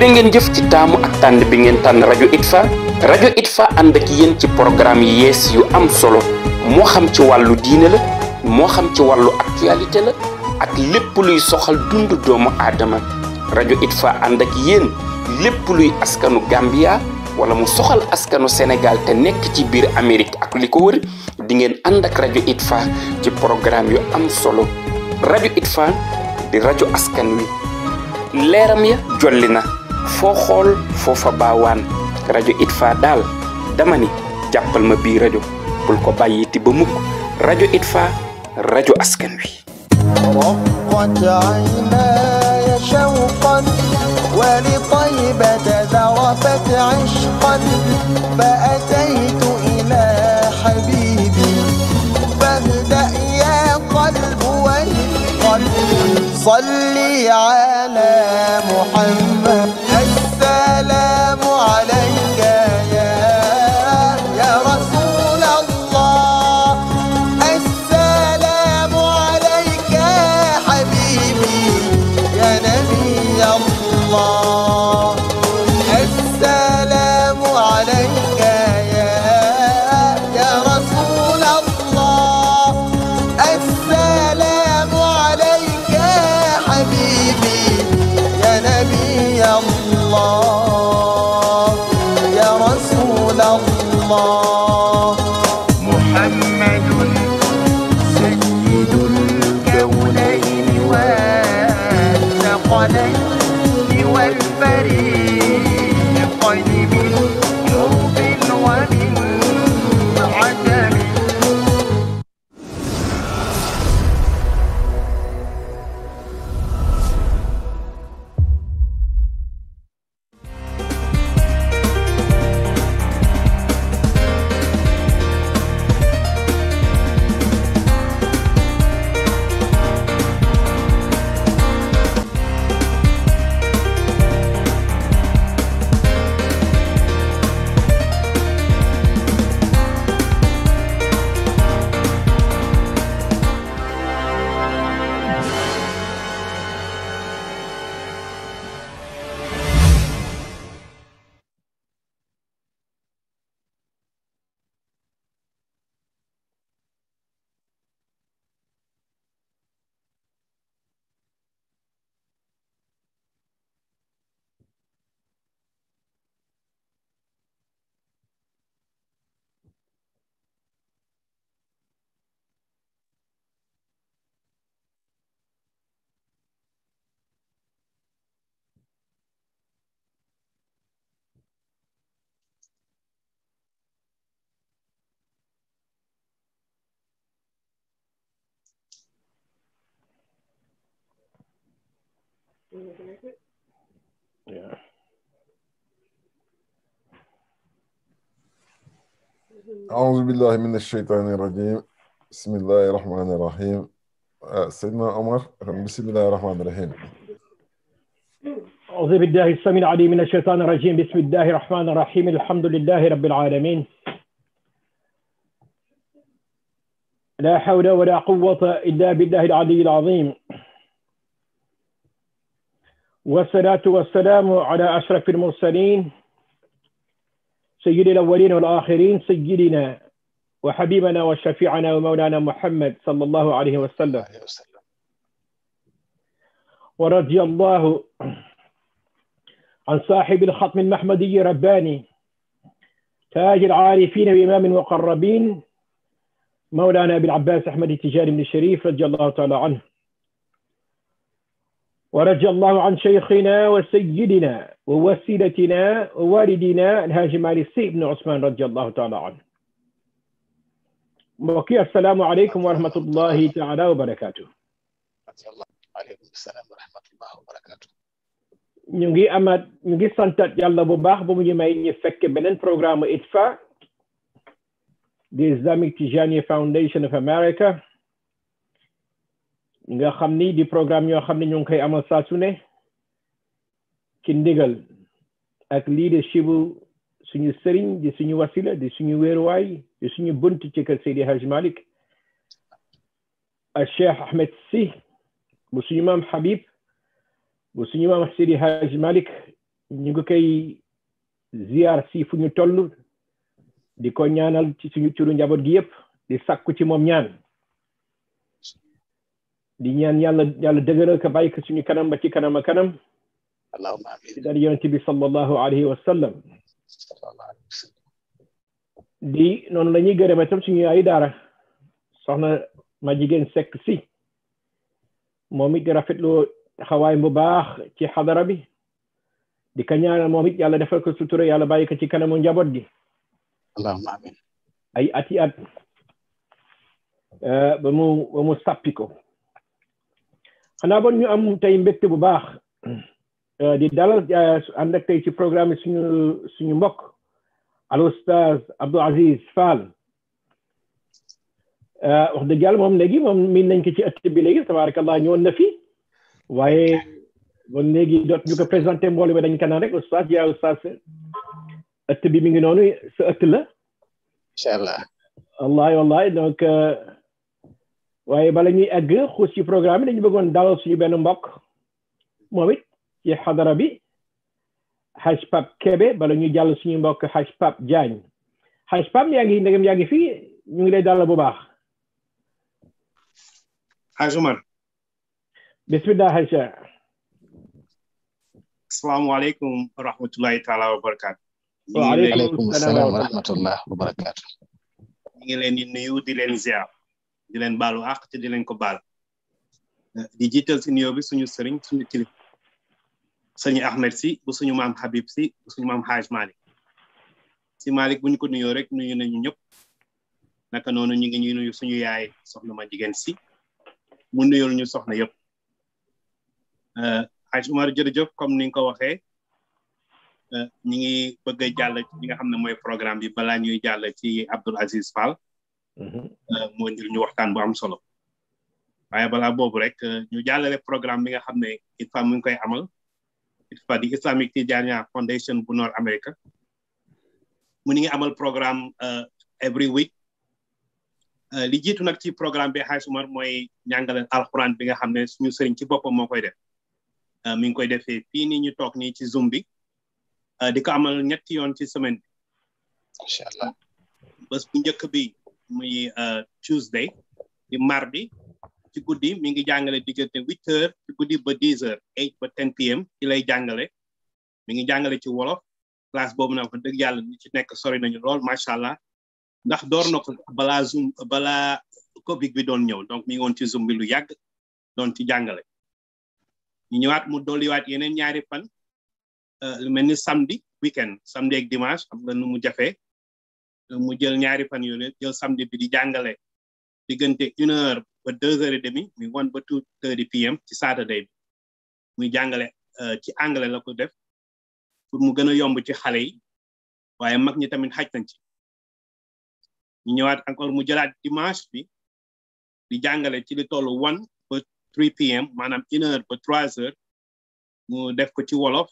jërë ngeen jëf ci taamu ak tànn bi ngeen tànn rajo ITFA rajo ITFA ànd ak yéen ci programme yees yu am solo moo xam ci wàllu diine la moo xam ci wàllu actualité la ak lépp luy soxal dund doomu aadama rajo ITFA ànd ak yéen lépp luy askanu Gambia wala mu soxal askanu Sénégal te nekk ci biir Amérique ak li ko wër di ngeen ànd ak rajo ITFA ci programme yu am solo rajo ITFA di rajo askan wi leeram ya jollina foo xool foofa baawaan rajo Itfa daal dama ni jàppal ma bii rajo bul ko bàyyiti ba mukk rajo Itfa rajo askan wi رقت عيناي شوقا ولطيبة ذرفت عشقا فأتيت إلى حبيبي فاهدأ يا قلب والقلب صلي على محمد morning. Yeah. أعوذ بالله من الشيطان الرجيم بسم الله الرحمن الرحيم آه، سيدنا عمر بسم الله الرحمن الرحيم أعوذ بالله السميع العليم من الشيطان الرجيم بسم الله الرحمن الرحيم الحمد لله رب العالمين لا حول ولا قوة إلا بالله العلي العظيم والصلاة والسلام على أشرف المرسلين سيد الأولين والآخرين سيدنا وحبيبنا وشفيعنا ومولانا محمد صلى الله عليه وسلم ورضي الله عن صاحب الخطم المحمدي رباني تاج العارفين وإمام المقربين مولانا أبي العباس أحمد التجاري بن الشريف رضي الله تعالى عنه ورجى الله عن شيخنا وسيدنا ووسيلتنا ووالدنا الهاج مالسي بن عثمان رضي الله تعالى عنه بقي السلام عليكم ورحمة الله تعالى وبركاته عليكم السلام ورحمة الله وبركاته نجي اما نجي ñu يلا بباخ yàlla bu baax ba mu ñu دي ñu fekk فاونديشن programme امريكا nga xam ni di programme yoo xam ne ñu ngi koy amal saa su ne ci ndigal ak leadership suñu sëriñ di suñu wasila di suñu wéeruwaay di suñu bunt ci kër Seydi Hajj Malik ak Cheikh Ahmed Sy bu suñu maam Habib bu suñu maam Seydi Hajj Malik ñu ngi koy ziar si fu ñu tollu di ko ñaanal ci suñu curu njaboot gi yëpp di sàkku ci moom ñaan di ñaan yàlla yàlla dëgëral ko bàyyi suñu kanam ba ci kanam a kanam ci dar yonent bi sallallahu alayhi di noonu la ñuy gërëma tam suñu ay daara soxna ma jigéen sekk si moom it di rafetloo xawaay bu baax ci xadara bi di ka ñaanal moom it yàlla defal ko sutura yàlla bàyyi ci kanamu njaboot gi allahumma amin ay ati at ba mu ba ko xanaa bon ñu am tey mbégte bu baax hmm. euh, di dalal euh, ànd ak tey ci programme yi suñu suñu mbokk al oustaz Abdou Aziz Fall euh, wax dëgg yàlla moom léegi moom miin nañ ko ci ëtt bi léegi tabarakallah ñëwoon na fi waaye bon léegi doot ñu ko présenté mbooloo mi dañ ko naan rek oustaz yaa oustaz ëtt bi mi ngi noonu sa ëtt wallahi wallahi waye bala ñuy egg xuus ci programme dañu bëggoon dalal suñu benn mbokk momit ci hadara bi Haj Pap Kebe bala ñuy jall suñu mbokk Haj Pap Diagne Haj Pap yaa ngi ndegam yaa ngi ñu ngi lay dalal bu baax. Haj Umar. bismillah assalamu alaykum wa rahmatullahi taala wa wa alaykum assalam wa rahmatullahi wa barakatuh ngi leen ni nuyu di leen ziar di len balu ak ah, te di len ko bal nah, di jiital si niyo bi suñu sëriñ suñu kilif sëñu Ahmed si bu suñu mam Habib si bu suñu mam haj Malik si Malik buñ ko nuyoo rek nuyu nañu ñëpp naka nonu ñi ngi ñuy nuyu suñu yaay soxna ma jigen si mu nuyul ñu soxna yëpp euh, haj Umar jërëjëf comme ni nga ko waxee euh, ñi ngi bëgg jall ci nga xamne moy programme bi bala ñuy jall ci abdul Aziz Fall Mm-hmm. Euh, moo ñu waxtaan bu am solo waaye balaa boobu rek euh, ñu jàllale programme bi nga xam ne ITFA mu ngi koy amal ITFA di Islamic Tijaniya Foundation bu Nord America mu ngi amal programme euh, every week li jiitu nag ci programme bi xaay sumar mooy njàngale alxuraan bi nga xam ne suñu sëriñ ci boppam moo koy def mi ngi koy defee fii ni ñu toog nii ci Zoom bi di ko amal ñetti yoon ci semaine bi incha allah bu njëkk bi muy euh, Tuesday di mardi ci guddi mi ngi jàngale diggante huit ci guddi ba dix eight ba ten pm ci lay jàngale mi ngi jàngale ci wolof classe boobu nag wax dëgg yàlla ni ci nekk sori nañu lool macha allah ndax door na ko balaa zoom balaa covid bi doon ñëw donc mi ci zoom bi lu yàgg ci jàngale ñu ñëwaat mu dolliwaat yeneen ñaari fan euh, lu mel ni samedi weekend samedi ak dimanche xam nga nu mu jafee mu jël ñaari fan yu ne jël samedi bi di jàngale diggante une heure ba deux heures et demie muy ba two thirty piem ci saturday bi muy jàngale euh, ci anglais la ko def pour mu gën a yomb ci xale yi waaye mag ñi tamit xaj nañ ci ñu ñëwaat encore mu jëlaat dimanche bi di jàngale ci li tollu one ba three pm maanaam une heure ba trois heures mu def ko ci wolof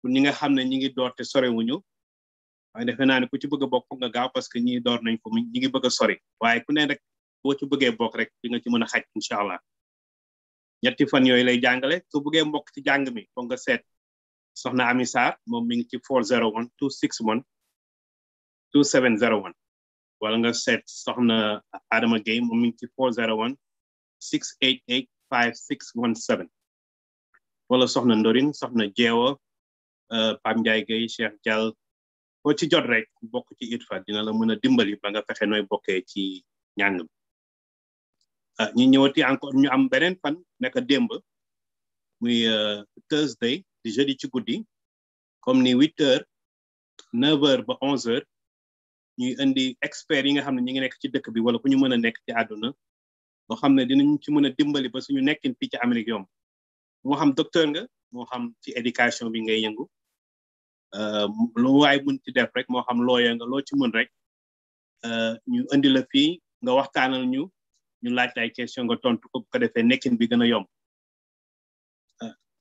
pour ñi nga xam ne ñi ngi doorte sorewuñu waaye defe na ne ku ci bëgg a bokk nga gaaw parce que ñi door nañ ko ñi ngi bëgg a sori waaye ku ne rek boo ci bëggee bokk rek di nga ci mën a xaj incha allah ñetti fan yooyu lay jàngale su bëggee mbokk ci jàng mi foog nga seet soxna Ami Sarr moom mi ngi ci 401 261 2701 wala nga seet soxna Adama Gueye moom mi ngi ci 401 688 5617 wala soxna Ndorin soxna Jeewo euh, Pam Ndiaye Gueye Cheikh Diall ko ci jot rek bokk ci ITFA dina la mën a dimbali ba nga fexe nooy bokkee ci njàng bi ah, ñu ñëwati encore ñu am beneen fan nekk démb muy euh, Thursday di jeudi ci guddi comme ni huit heures neuf heures ba onze heures ñuy indi experts yi nga xam ne ñu ngi nekk ci dëkk bi wala ku ñu mën a nekk ci àdduna boo xam ne dinañ ci mën a dimbali ba suñu nekkin fii ci Amérique yomb moo xam docteur nga moo xam ci éducation bi ngay yëngu Euh, lu waay mën ci def rek moo xam looya nga loo ci mën rek euh, ñu indi la fii nga waxtaanal ñu ñu laaj ay question nga tontu ko bu defee nekkin bi gën a yomb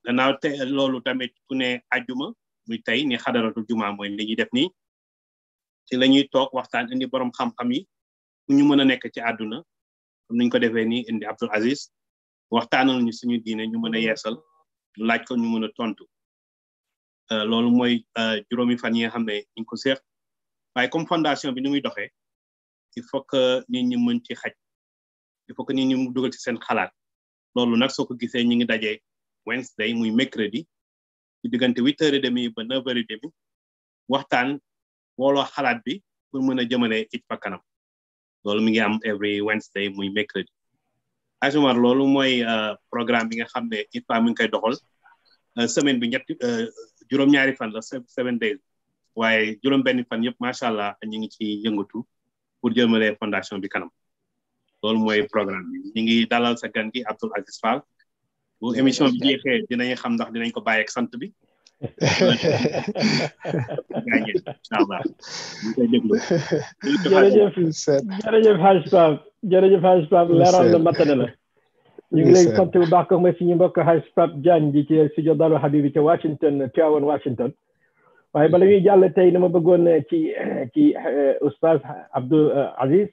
dana euh, te loolu tamit ku ne ajjuma muy tey ni xadaratul juma mooy li ñuy def nii ci la ñuy toog waxtaan indi boroom xam-xam yi fu ñu mën a nekk ci àdduna comme niñ ko defee nii indi Abdul Aziz waxtaanal ñu suñu diine ñu mën a yesal ñu laaj ko ñu mën tontu Euh, loolu mooy euh, juróomi fan yi nga xam ne ñu ko seex waaye comme fondation bi ni muy doxee il faut que nit ñi mën ci xaj il faut que nit ñi mu dugal ci seen xalaat loolu nag soo ko gisee ñu ngi daje Wednesday muy mercredi ci diggante huit heures et demie ba neuf heures et waxtaan booloo xalaat bi pour mën a jëmale it fa kanam loolu mi ngi am every Wednesday muy mercredi ajumar loolu mooy euh, programme bi nga xam ne it fa mi ngi koy doxal semaine bi ñetti juróom-ñaari fan la seven days waaye juróom-benni fan yëpp macha allah ñu ngi ci yëngatu pour jëmale fondation bi kanam loolu mooy programme bi ñu ngi dalal sa gan gi Abdoul Aziz Fall bu émission bi jeexee dinañ xam ndax dinañ ko bàyyeeg sant bi. jërëjëf jërëjëf Haj Pape jërëjëf Haj Pape leeral na matane la. ñu ngi lay sant bu baax ko mooy suñu mbokk Haïs Pape Diagne bi ci studio Dalu Habibi ca Washington Tivaouane Washington waaye bala ñuy jàll tey dama bëggoon eh, ci eh, ci eh, oustaz Abdou Aziz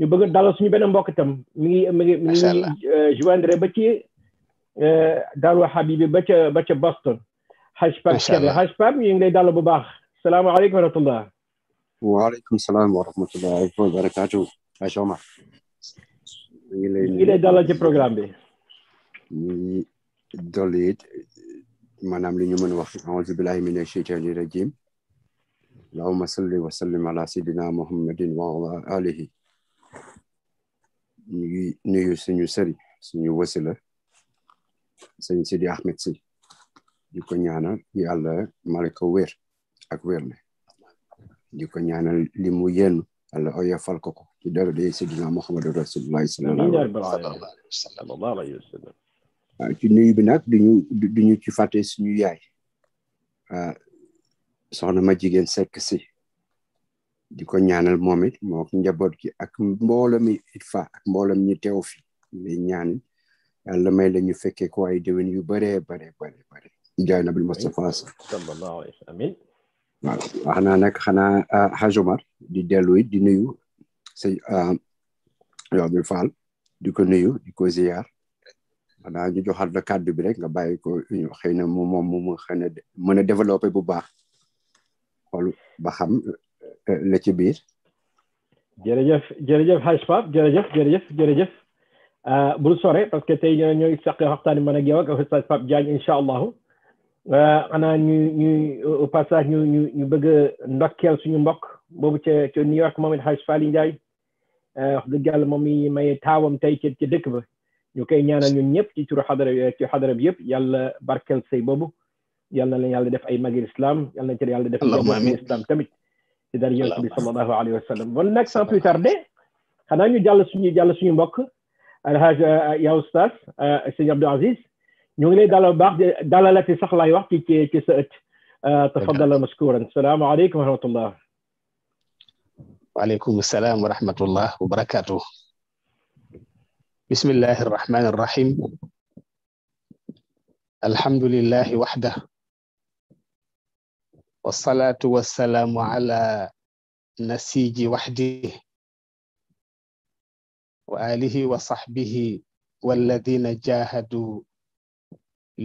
ñu bëgg dalal suñu benn mbokk itam mi ngi mi ngi mi ngi joindre ba ci Dalu Habibi ba ca ba ca Boston Haïs Pape Cheikh Haïs Pape ñu ngi lay dalal bu baax salaamaaleykum wa rahmatullah waaleykum salaam wa rahmatullah wa barakaatu Haïs Omar ñu ngi lay ñu ngi lay programme bi. ñu li ñu mën a wax auzu billahi mina shaytani rajim allahumma salli wa sallim ala sayyidina muhammadin wa ala alihi ñu ngi nuyu suñu sëriñ suñu wasila sëñ Sidi Ahmed si di ko ñaanal yàlla mala ko wér ak wér le di ko ñaanal li mu yennu yàlla oyofal ko ko ci dara de Seydina Muhammadu Rasulullahi sallallahu alayhi wa sallam waaw ah, ci nuyu bi nag duñu duñu ci fàtte suñu yaay ah, soxna ma jigéen sekk si di ko ñaanal moom it moo ak njaboot gi ak mboolam ITFA ak mboolam ñi teew fi lay ñaan yàlla may la ñu fekkee ko ay déwén yu bëree bare bare bare jaay nabil Mustafa sallallahu alayhi wa sallam waaw wax nag xanaa euh, Hadj Omar di dellu di nuyu sëñ yow mi Fall di ko nuyu di ko ziar xanaa ñu joxaat la kàddu bi rek nga bàyyi ko xëy na moom moom na mën a développé bu baax xool ba xam euh, la ci biir. jërëjëf jërëjëf Hadj Pape jërëjëf jërëjëf jërëjëf euh, bul sore parce que tey ñooy saq waxtaan bi man ak yow ak Oustaz Pape Diagne incha allahu xanaa ñu ñu au passage ñu ñu ñu bëgg a ndokkeel suñu mbokk boobu ca ca New York moom it Hadj Fally Ndiaye wax dëgg yàlla moom i may taawam tey ca ca dëkk ba ñu koy ñaanal ñun ñëpp ci turu xadara ci xadara bi yëpp yàlla barkeel say boobu yàlla na leen yàlla def ay magi islam yàlla na ci yàlla def ay islam tamit ci dara yonent bi sallallahu alayhi wa sallam bon nag sans plus tarder xanaa ñu jàll suñu jàll suñu mbokk alhaj ya oustaz sëñ Abdou Aziz ñu ngi lay dalal baax dalalati sax laay wax ci ci ci sa ëtt tafadala mashkuran salaamaaleykum wa rahmatullah waaleykum salaam wa rahmatullah wa barakatuh بسم الله الرحمن الرحيم الحمد لله وحده والصلاة والسلام على نسيج وحده وآله وصحبه والذين جاهدوا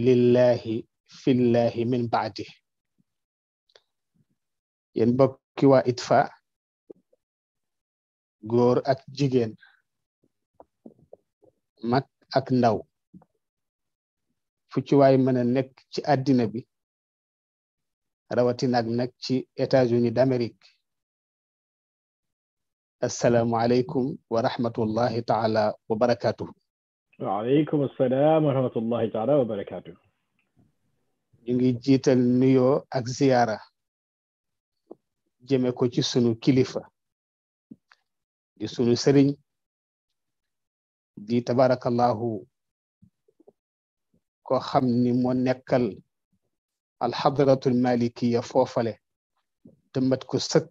lillahi fillahi min baadi yéen bokki waa ITFA góor ak jigéen mag ak ndaw fu ci waay mën a nekk ci àddina bi rawatina ak nag ci États-Unis d'Amérique assalaamu aleykum wa rahmatullahi taala wa barakatuhu waaleykum assalaam wa rahmatullahi taala wa barakaatu. ñu ngi jiital nuyoo ak ziyaara jëme ko ci sunu kilifa di sunu sëriñ di tabarakallahu ko xam ni moo nekkal alxadratul malikiya foofale te mat ko sëkk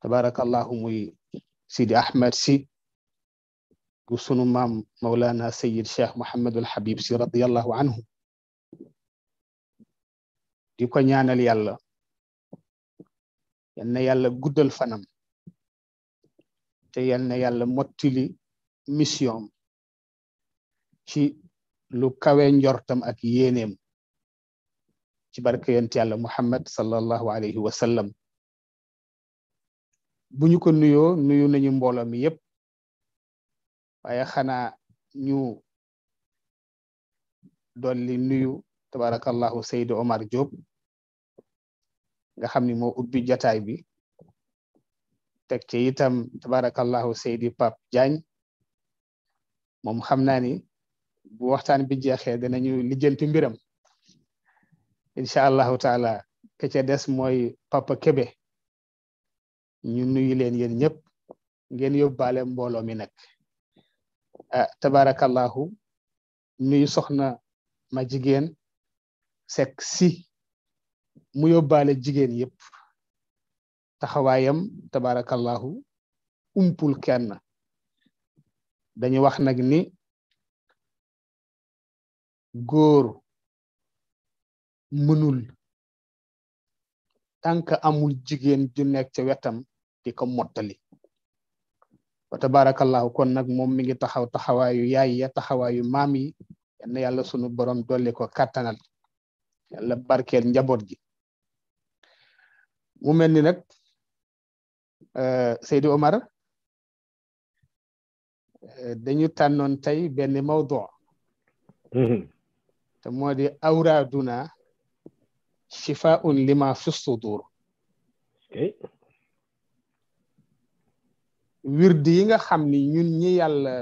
tabarakallahu muy sidi ahmed si gu sunu maam Mawlana Sayyid Cheikh Mouhamadul Habib si radiyallahu anhu di ko ñaanal yàlla yal na yàlla guddal fanam te yal na yàlla mottili mission ci lu kawe njortam ak yéeneem ci barke yent yàlla Muhammad sallallahu alayhi wa sallam bu ñu ko nuyoo nuyu nañu mbooloo mi yépp waaye xanaa ñu dolli nuyu tabarakallahu Seydou Omar Diop nga xam ni moo ubbi jataay bi teg ci itam tabarakallahu Seydi Pape Diagne moom xam naa ni bu waxtaan bi jeexee danañu lijjanti mbiram incha allahu taala ke ca des mooy Papa kebe ñu nuyu leen yéen ñëpp ngeen yóbbaale mbooloo mi nag Eh, tabarakallahu nuyu soxna ma jigéen sek si mu yóbbaale jigéen yépp taxawaayam tabarakallahu umpul kenn dañu wax nag ni góor mënul tànk amul jigéen ju nekk ca wetam di ko mottali wa tabarakallahu kon nag moom mi ngi taxaw taxawaayu yaay ya taxawaayu maam yi yal na yàlla sunu borom dolli ko kàttanal yàlla barkeel njaboot gi mu mel ni nag euh, Seydou Omar euh, dañu tànnoon tey benn mawdu mm-hmm. te moo di awraaduna shifaun lima fi sudur wirdi yi nga xam ni ñun ñi yàlla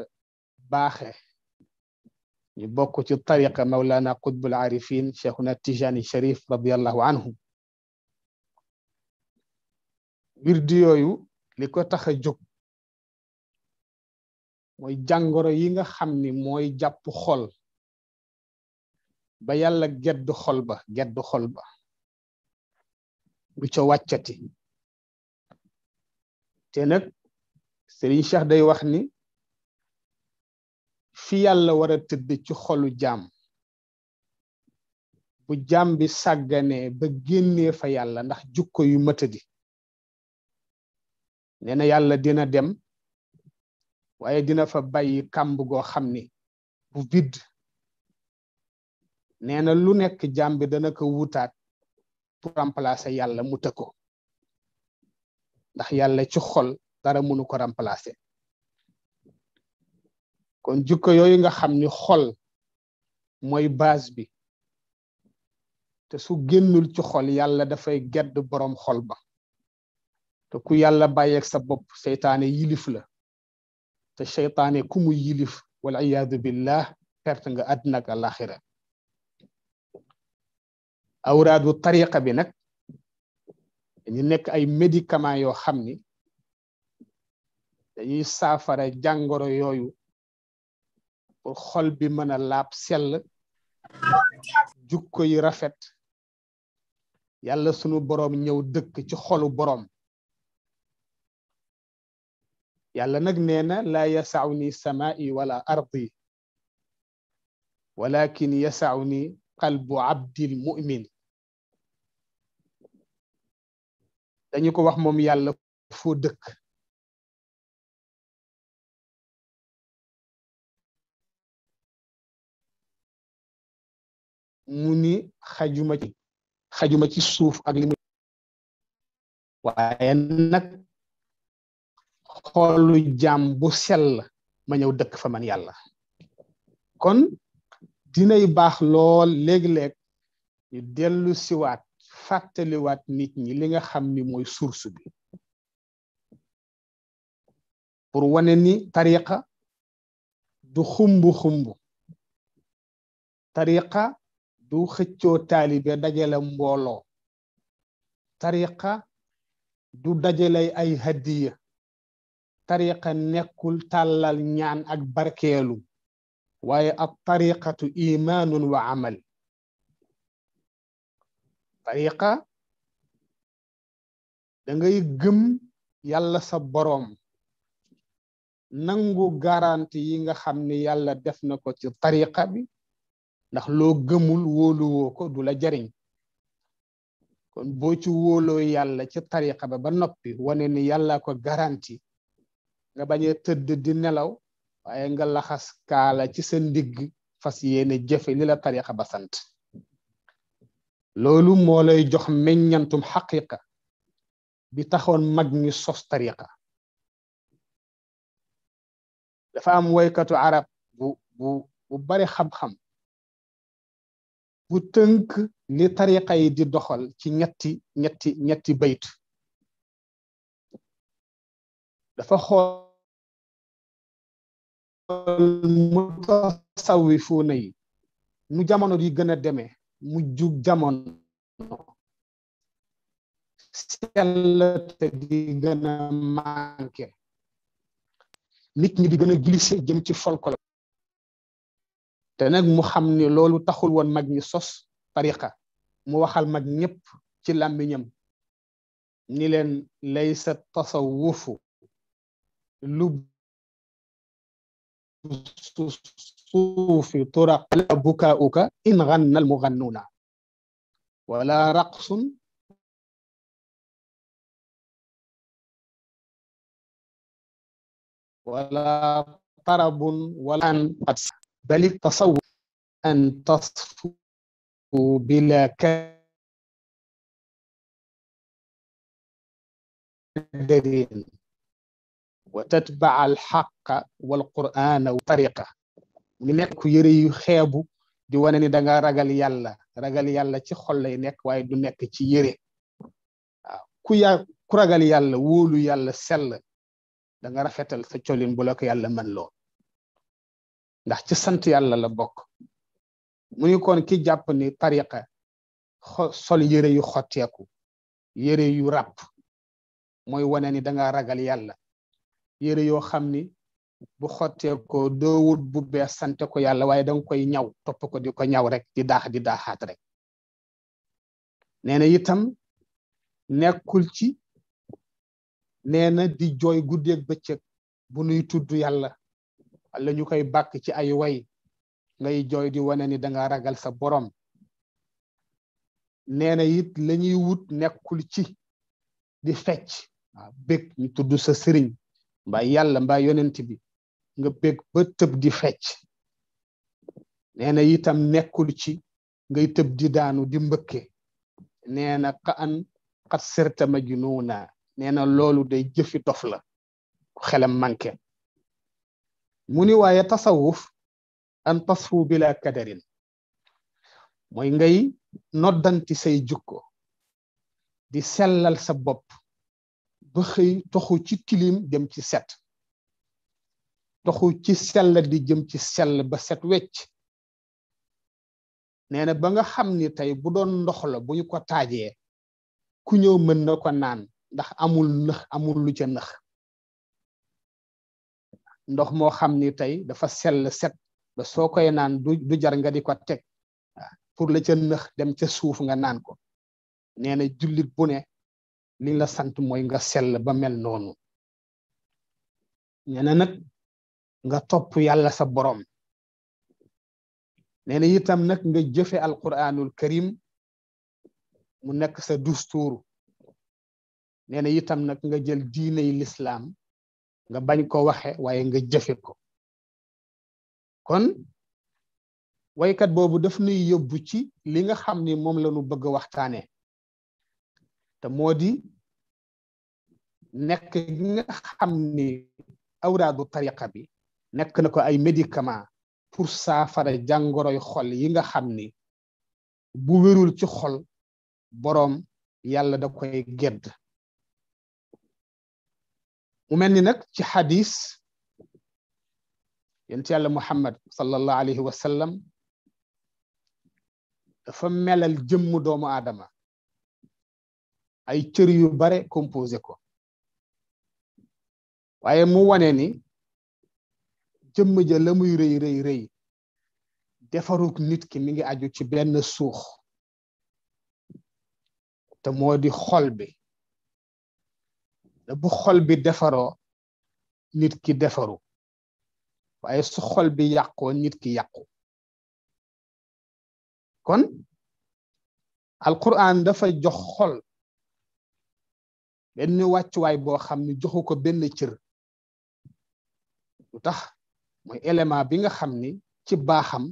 ñu bokk ci tariqa maulana qutbul arifin cheikhuna tijani sharif radiallahu anhu wirdi yooyu li ko tax a jóg mooy jàngoro yi nga xam ni mooy jàpp xol ba yàlla gedd xol ba gedd xol ba bu ca wàccati Serigne Cheikh day wax ni fi yàlla wara a tëdd ci xolu jaam bu jaam bi sàgganee ba génnee fa yàlla ndax jukko yu matadi nee na yàlla dina dem waaye dina fa bàyyi kàmb goo xam ni bu bidd nee na lu nekk jaam bi dana ko wutaat pour remplacer yàlla mu tëkko ndax yàlla ci xol dara mënu ko remplacer kon jikko yooyu nga xam ni xol mooy base bi te su génnul ci xol yàlla dafay gedd borom xol ba te ku yàlla bàyyeeg sa bopp seytaane yilif la te seytaane ku mu yilif wal iyaadu billah perte nga àddina ak alaxira awraadu tariqa bi nag ñu nekk ay médicament yoo xam ni dañuy saafara jàngoro yooyu pour xol bi mën a laab sel jukko yi rafet yàlla sunu borom ñëw dëkk ci xolu boroom yàlla nag nee na laa yasaw ni samaai wala ardi walakin yasaw ni qalbu abdil mumin dañu ko wax moom yàlla foo dëkk mu ni xajuma ci suuf ak li mu waaye nag xoolu jaam bu sell ma ñëw dëkk fa man yàlla kon dinay baax lool léeg-léeg ñu dellu siwaat fàttaliwaat nit ñi li nga xam ni mooy source bi pour wane ni tariqa du xumbu xumbu tariqa du xëccoo taalibe dajale mbooloo tariqa du dajale ay hadiya tariqa nekkul tàllal ñaan ak barkeelu waaye ab tariqatu imaanun wa amal tariqa da ngay gëm yàlla sa boroom nangu garanti yi nga xam ne yàlla def na ko ci tariqa bi ndax loo gëmul woolu ko du la jariñ kon boo ci wóoloo yàlla ca tariqa ba ba noppi wane ni yàlla ko garanti nga bañ tëdd di nelaw waaye nga laxas kaala ci sa ndigg fas yéene jëfe li la tariqa ba sant loolu moo lay jox meññantum xaqiqa bi taxoon mag ñi sos tariqa dafa woykatu arab bu bu bu bari xam-xam bu tënk li tariqa di doxal ci ñetti ñetti ñetti bayt dafa xool mutasawwifuuna yi nu jamono yi gën a demee mu jug jamono sell te di gën a manqué nit ñi di gën a glissé jëm ci folklore te nag mu xam ni loolu taxul woon mag ñi sos tariqa mu waxal mag ñëpp ci làmmiñam ni leen laysa tasawufu lub suufi turaq la bukaauka in ganna al mugannuna wala raqsun wala tarabun wala an بل التصور ان تصفو بلا كدر وتتبع الحق والقران وطريقه نيك يري خيبو دي وناني داغا راغال يالا راغال يالا سي خول لاي واي دو نيك يري ku آه، ya يالا ragal yalla wolu yalla sel da nga rafetal sa ciolin ndax ci sant yàlla la bokk mu ni kon ki jàpp ni tariqa sol yëre yu xotteeku yëre yu ràpp mooy wane ni danga ragal yàlla yëre yoo xam ni bu xotteekoo dowut bu bees sante ko yàlla waaye danga koy ñaw topp ko di ko ñaw rek di daax di daaxaat rek nee na itam nekkul ci nena na di jooy guddeeg bëccëg bu nuy tuddu yàlla a ñu koy bàkk ci ay way ngay jooy di wane ni danga ragal sa borom neena na it la wut nekkul ci di fecc waaw bég ñu tudd sa sëriñ mbaa yàlla mbaa yonent bi nga bég ba tëb di fecc nee na itam nekkul ci ngay tëb di daanu di mbëkke nee na ka an xat serta majnuuna nee na loolu day jëfi dof la xelam manqué mu ni waaye tasawuf an tasfu bila kadarin mooy ngay noddanti say jukko di selal sa bopp ba xëy toxu ci tilim jëm ci set toxu ci sell di jëm ci sell ba set wecc nee na ba nga xam ni tey bu doon ndox la bu ñu ko taajee ku ñëw mën na ko naan ndax amul nëx amul lu ca nëx ndox moo xam ni tey dafa sell set ba soo koy naan du du jar nga di ko teg pour la ca nëx dem ca suuf nga naan ko nee na jullit bu ne li la sant mooy nga sell ba mel noonu nee na nag nga topp yàlla sa borom nee na itam nag nga jëfe alquranul karim mu nekk sa dustuur nee na itam nag nga jël diiney lislaam nga bañ ko waxe waaye nga jëfe ko kon waykat boobu daf nuy yóbbu ci li nga xam ni moom la ñu bëgg waxtaane te moo di nekk nga xam ni awraadu tariqa bi nekk na ko ay médicament pour saafara jàngoroy xol yi nga xam ni bu wérul ci xol boroom yàlla da koy gedd mu mel ni nag ci xadis yent yàlla muhammad sallallahu alayhi wa sallam dafa melal jëmm doomu aadama ay cër yu bare composé ko waaye mu wane ni jëmm ja la muy rëy rëy rëy defaruk nit ki mi ngi aju ci benn suux te moo di xol bi bu xol bi defaroo nit ki defaru waaye su xol bi yàqoo nit ki yàqu kon alquran dafa jox xol benn wàccuwaay boo xam ne joxu ko benn cër lu tax mooy élément bi nga xam ni ci baaxam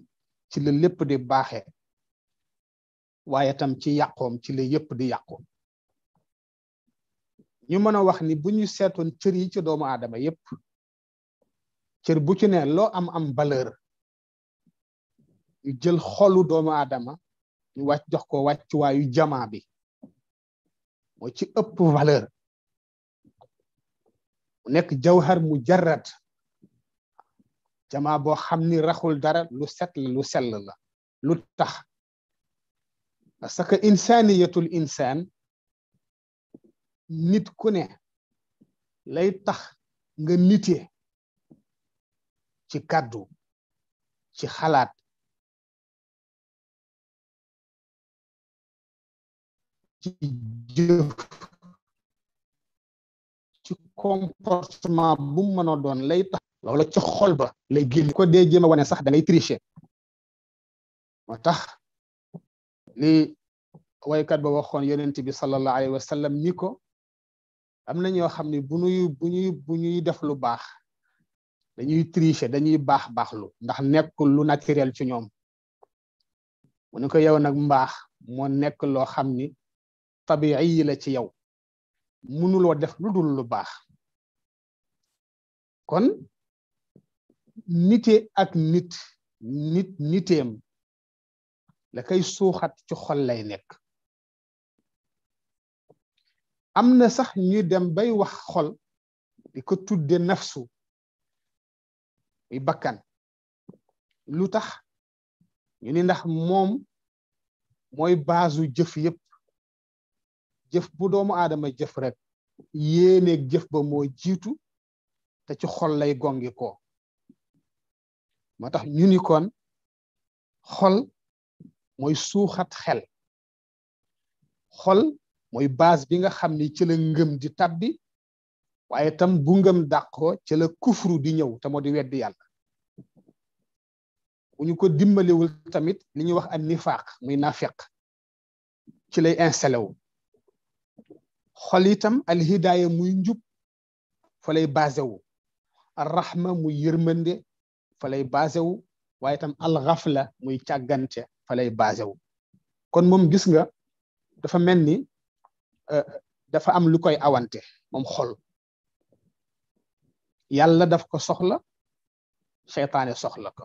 ci la lépp di baaxee waaye tam ci yàqoom ci la yépp di yàqoom ñu mëna wax ni buñu ñu cër yi ci doomu aadama yépp cër bu ci ne loo am am valeur ñu jël xolu doomu aadama ñu wàcc jox ko wàcc wàccuwaayu jama bi moo ci ëpp valeur mu nekk jawhar mu jarrat jama boo xam ni raxul dara lu set la lu sell la lu tax parce que insaniyatul insaan nit ku ne lay tax nga nite ci kàddu ci xalaat ci jëf comportement bu mu mën doon lay tax loola ca xol ba lay génn ko dee jéem a wane sax da ngay tricher moo tax li waykat ba waxoon yonent bi sallallahu alayhi wa sallam ni ko am na ñoo xam ne bu ñuy bu ñuy def lu baax dañuy tricher dañuy baax baaxlu ndax nekkul lu naturel ci ñoom mu ne ko yow nag mbaax moo nekk loo xam ni tabii la ci yow mënuloo def lu dul lu baax kon nite ak nit nit niteem la koy suuxat ci xol lay nekk am na sax ñuy dem bay wax xol di ko tudde nafsu muy bakkan lu tax ñu ni ndax moom mooy baasu jëf yépp jëf bu doomu aadama jëf rek yéeneeg jëf ba moo jiitu te ci xol lay gongi ko moo tax ñu ni kon xol mooy suuxat xel xol mooy base bi nga xam ni ci la ngëm di tabbi waaye tam bu ngëm dàqoo ci la kufru di ñëw te moo di weddi yàlla bu ñu ko dimbaliwul tamit li ñuy wax ak nifaaq muy naafeq ci lay installé xolitam xol muy njub fa lay basé muy yërmande fa lay basé wu waaye itam alxafla muy càggante fa lay basé kon moom gis nga dafa mel ni dafa am lu koy awante moom xol yàlla daf ko soxla seytaane soxla ko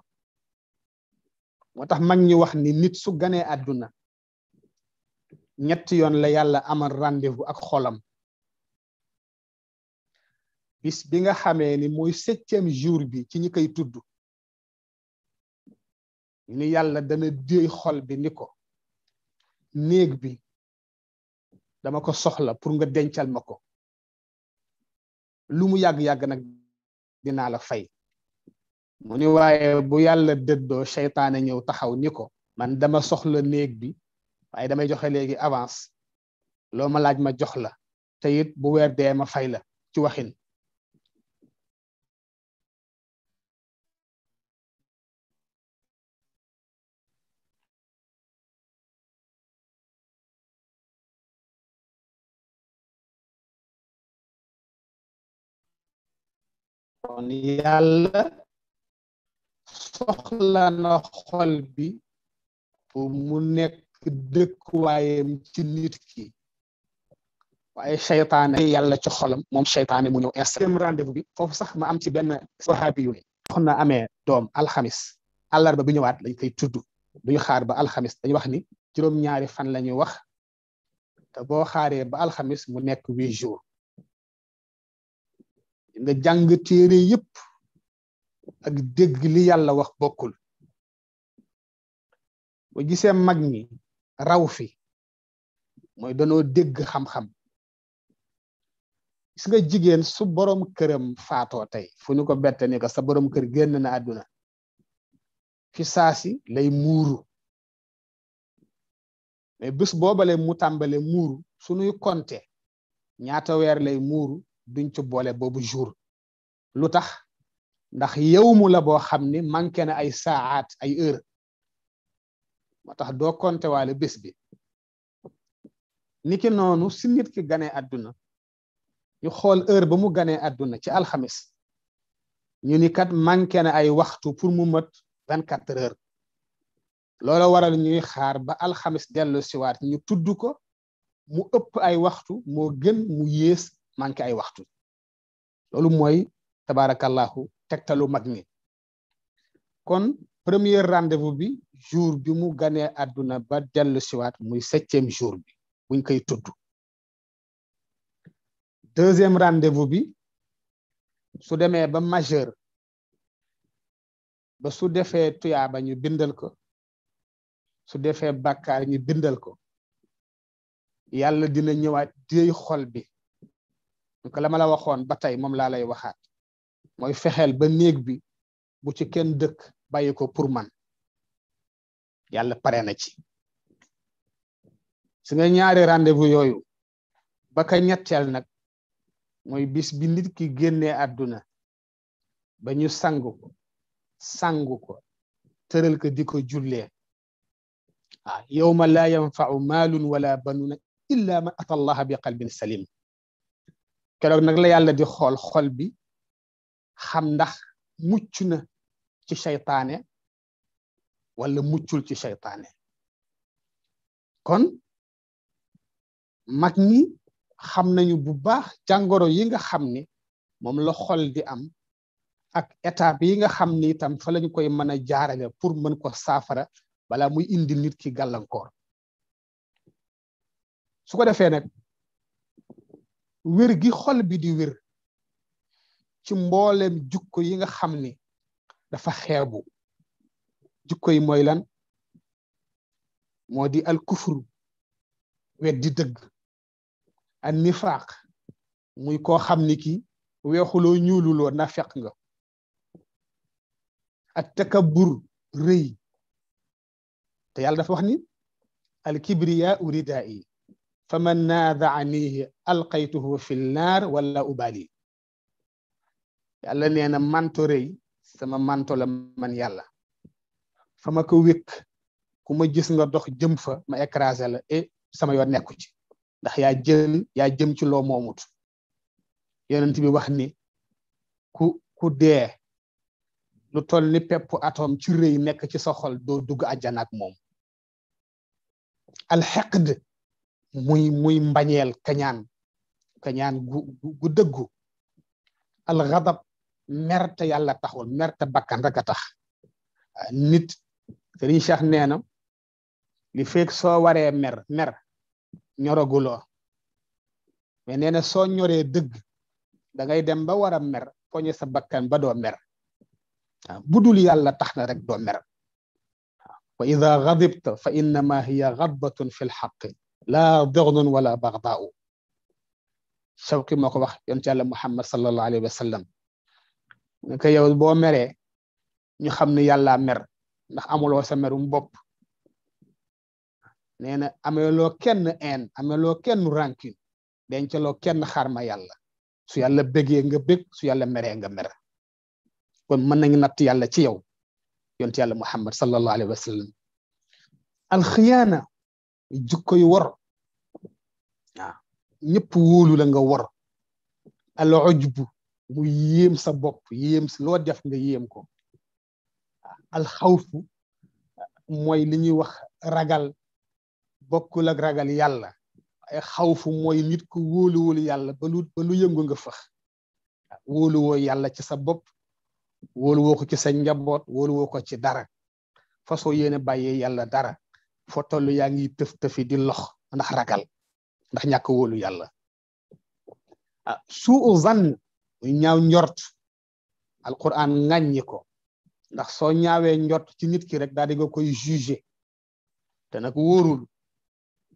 moo tax mag ñi wax ni nit su ganee àdduna ñetti yoon la yàlla amal rendez ak xolam bis bi nga xamee ni mooy septième jour bi ci ñi koy tudd ni yàlla dana déy xol bi ni ko néeg bi dama ko soxla pour nga dencal mako lu mu yag yag nak dina la fay muni waye bu yàlla deddo shaytan ñëw taxaw niko man dama soxla néeg bi waye damay joxe legi avance lo ma laaj ma jox la te bu weer ma fay la ci waxin كون يالا سخلانا خلبي ومونيك دك وايم تنيتكي واي شيطان يالا تخلم موم شيطان مونيو اسر ام رانديفو بي فوف صح ما امتي بن صحابي يوني خنا امي دوم الخميس الاربع بي نيوات لاي كاي تودو دوي خار با الخميس داني واخني جيروم نياري فان لاني واخ تا خاري با الخميس مو نيك nga jàng téere yëpp ak dégg li yàlla wax bokkul bu gisee mag ñi raw fi mooy danoo dégg xam-xam gis nga jigéen su borom këram faatoo tey fu ñu ko bette ni ko sa borom kër génn na àdduna fi saasi lay muuru mais bés boobale mu tàmbale muuru suñuy konte ñaata weer lay muuru duñ ci boole boobu jour lu tax ndax yow mu la boo xam ni manqué na ay saat ay heure moo tax doo compter waale bés bi niki noonu si nit ki ganee àdduna ñu xool heure ba mu ganee àdduna ci alxamis ñu ni kat manqué na ay waxtu pour mu mat vingt quatre heures loola waral ñuy xaar ba alxamis dellu siwaat ñu tudd ko mu ëpp ay waxtu moo gën mu yées manqué ay waxtu loolu mooy tabarakallahu tegtalu mag ñi kon premier rendez bi jour bi mu ganee àdduna ba dellu siwaat muy septième jour bi buñ koy tudd deuxième rendez bi su demee ba majeur ba su defee tuyaaba ñu bindal ko su defee bàkkaar ñu bindal ko yàlla dina ñëwaat déy xol bi ko la ma la waxoon ba tey moom laa lay waxaat mooy fexeel ba néeg bi bu ci kenn dëkk bàyyi ko pour man yàlla pare na ci su nga ñaari rendez-vous yooyu ba ka ñetteel nag mooy bis bi nit ki génnee àdduna ba ñu sangu ko sangu ko tëral ko di ko jullee ah yowma laa yanfau maalun wala banuna illa man ata allaha bi qalbin salim keroog nag la yàlla di xool xol bi xam ndax mucc na ci seytaane wala muccul ci seytaane kon mag ni xam nañu bu baax jàngoro yi nga xam ni moom la xol di am ak étape yi nga xam ni itam fa lañu koy mën a jaarale pour mën ko saafara balaa muy indi nit ki gàllankoor su ko defee wir gi xol bi di wér ci mboolem jukko yi nga xam ni dafa xeer bu jukko yi mooy lan moo di al kufru weddi dëgg an nifaaq muy koo xam ni ki weexuloo ñuululoo na feq nga ak takabur rëy te yàlla dafa wax ni al kibriya urida yi fa man naadaanihi alqaytuhu fi naar wala ubali yàlla nee na manto rëy sama manto man yàlla fa ma ko wékk ku ma gis nga dox jëm fa ma écrasé la et eh, sama yoon nekku ci ndax yaa jëm ci loo moomut yonent bi wax ni ku dee lu tol ni peppu atom ci rëy nekk ci sa xol doo dugg àjjana ak moom muy muy mbagnel kañaan kañaan gu deggu al ghadab merta yalla taxul merta bakkan rek tax ah, nit sëriñ cheikh nee li fek so waré mer mer ñoraguloo mais nee so ñoré deug da ngay dem ba war mer poñe sa bakkan ba do mer ah, budul yalla taxna rek do mer ah, wa idha ghadibta fa innama hiya ghadbatun fil lxaqi laa bornun wala baxdaa u sawki moo ko wax yonent yàlla muhammad sallallahu alayhi wa sallam ne ko yow boo meree ñu xam ne yàlla mer ndax amuloo sa merum bopp nee na ameloo kenn en ameloo kenn rancune dencaloo kenn xarma yàlla su yàlla bégee nga bég su yàlla meree nga mer kon mën nañu natt yàlla ci yow yonent yàlla muhammad sallallahu alayhi wa sallam alxiyaana jukko yu wor waaw ah. ñëpp wóolu la nga wor alo ujbu mu yéem sa bopp yéem si loo def nga yéem ko al xawfu mooy li ñuy wax ragal bokkul ak ragal yàlla ay xawfu mooy nit ku wóolu wóolu yàlla ba lu ba yëngu nga fëx wóolu woo yàlla ci sa bopp wóolu woo ko ci sa njaboot wóolu woo ko ci dara fasoo yéene bàyyee yàlla dara foo toll yaa ngi tëf tëfi di lox ndax ragal ndax ñàkk wóolu yàlla ah suu zan ñaaw njort alquran ŋàññi ko ndax soo ñaawee njort ci nit ki rek daal di koy jugé te nag wóorul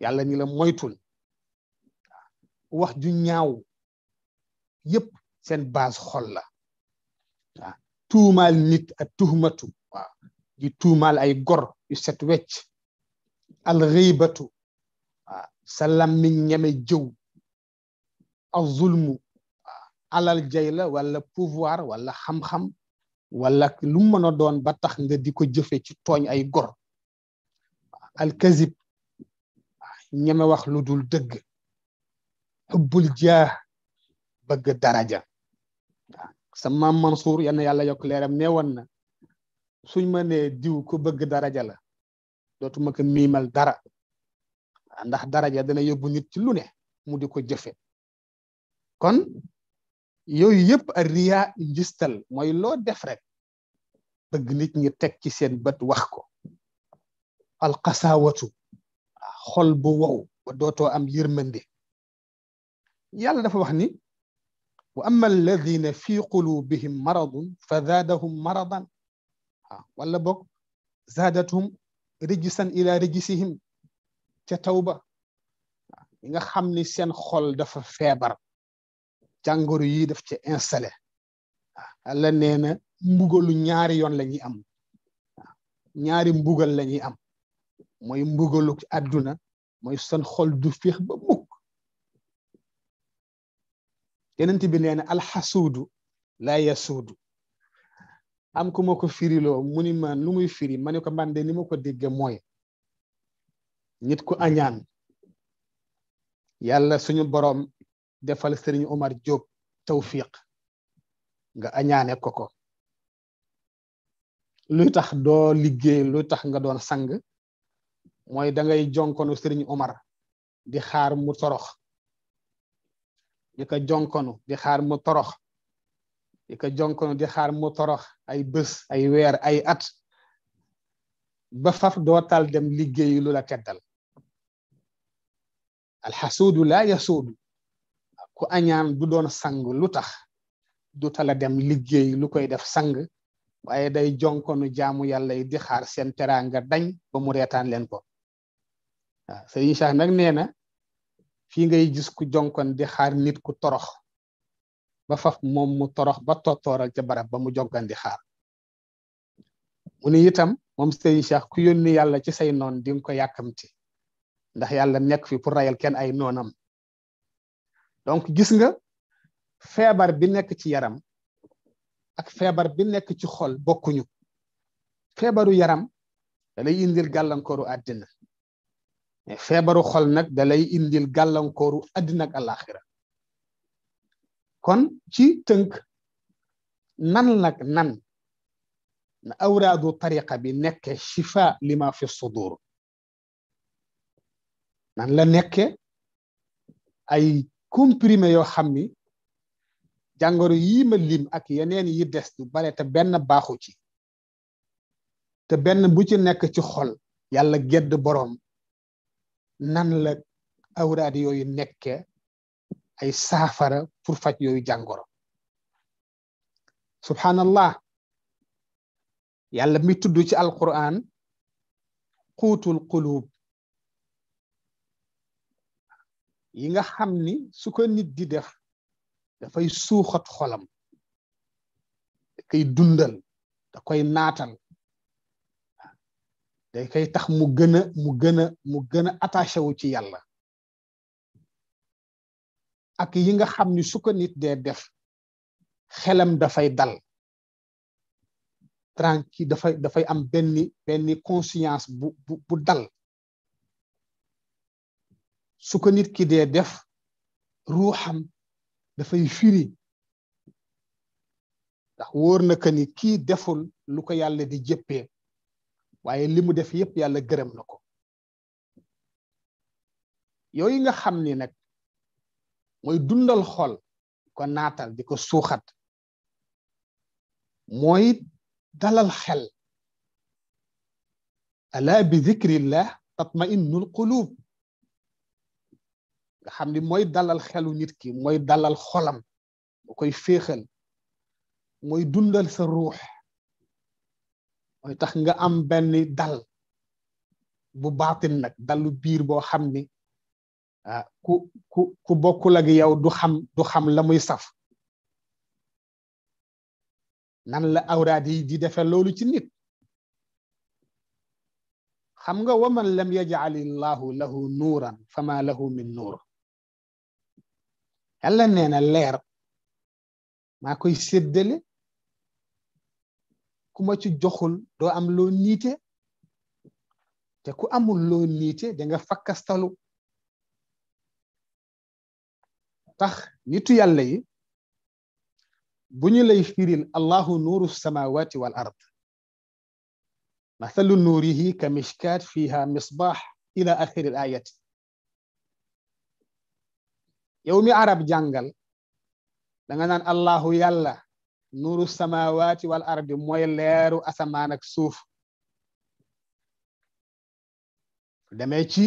yàlla ni la moytul ah, wax ju ñaaw yëpp seen base xol la waaw ah, tuumaal nit ay gor yu set wecc alghibatu sa lammiñ ñeme jëw azulmu alal jay la wala pouvoir wala xam-xam wala lu mën a doon ba tax nga di ko jëfe ci tooñ ay gor alkazib ñeme wax lu dul dëgg hubbul jaah bëgg daraja sa maam Mansour yenn yàlla yokk leeram nee woon na suñ ma nee diw ko bëgg daraja la dootuma ko miimal dara ndax daraja dana yóbbu nit ci lu ne mu di ko jëfe kon yooyu yëpp a riya njistal mooy loo def rek bëgg nit ñi teg ci seen bët wax ko alxasaawatu xol bu wow ba dootoo am yërmande yàlla dafa wax ni wa amma alladina fi qulubihim maradun fa zaadahum maradan wala boog zaadathum rijsan ila rijsihim ca taw ba yi nga xam ni seen xol dafa feebar jàngoro yi daf ca installé a nee neena mbugalu ñaari yoon la am ñaari mbugal la ñuy am mooy mbugalu àdduna mooy seen xol du féex ba mukk yenent bi neena na alxasuudu laa yasuudu am ku ma ko firiloo mu ni muy firi ma ne ko man de ni ma ko dégge mooy nit ku añaan yàlla suñu boroom defal sëriñ Omar Diop tawfiq nga añaane ko ko luy tax doo liggéey luy tax nga doon sang mooy dangay jonkonu sëriñ Omar di xaar mu torox di ko jonkonu di xaar mu torox di ko di xar mu torox ay bés ay weer ay at ba faf dootal dem liggéeyi lu la teddal alxasuudu laa yasuudu ku añaan du doon sang lu tax du tala dem liggéey lu koy def sang waaye day jonkonu jaamu yàlla di xaar seen teraanga dañ ba mu reetaan leen ko waaw Sëriñ Cheikh nag nee na fii ngay gis ku jonkon di xaar nit ku torox ba faf moom mu torox ba tottooral ca barab ba mu joggandi xaar mu ni itam moom sëriñ Cheikh ku yónni yàlla ci say noon di nga ko yàkkamti ndax yàlla nekk fi pour rayal kenn ay noonam donc gis nga feebar bi nekk ci yaram ak feebar bi nekk ci xol bokkuñu feebaru yaram da lay indil gàllankooru àddina mais feebaru xol nag da lay indil gàllankooru àddina ak àllaaxira kon ci tënk nan nag nan awraadu tariqa bi nekke shifa lima fi sudur nan la nekke ay comprimé yoo xam ni jàngoro yii ma lim ak yeneen yi des du bare te benn baaxu ci te benn bu ci nekk ci xol yàlla gedd boroom nan la awraad yooyu nekke ay saafara pour faj yooyu jàngoro subhanallah yàlla mi tudd ci alquran xuutul qulub yi nga xam ni su ko nit di def dafay suuxat xolam da koy dundal da koy naatal day koy tax mu gën a mu gën a mu gën a attaché wu ci yàlla ak yi nga xam ni su ko nit dee def xelam dafay dal tranquille dafay dafay am benn benn conscience bu bu bu dal su ko nit ki dee def ruuxam dafay firi ndax wóor na que ni kii deful lu ko yàlla di jëppee waaye limu def yëpp yàlla gërëm na ko yooyu nga xam ni nag mooy dundal xol ko naatal di ko suuxat mooy dalal xel ala bi zikrillah tatma'innul qulub nga xam ni mooy dalal xelu nit ki mooy dalal xolam bu koy féexal mooy dundal sa ruux mooy tax nga am benn dal bu baatin nag dalu biir boo xam ni ah ku ku ku bokkul ak yow du xam du xam la muy saf nan la awraad yi di defe loolu ci nit xam nga wa man lam yaj'al illahu lahu nuuran fama lahu min nuur yàlla nee na leer maa koy séddale ku ma ci joxul doo am loo niite te ku amul loo niite danga nga fakkastalu tax nitu yàlla yi bu ñu lay firil allahu nuuru samawati wal ard mathalu nuurihi ka mishkaat fiha misbaax ila axiri l ayati yow mi arab jàngal da nga naan allahu yàlla nuuru samawati wal ardi mooy leeru asamaan ak suuf demee ci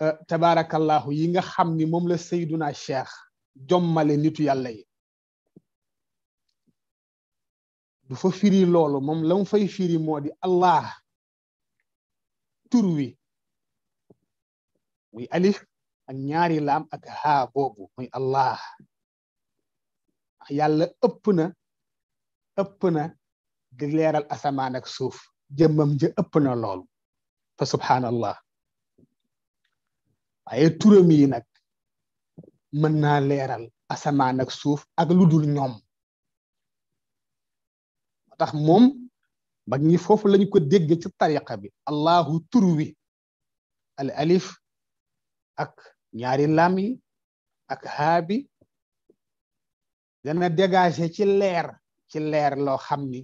tabarakallahu yi nga xam ni moom la sayduna cheikh jommale nitu yàlla yi du fa firi loolu moom la mu fay firi moo di allah tur wi muy alif ak ñaari laam ak haa boobu muy allah yàlla ëpp na ëpp na di leeral asamaan ak suuf jëmmam ja ëpp na loolu fa subhanallah waye turam yi nak man na leral asaman ak suuf ak lu ñom ñoom moo tax moom mag ñi ko degge ci tariqa bi allah turwi al alif ak ñaari lam yi ak bi dana dégager ci leer ci leer lo xamni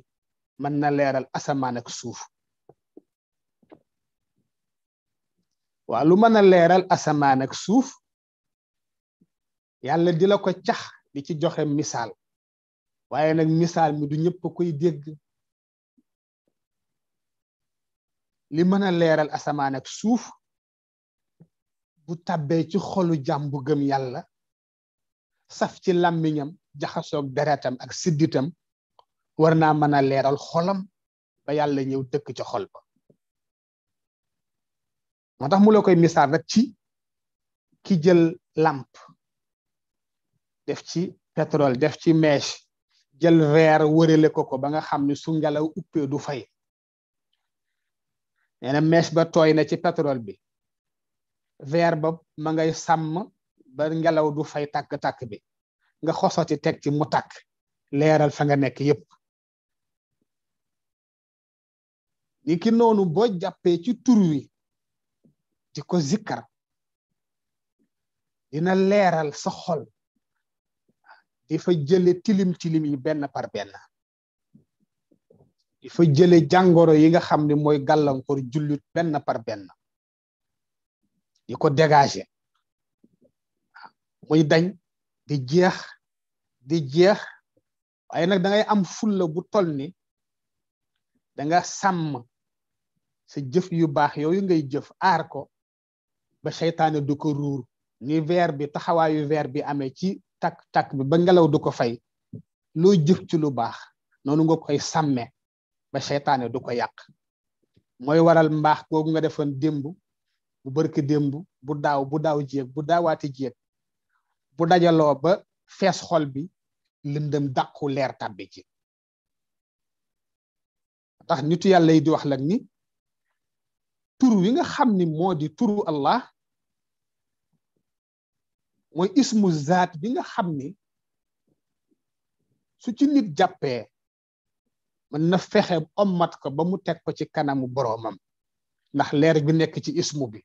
man na leral asaman ak suuf waa lu mën a leeral asamaan suuf yàlla di ko cax di ci joxe misaal waaye nag misaal mi du ñëpp koy dégg li mën a leeral asamaanak suuf bu tàbbee ci xolu jàmm gëm yàlla saf ci làmmiñam jaxasoog deretam ak sidditam war naa mën a leeral xolam ba yàlla ñëw dëkk ci xol moo tax mu la koy misaal rek ci ki jël lamp def ci pétrole def ci mèche jël verre wërale ko ko ba nga xam ne su ngelaw uppee du fay nena na ba tooy na ci pétrole bi verre ba ma ngay sàmm ba ngelaw du fay takk takk bi nga xosoti teg ci mu takk leeral fa nga nekk yépp ni ki noonu boo jàppee ci tur wi di ko zikkar dina leeral sa xol di fa jële tilim tilim yi benn par benn di fa jële jàngoro yi nga xam ne mooy gàllankoor jullit benn par benn di ko dégagé moy dañ di jeex di jeex waaye nag da ngay am fula bu tol ni danga nga sàmm sa jëf yu baax yooyu ngay jëf aar ko ba seytaane du ko ruur ni veer bi taxawaayu veer bi amee ci takk takk bi ba ngelaw du ko fay loo jëf ci lu baax noonu nga koy sàmme ba seytaane du ko yàq mooy waral mbaax googu nga defoon démb bu barki démb bu daaw bu daaw jéeg bu daawaati dajaloo ba fees xol bi dem dàqu leer tàbbi ci tax nitu yàlla di wax lak ni tur wi nga xam ni moo turu Allah moy ismu zat bi nga xamni su ci nit jappé man na fexe ommat ko ba mu tek ko ci kanamu boromam ndax leer bi nek ci ismu bi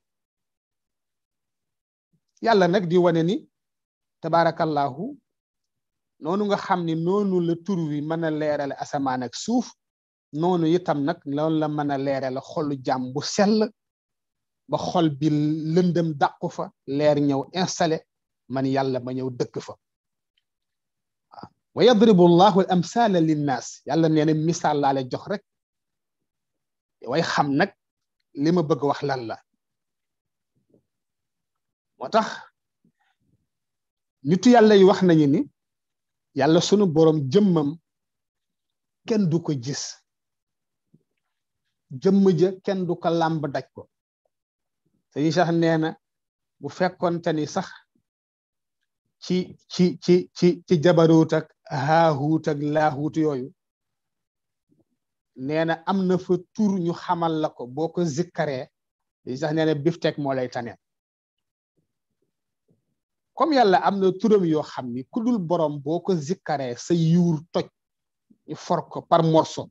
yàlla nak di wone ni tabarakallah nonu nga xamni nonu noonu la tur wi mën leral asaman ak souf nonu yitam nak loolu la mën leral xolu jàmm bu sell ba xol bi lëndëm dàqu fa leer ñëw installer man yàlla ma ñëw dëkk fa waaw wa yadribu llahu al amsala linnaas yàlla nee na misaal laa jox rek way xam nag li ma bëgg wax lan la moo tax nitu yàlla yi wax nañu ni yàlla sunu borom jëmmam kenn du ko gis jëmm jë kenn du ko làmb daj ko te yi sax nee na bu fekkoonte ni sax ci ci ci ci ci jabarut ak haahuut ak laahuut yooyu nee na am na fa tur ñu xamal la ko boo ko zikkaree sax nee na biftek moo lay taneel comme yàlla am na turam yoo xam ni ku dul borom boo ko zikkaree sa yuur toj ñu for ko par morceau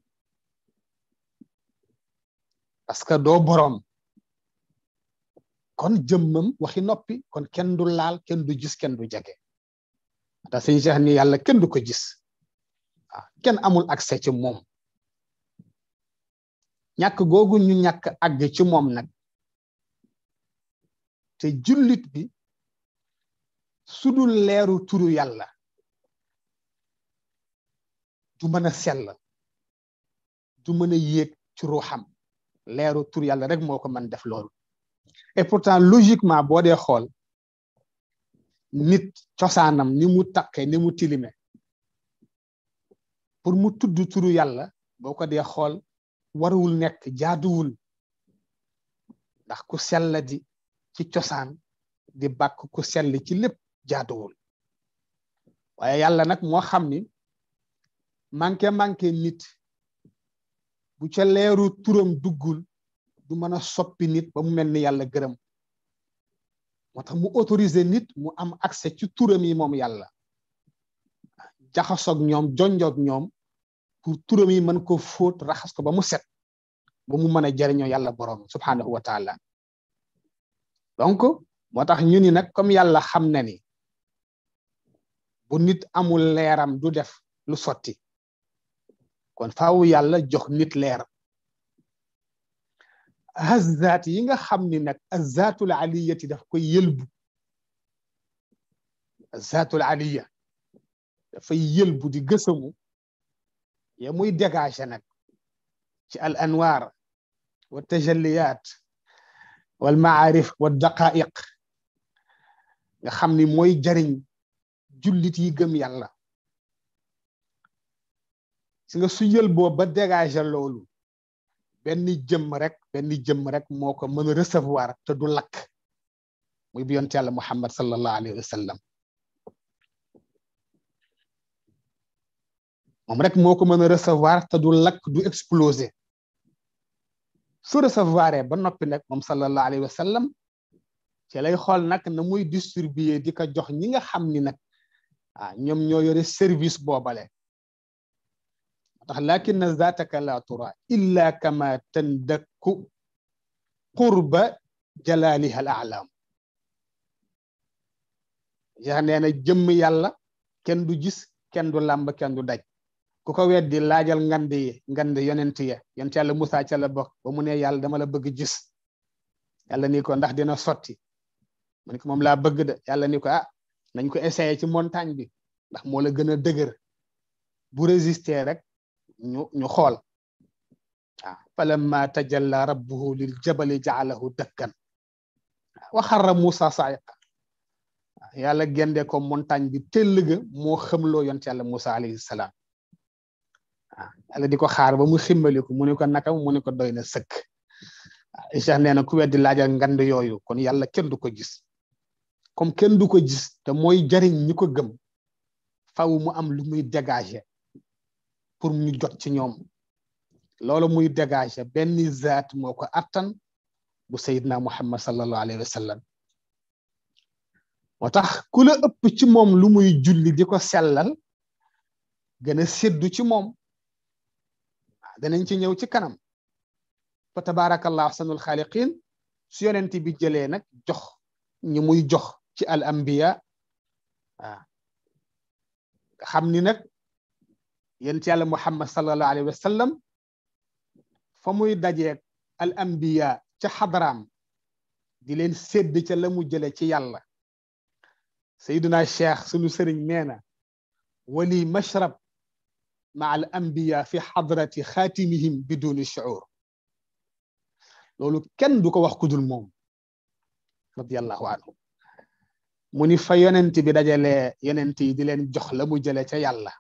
parce que doo borom kon jëmmam waxi noppi kon kenn du laal kenn du gis kenn du jege ndax sëñ Cheikh ni yàlla kenn du ko gis waaw kenn amul accès ci moom ñàkk googu ñu ñàkk àgg ci moom nag te jullit bi sudul leeru turu yàlla du mën a sell du mën a ci ruuxam leeru turu yàlla rek moo ko mën def loolu et pourtant logiquement boo dee xool nit cosaanam ni mu takke ni mu tilime pour mu tudd turu yàlla boo ko dee xool waruwul nekk jaaduwul ndax ku sell di ci cosaan di bàkk ku sell ci lépp jaaduwul waaye yàlla nag moo xam ni manqué manqué nit bu ca leeru turam duggul du mën a soppi nit ba mu mel ni yàlla gërëm moo tax mu autoriser nit mu am accès ci turam yi moom yàlla jaxasoog ñoom jonjoog ñoom pour turam yi mën ko fóot raxas ko ba mu set ba mu mën a jariñoo yàlla borom subhanahu wa taala donc moo tax ñu ni nag comme yàlla xam na ni bu nit amul leeram du def lu sotti kon faawu yàlla jox nit leer هز ذات ييغا خامني نك الذات العليه داف يلبو الذات العليه داف يلبو دي گسمو يا موي دغاشا نك سي الانوار والتجليات والمعارف والدقائق غا خامني موي جارين جوليت يي گم يالا سيغا سو لولو benn jëmm rek benn jëmm rek moo ko mën a recevoir te du lakk muy bi yonent yàlla Muhammad sallallahu alayhi wa sallam moom rek moo ko mën a recevoir te lakk du explosé su recevoir ba noppi nag moom sallallahu alayhi wa sallam ci lay xool nag na muy distribuer di ko jox ñi nga xam ni nag a ah, ñoom ñoo yore service boobale tax lakinna zaataka la tura illa kama tandakku qurba jalaaliha al alam yaa nee na jëmm yàlla kenn du gis kenn du làmb kenn du daj ku ko weddi laajal ngand yi ngand yonent ya yonent yàlla Musaa ca la ba mu ne yàlla dama la bëgg gis yàlla ni ko ndax dina sotti mu ne ko moom laa bëgg de yàlla ni ko ah nañ ko essayé ci montagne bi ndax moo la gën a dëgër bu résister rek ñu ñu xool waaw falamma tajalla rabbuhu lil jabali jaalahu dakkan wa xarra Moussa saayiqa yàlla gende ko montagne bi tell ga moo xamloo yont yàlla Moussa alayhi salaam waaw yàlla di ko xaar ba mu ximmaliku mu ne ko nakam mu ne ko doy na sëkk Cheikh nee na ku weddi laajal ngand yooyu kon yàlla kenn du ko gis comme kenn du ko gis te mooy jariñ ñi ko gëm faw mu am lu muy dégager pour ñu jot ci ñoom loolu muy dégager benn zaat moo ko attan bu sayidna muhammad sallallahu alayhi wa sallam moo tax ku la ëpp ci moom lu muy julli di ko sellal gën seddu ci moom ah, danañ ci ñëw ci kanam fa tabaarakallah ahsanul xaaliqin su yonent bi jëlee nag jox ñi muy jox ci al ambiya waaw ah, xam ni nag yent yàlla muhammad sallallahu alayhi wa sallam fa muy dajeeg al ambiya ca xadaraam di leen sédd ca la mu jële ci yàlla sayduna cheikh sunu sëriñ nee na wali mashrab مع الأنبياء في حضرة خاتمهم بدون شعور لولو كان دوكو واخ كودول موم رضي الله عنه موني فا يوننتي بي داجالé يوننتي دي لين جوخ لا مو جëlé ca yalla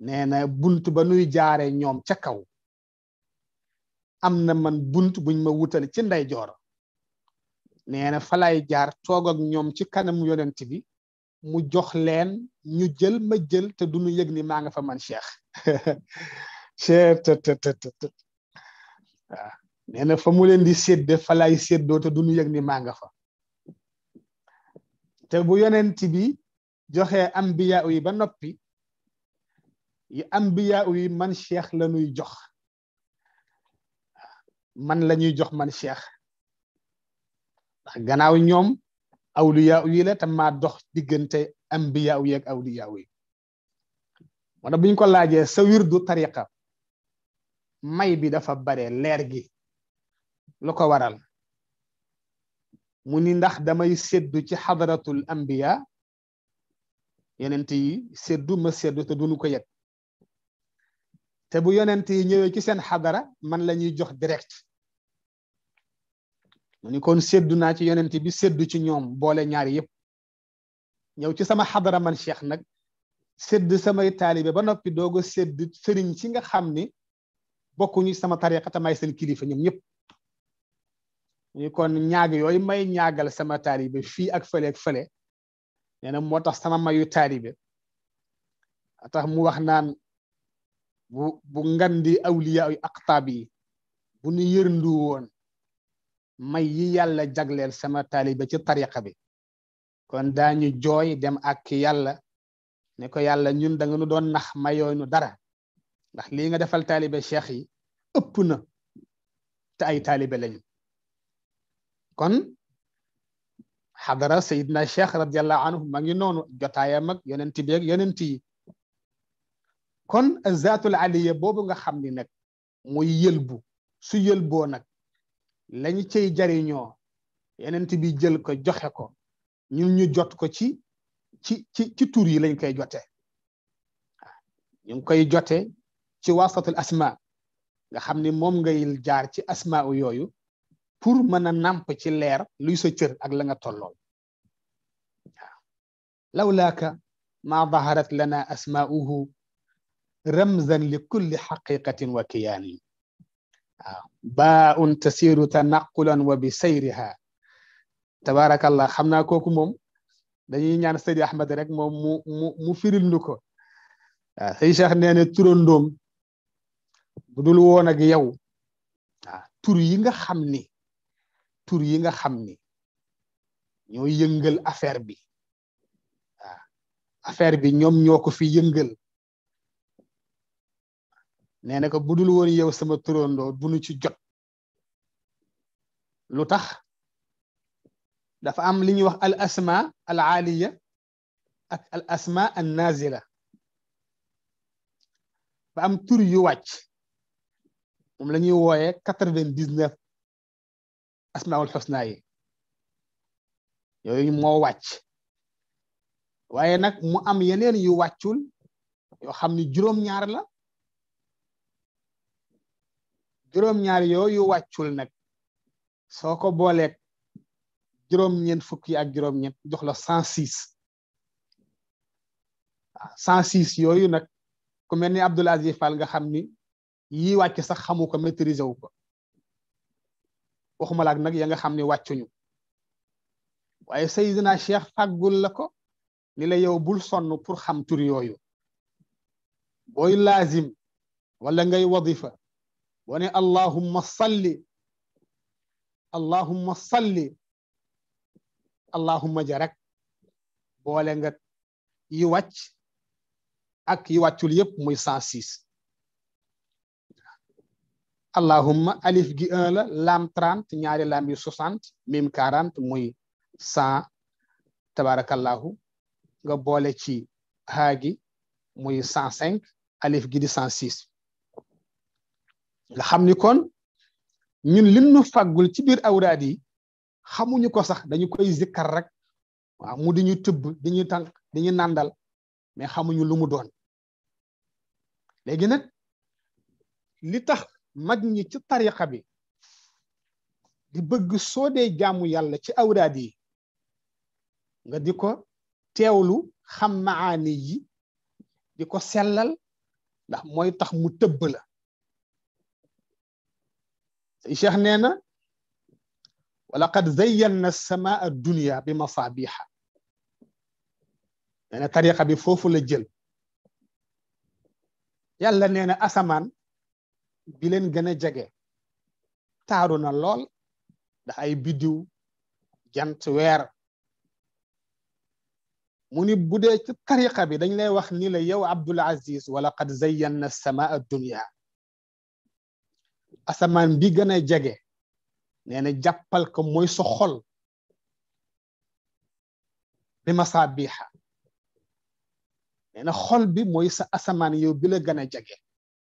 nee na bunt ba nuy jaare ñoom ca kaw am na man bunt buñ ma wutal ci ndeyjoor nee na falay jaar toog ak ñoom ci kanam yonent bi mu jox leen ñu jël ma jël te du ñu yëg ni maa nga fa man cheikh cheikh të na fa mu leen di sédde falay seddoo te du ñu yëg ni maa nga fa te bu yonent bi joxe ambiya yi ba noppi anbiya yi man cheikh la ñuy jox man la ñuy jox man cheikh ndax gannaaw ñoom awliya yi la te maa dox diggante anbiya yi ak awliya yi moo tax ko laajee sa wirdu tariqa may bi dafa bare leer gi lu ko waral mu ni ndax damay séddu ci xadaratul anbiya yenent yi séddu ma séddu te duñu ko yëg te bu yonent yi ñëwé ci seen hadara man lañuy jox direct mu ni kon séddu naa ci yonent bi séddu ci ñoom boole ñaar yëpp ñëw ci sama hadara man cheikh nag sédd samay talibé ba noppi doog sédd sëriñ ci nga xam ni bokkuñu sama tariqa te may seen kilifa ñoom ñëpp ni kon ñaag yooyu may ñaagal sama talibé fii ak fële ak fële nee na moo tax sama mayu talibé tax mu wax naan bu bu ngandi awliya yu aqtaab yi bu nu yërndu woon may yi yàlla jagleel sama taaliba ci tariqa bi kon daañu jooy dem ak yàlla ne ko yàlla ñun da nu doon nax mayoo nu dara ndax lii nga defal taalibe cheikh yi ëpp na te ay taalibe lañu kon xadara sayidna cheikh radiallahu anhu ma ngi noonu jotaayam ak yonent bi ak kon zaatul aliya boobu nga xam ni nag muy yëlbu su yëlboo nag lañu cay jariñoo yenent bi jël ko joxe ko ñun ñu jot ko ci ci ci ci tur yi lañ koy jote ñu ngi koy jote ci wasatul asma nga xam ni moom ngay jaar ci asma yooyu pour mën a nàmp ci leer luy sa cër ak la nga tollool waaw lawlaaka ma daharat lana asmauhu ramzan li kulli xaqiqatin wa kiyaanin waaw baa un tasiru tanaqulan wa bi sayriha tabarakallah xam naa kooku moom dañuy ñaan Seydi Ahmed rek moom mu mu mu firil ñu ko waaw ah, sëy Cheikh nee bu dul woon ak yow waaw ah, yi nga xam ni tur yi nga xam ni ñoo yëngal affaire bi ah, affaire bi ñoom ñoo ko fi yëngal nee na ko budul woon yow sama turandoo dunu ci jot lu tax dafa am li ñuy wax al asma al aliya ak al asma an nazila ba am tur yu wàcc moom la ñuy wooyee quatre vingt dix neuf asmaul xusna yi yooyu moo wàcc waaye nag mu am yeneen yu wàccul yoo xam ni juróom-ñaar la juróom-ñaar yooyu wàccul nag soo ko booleeg juróom-ñeent ak juróom-ñeent jox la cent six ah, cent six yooyu nag ku mel ni Aziz Fall nga xam ni yii wàcc sax xamu ko maîtriser wu ko waxuma nag ya nga xam ni wàccuñu waaye Seydina Cheikh fàggul la ko ni la yow bul sonn pour xam tur yooyu booy laazim wala ngay wadifa boo ne allahumma salli allahumma salli allahumma boole nga yi wàcc ak yi wàccul yëpp muy cent six allahumma alif gi un la laam trente ñaari laam yu soixante mim quarante muy cent tabarakallahu nga boole ci haa gi muy cent cinq alif gi di cent six nga xam ni kon ñun lim nu fàggul ci biir awraad yi xamuñu ko sax dañu koy zikkar rek waaw mu di ñu tëbb di ñu tànk di ñu nàndal mais xamuñu lu mu doon léegi nag li tax mag ñi ci tariqa bi di bëgg soo dee jaamu yàlla ci awraad yi nga di ko teewlu xam maani yi di ko sellal ndax mooy tax mu tëbb Cheikh nee na walaqad zayyana samaa dunia bi masaabiha nee na bi foofu la jël yàlla nee na asamaan bi leen gën a jege taaru na lool ndax ay biddiw jant weer mu ni bu dee ci tariqa bi dañ lay wax ni la yow Abdul wala walaqad zayyana samaa dunia asamaan bi gën a jege nee na jàppal ko mooy sa xol bi masaabiha nee na xol bi mooy sa asamaan yow bi la gën a jege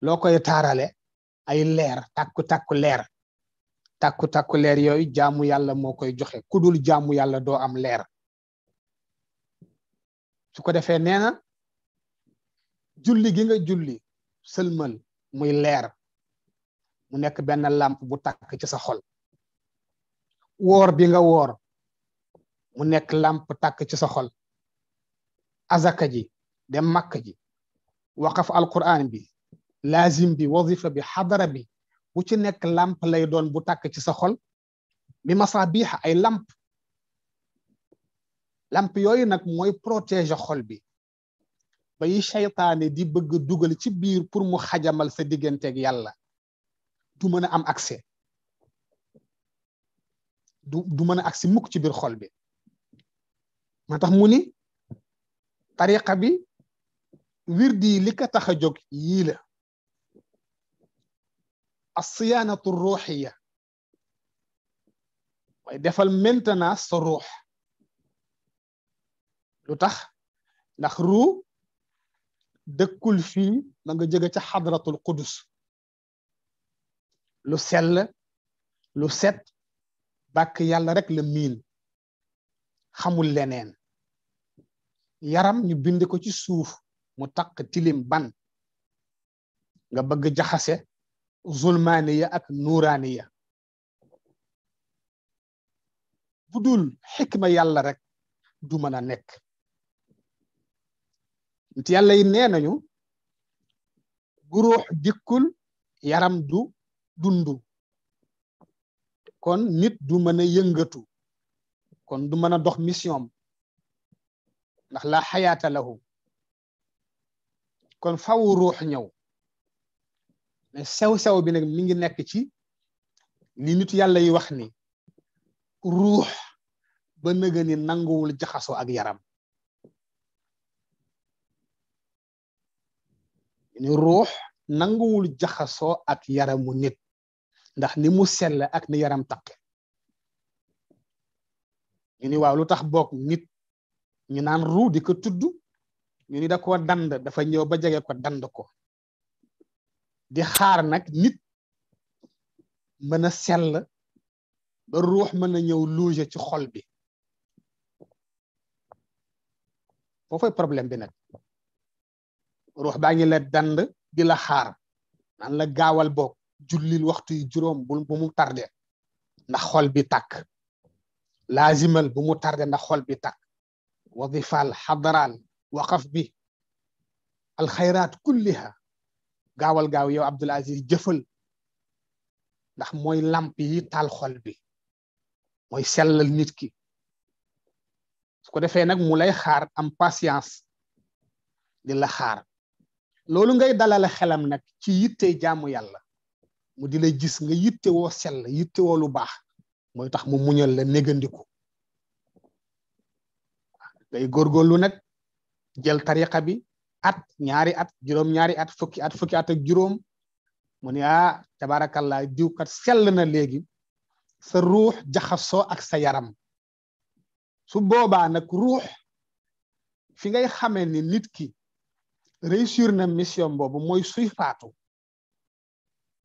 loo koy taarale ay leer takku takku leer takku takku leer yooyu jaamu yàlla moo koy joxe ku dul jaamu yàlla doo am leer su ko defee nee julli gi nga julli sëlmal muy leer mu nekk benn làmp bu tàkk ci sa xol woor bi nga woor mu nekk làmp tàkk ci sa xol azaka ji dem màkk ji waqaf alquran bi laazim bi wazifa bi xadara bi bu ci nekk làmp lay doon bu tàkk ci sa xol bi masaabiixa ay làmp làmp yooyu nag mooy protéger xol bi ba yi di bëgg dugal ci biir pour mu xajamal sa digganteeg yàlla du mën a am accès du du mën a accès mukk ci biir xol bi moo tax mu ni tariqa bi wirdi yi li ko tax a jóg yii la asiyaanatu ruuxiya waaye defal maintenance sa ruux lu tax ndax ruu dëkkul fii da nga jóge ca xadratul qudus lu sell lu set bàkk yàlla rek la miin xamul leneen yaram ñu bind ko ci suuf mu takk tilim ban nga bëgg jaxase zulmaaniya ak nuuraaniya bu dul xikma yàlla rek du mën a nekk nit yàlla yi nee nañu yaram du dund kon nit du mën a yëngatu kon du mën a dox mission ndax la xayaata lahu kon faw ruux ñëw mais sew-sew bi nag mi ngi nekk ci li nit yàlla yi wax ni ruux ba nëga ni nanguwul jaxasoo ak yaram ni ruux nanguwul jaxasoo ak yaramu nit ndax ni mu sell ak ni yaram takke ñu ni waaw lu tax bokk nit ñu naan ru di ko tudd ñu ni da ko dand dafa ñëw ba jege ko dand ko di xaar nak nit mën a sell ba ruux mën a ñëw loge ci xol bi foofay problème bi nag ruux baa ngi la dand di la xaar naan la gaawal bokk jullil waxtu yi juróom bu bu mu tardé ndax xol bi tàkk laazimal bu mu tardé ndax xol bi tàkk wadifaal xadaraan waqaf bi alxayraat kulliha gaawal gaaw yow abdul aziz jëfal ndax mooy lamp yi taal xol bi mooy sellal nit ki su ko defee nag mu lay xaar am patience di la xaar loolu ngay dalale xelam nag ci yitte jaamu yàlla mu di lay gis nga yitté wo sel yitté wo lu bax moy tax mu muñal la negandiku day gorgolu nak jël tariqa bi at ñaari at juroom ñaari at fukki at fukki at ak juroom mu ni ah tabarakallah diw kat sel na legi sa ruh, jaxaso ak sa yaram su boba nak ruh fi ngay xamé ni nit ki réussir na mission bobu moy suy fatou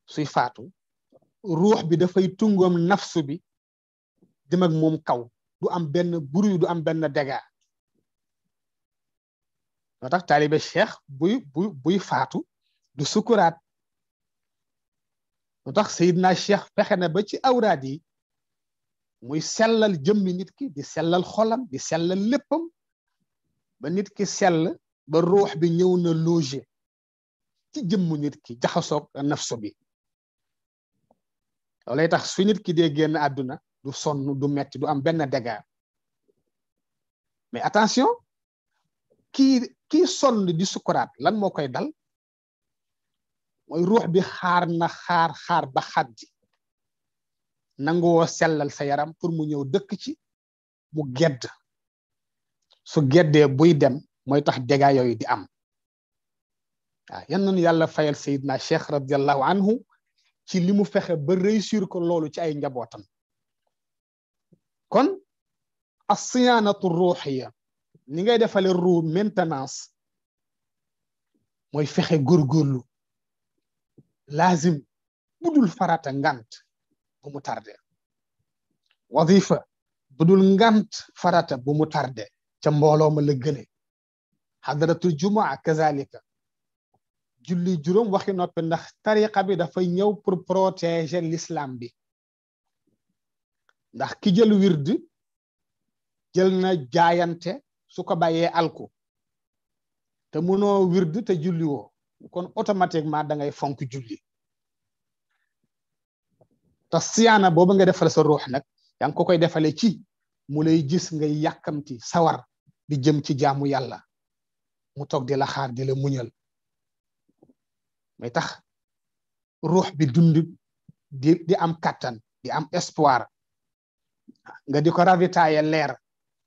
suy faatu ruux bi dafay tungoom nafsu bi dem ak moom kaw du am benn bruit du am benn dégât moo tax taalibe cheikh buy buy buy faatu du sukuraat moo tax sayidna cheikh fexe na ba ci awraat yi muy sellal jëmmi nit ki di sellal xolam di sellal léppam ba nit ki sell ba ruux bi ñëw na loger ci jëmmu nit ki jaxasoog nafsu bi lay tax su nit ki dee génn àdduna du sonn du metti du am benn dégât mais attention ki ki sonn di sukuraat lan moo koy dal mooy ruux bi xaar na xaar xaar ba xaddi nanguwoo sellal sa yaram pour mu ñëw dëkk ci mu gedd su geddee buy dem mooy tax dégât yooyu di am waaw yan nañu yàlla fayal sayidna cheikh radiallahu anhu ci li mu fexe ba réussir ko loolu ci ay njabootam kon asiyaanatu ruuxiya ni ngay defale ruu maintenance mooy fexe góorgóorlu laazim budul farata ngant bu mu tarde wazifa budul ngant farata bu mu tarde ca mbooloo ma la gëne xadaratul jumaa kazalika julli juróom waxi noppi ndax tariqa bi dafay ñëw pour protéger l'islam bi ndax ki jël wird jël na jaayante su ko bàyyee alku te mënoo wird te julli woo kon automatiquement da ngay fonk julli te siyaana boobu nga defal sa ruux nag yaa ko koy defale ci mu lay gis ngay yàkkamti sawar di jëm ci jaamu yàlla mu toog di la xaar di la muñal mooy tax ruux bi dund di di am kàttan di am espoir nga di ko ravitailler leer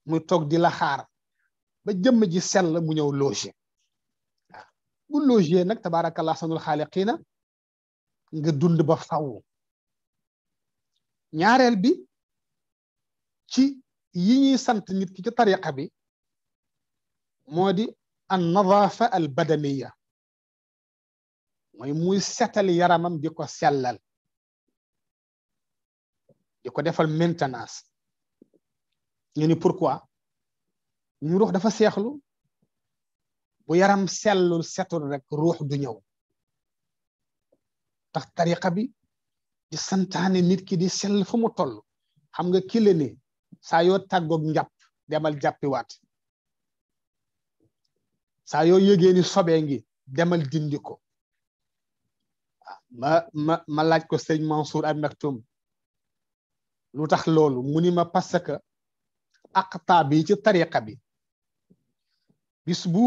muy toog di la xaar ba jëmm ji sell mu ñëw loger waaw bu loger nag tabaarakallah sanul xaaliqiina nga dund ba faw ñaareel bi ci yi ñuy sant nit ki ci tariqa bi moo di an nadafa al badaniya mooy muy setal yaramam di ko sellal di ko defal maintenance ñu ni pourquoi ñu ruux dafa seexlu bu yaram sellul setul rek ruux du ñëw tax tariqa bi di santaane nit ki di sell fu mu toll xam nga kile ni saa yoo tàggoog njàpp demal jàppiwaat saa yoo yëgee ni sobee ngi demal dindi ko ma ma ma laaj ko sëñ Mansour Al Maktoum lu tax loolu mu ni ma parce que aqtaa bi ci tariqa bi bis bu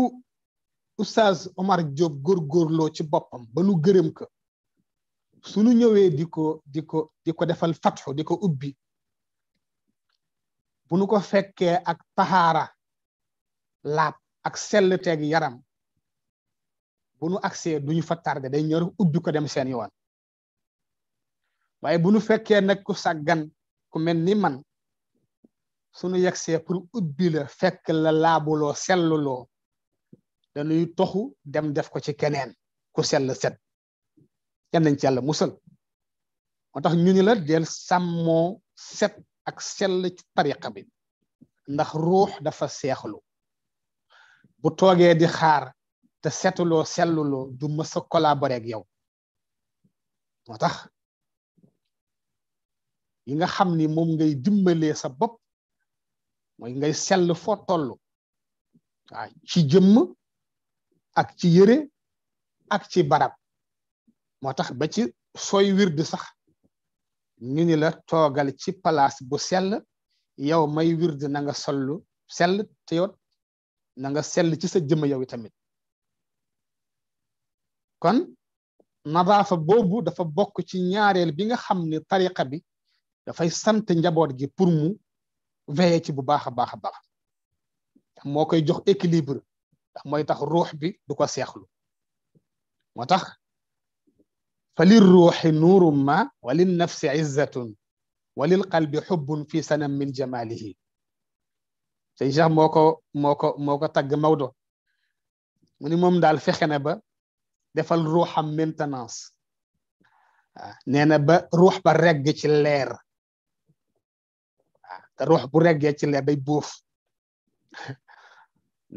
oustaz Omar Diop góorgóorloo ci boppam ba nu gërëm ko suñu ñëwee di ko di ko di ko defal fatxu di ko ubbi bu nu ko fekkee ak taxaara laab ak sell teeg yaram bu nu du duñu fa tardé day ñor ubbi ko dem seen yoon waaye bu nu fekkee nag ku saggan ku mel man sunu yegsee pour ubbi la fekk la laabuloo selluloo dañuy toxu dem def ko ci keneen ku sell set kenn nañ ci yàlla musal moo tax ñu ni la del sàmmoo set ak sell ci tariqa bi ndax ruux dafa seexlu bu toogee di xaar te setuloo seluloo du mës a ak yow moo tax yi nga xam ni moom ngay dimbalee sa bopp mooy ngay sell foo toll waaw ci jëmm ak ci yëre ak ci barab moo tax ba ci sooy wird sax ñu ni la toogal ci palaas bu sell yow may wird nanga nga sel sell te yow na nga sell ci sa jëmm yow tamit kon nadaafa boobu dafa bokk ci ñaareel bi nga xam ni tariqa bi dafay sant njaboot gi pour mu veye ci bu baax a baax a baax moo koy jox équilibre ndax mooy tax ruux bi du ko seexlu moo tax fa lil ma wa nafsi izzatun wa qalbi xubbun fi sanam min jamalihi sëñ Cheikh moo ko moo ko moo ko tagg Maodo mu ba defal ruuxam maintenance nee na ba ruux ba regg ci leer te ruux bu reggee ci leer day bóof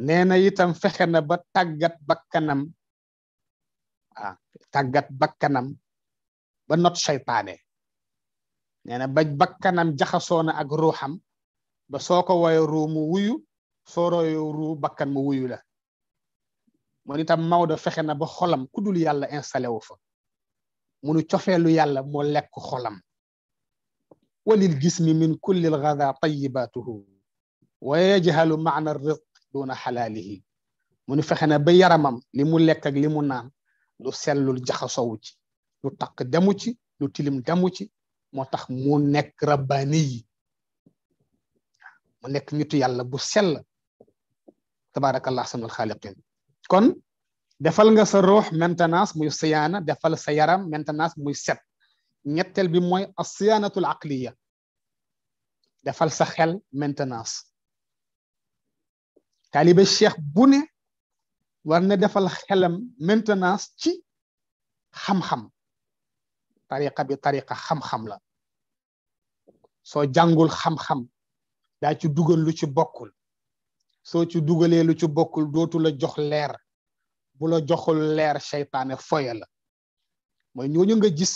nee na itam fexe na ba tàggat bakkanam ah bakkanam ba not seytaane nee na ba bakkanam jaxasoo na ak ruuxam ba soo ko woyee mu wuyu soo royoo ruu bakkan mu wuyu la man itam mawdo fexe na ba xolam kudul yàlla installé wu fa munu cofeelu yàlla mo lek xolam walil jismi min kullil gada tayyibatuhu wa yajhalu ar rizq duna halalihi mu nu fexe na ba yaramam li mu lekk ak li mu naan lu jaxaso wu ci lu tak demu ci lu tilim demu ci motax tax mu nekk rabbaani yi mu nekk nitu yàlla bu sell tabaarakallah sanul xaaliqin kon defal nga sa ruh maintenance muy siyana defal sa yaram maintenance muy set ñettel bi moy as-siyanatu al aqliya defal sa xel maintenance taalibe cheikh bu ne war na defal xelam maintenance ci xam-xam tariqa bi tariqa xam-xam la so jàngul xam-xam da ci duggal lu ci bokul soo ci dugalee lu ci bokkul dootu la jox leer bu la joxul leer seytaane foya la mooy ñooñu nga gis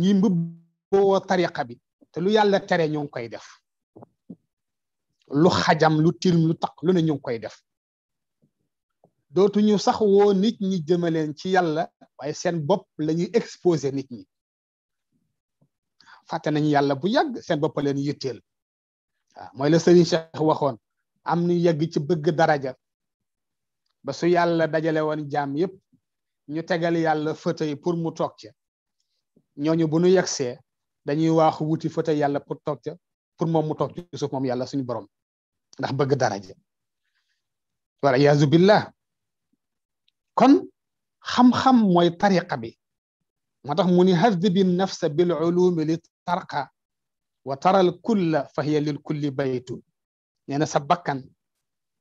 ñi mbubboo tariqa bi te lu yàlla tere ñu ngi koy def lu xajam lu tilim lu taq lu ne ñu koy def dootuñu sax woo nit ñi jëmaleen ci yàlla waaye seen bopp la exposé nit ñi fàtte nañ yàlla bu yàgg seen bopp leen yitteel waaw mooy la Serigne Cheikh waxoon am ñu yegg ci bëgg daraja ba su yàlla dajale woon jaam yépp ñu tegal yàlla fëtë pour mu toog ca ñooñu bu ñu yegsee dañuy waaxu wuti fëtë yàlla pour toog ca pour moom mu toog ci suuf moom yàlla suñu borom ndax bëgg daraja wala yaazu billah kon xam-xam mooy tariqa bi moo tax mu ni haddibi nafsa bil ulum li tarqa wa taral kulla fahiya lil kulli baytu nee sa bakkan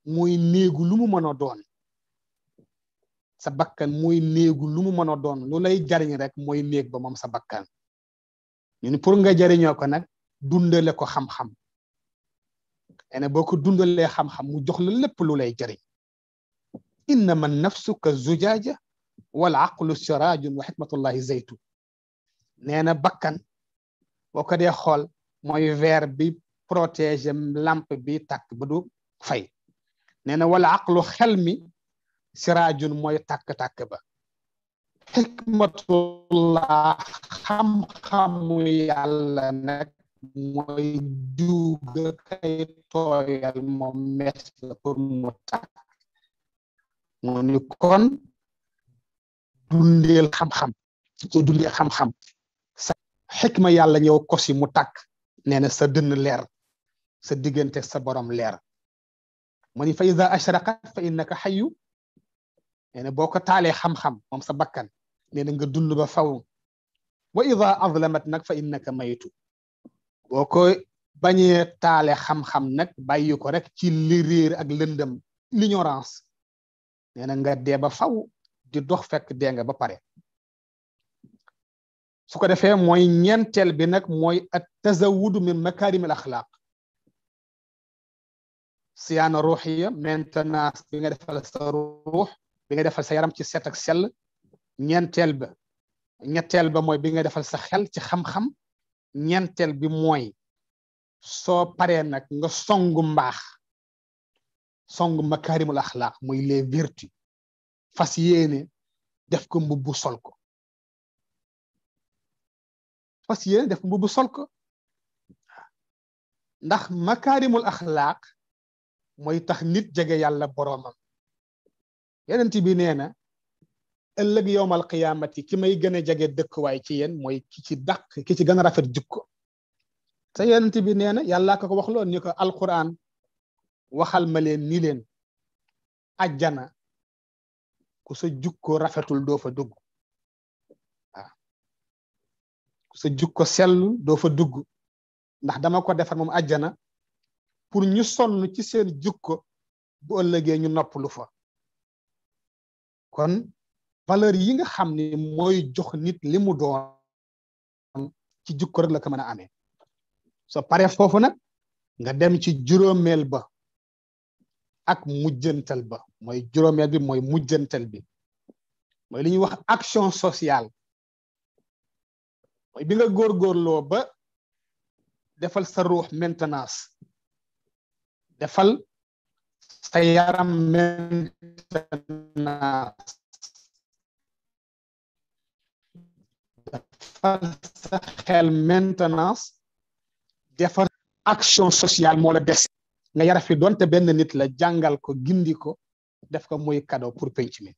mooy néegu lu mu mën a doon sa bakkan mooy néegu lu mu mën a doon lu lay jariñ rek mooy néeg ba moom sa bakkan ñu ni pour nga jariñoo ko nag dundale ko xam-xam ene boo ko dundalee xam-xam mu jox la lépp lu lay jariñ innama nafsu ka zujaaja wal aqlu siraajun wa xikmatullahi zaytu nee bakkan boo ko dee xool mooy veer bi protéger lampe bi tàkk ba du fay nee na wala aqlu xel mi siraajun mooy tàkk-tàkk ba xikmatullah xam-xamu yàlla nag mooy juuga kay tooyal moom mees pour mu tàkk mu ni xam-xam soo dundeel yàlla ñëw kosi mu tàkk nee na sa dënn leer sa diggante sa borom leer mu ni fa ida ashraqat fa innaka xayu nee na boo ko taalee xam-xam moom sa bakkan nee na nga dund ba faw wa ida azlamat nag fa innaka maytu boo ko bañee taale xam-xam nag bàyyi ko rek ci li réer ak lëndëm l'ignorance nee na nga dee ba faw di dox fekk dee nga ba pare su ko defee mooy ñeenteel bi nag mooy at tazawudu min makarim al axlaaq siyaana ruuxiya maintenance bi nga defal sa ruux bi nga defal sa yaram ci set ak sell ba ñetteel ba mooy bi nga defal sa xel ci xam-xam ñeenteel bi mooy soo paree nag nga songu mbaax songu makaarimul axlaaq muy les vertus fas def ko mbubbu sol ko def mbubbu sol ko ndax makaarimul axlaaq moy tax nit jégué yalla boromam yenent bi nee na yowmal qiyamati ki may gëna jégué dëkk way ci yeen moy ki ci dakk ki ci gëna rafet jukko te yenent bi nee yalla ko wax lo ni ko alquran waxal ma leen ni leen aljana ku sa jukko rafetul do fa dugg ku sa jukko sellul do fa dugg ndax dama ko defar mom aljana pour ñu sonn ci seen jukko bu ëllëgee ñu noppalu fa kon valeur yi nga xam ni mooy jox nit li mu doon ci jukko rek la ko mën a amee soo pare foofu nag nga dem ci juróomeel ba ak mujjantal ba mooy juróomeel bi mooy mujjantal bi mooy li ñuy wax action sociale mooy bi nga góorgóorloo ba defal sa ruux maintenance defal sa yaram maintenance defal xel maintenance defal action sociale moo la des nga yara fi doonte benn nit la jàngal ko gindi ko def ko muy kado pour penc mi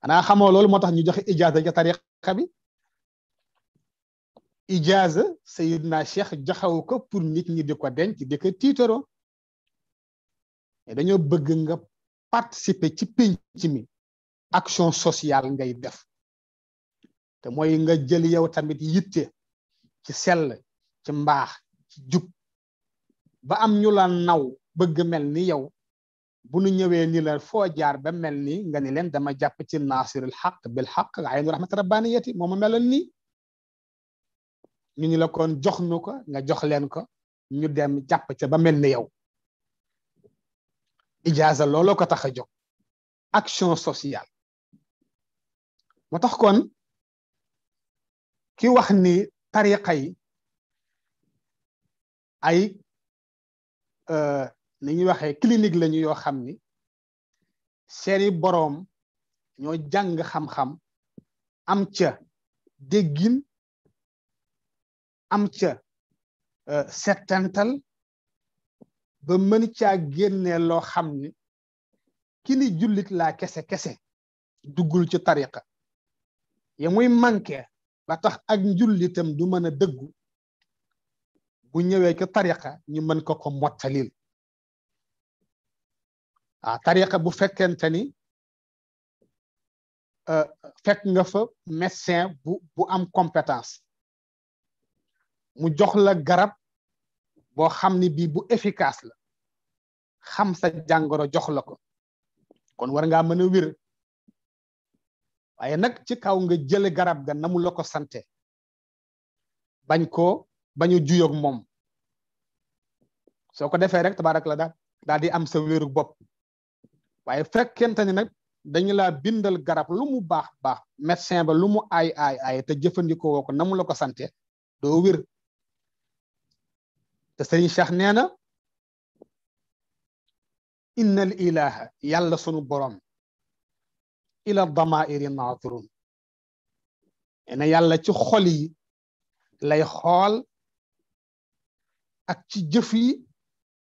xanaa xamoo loolu moo tax ñu joxe ijaaza ja tariqa ijaaza Seydina Cheikh joxewu ko pour nit ñi di ko denc di ko tiitaro dañoo bëgg nga participer ci pénc mi action sociale ngay def te mooy nga jël yow tamit yitte ci sell ci mbaax ci jub ba am ñu la naw bëgg mel ni yow bu nu ñëwee ni la foo jaar ba mel ni nga ni leen dama jàpp ci naasirul xaq bil xaq aynul rahmat rabbaniyati moo ma melal nii ñu ni la kon jox ko nga jox leen ko ñu dem jàpp ca ba mel ni yow ijaaza looloo ko tax a jóg action sociale moo tax kon ki wax ni tariqa yi ay euh, ni ñuy waxee clinique lañu yoo xam ni seeni boroom ñoo jàng xam-xam am ca déggin am ca euh, settantal ba mën caa génnee loo xam ne ki ni jullit laa kese-kese duggul ci tariqa ya muy manqué ba tax ak njullitam du mën a dëggu bu ñëwee ci tariqa ñi mën ko ko mottalil ah tariqa bu fekkente ni euh, fekk nga fa médecin bu bu am compétence mu jox la garab bo xamni bi bu efficace la xam sa jangoro jox la ko kon war nga mën wir waye nak ci kaw nga garab ga namu la ko sante bañ ko bañu juyoog moom soo ko defee rek tabarak la daal dal di am sa wéru bopp waaye fekkente ni dañu la bindal garab lu mu bax bax médecin ba lu mu ay ay ay te jëfëndiko woko namu la ko sante doo te sëriñ Cheikh nee na innal ilaha yàlla sunu borom ila damairi naatirun nee na yàlla ci xol yi lay xool ak ci jëfi yi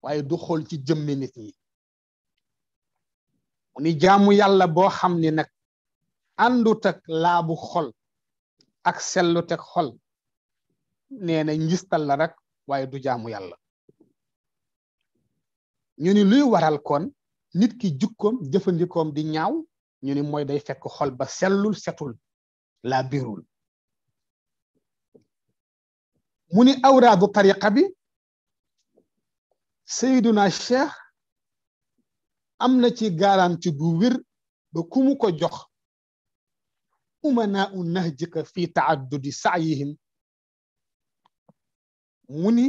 waaye du xool ci jëmmi nit ñi mu ni jaamu yàlla boo xam ni nag àndut ak laabu xol ak selluteg xol nee njistal la rek waaye du jaamu yàlla ñu ni luy waral kon nit ki jukkoom jëfandikoom di ñaaw ñu ni mooy day fekk xol ba sellul setul laa biirul mu ni awraadu tariqa bi Seyduna Cheikh am na ci garanti gu wér ba ku mu ko jox umanaa u nahjika fi taaddudi saayihim mu ni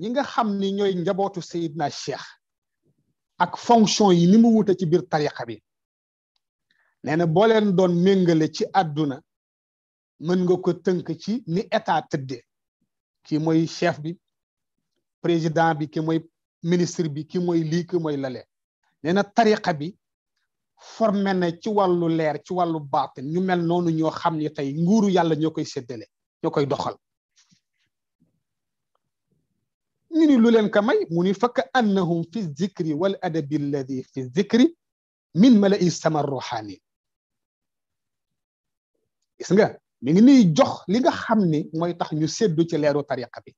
ñi nga xam ni ñooy njabootu na Cheikh ak fonction yi ni mu wute ci biir tariqa bi nee na boo leen doon méngale ci àdduna mën nga ko tënk ci ni état tëdde kii mooy chef bi président bi ki moy ministre bi ki mooy lii ki mooy lale nee na tariqa bi formé na ci wàllu leer ci wàllu baatin ñu mel noonu ñoo xam ni tey nguuru yàlla ñoo koy seddale ñoo koy doxal نيني لولين كماي موني فك انهم في الذكر والادب الذي في الذكر من ملئ السماء الروحاني يسنغا ميغي ني جوخ ليغا خامني موي تخ ني سيدو تي ليرو طريقه بي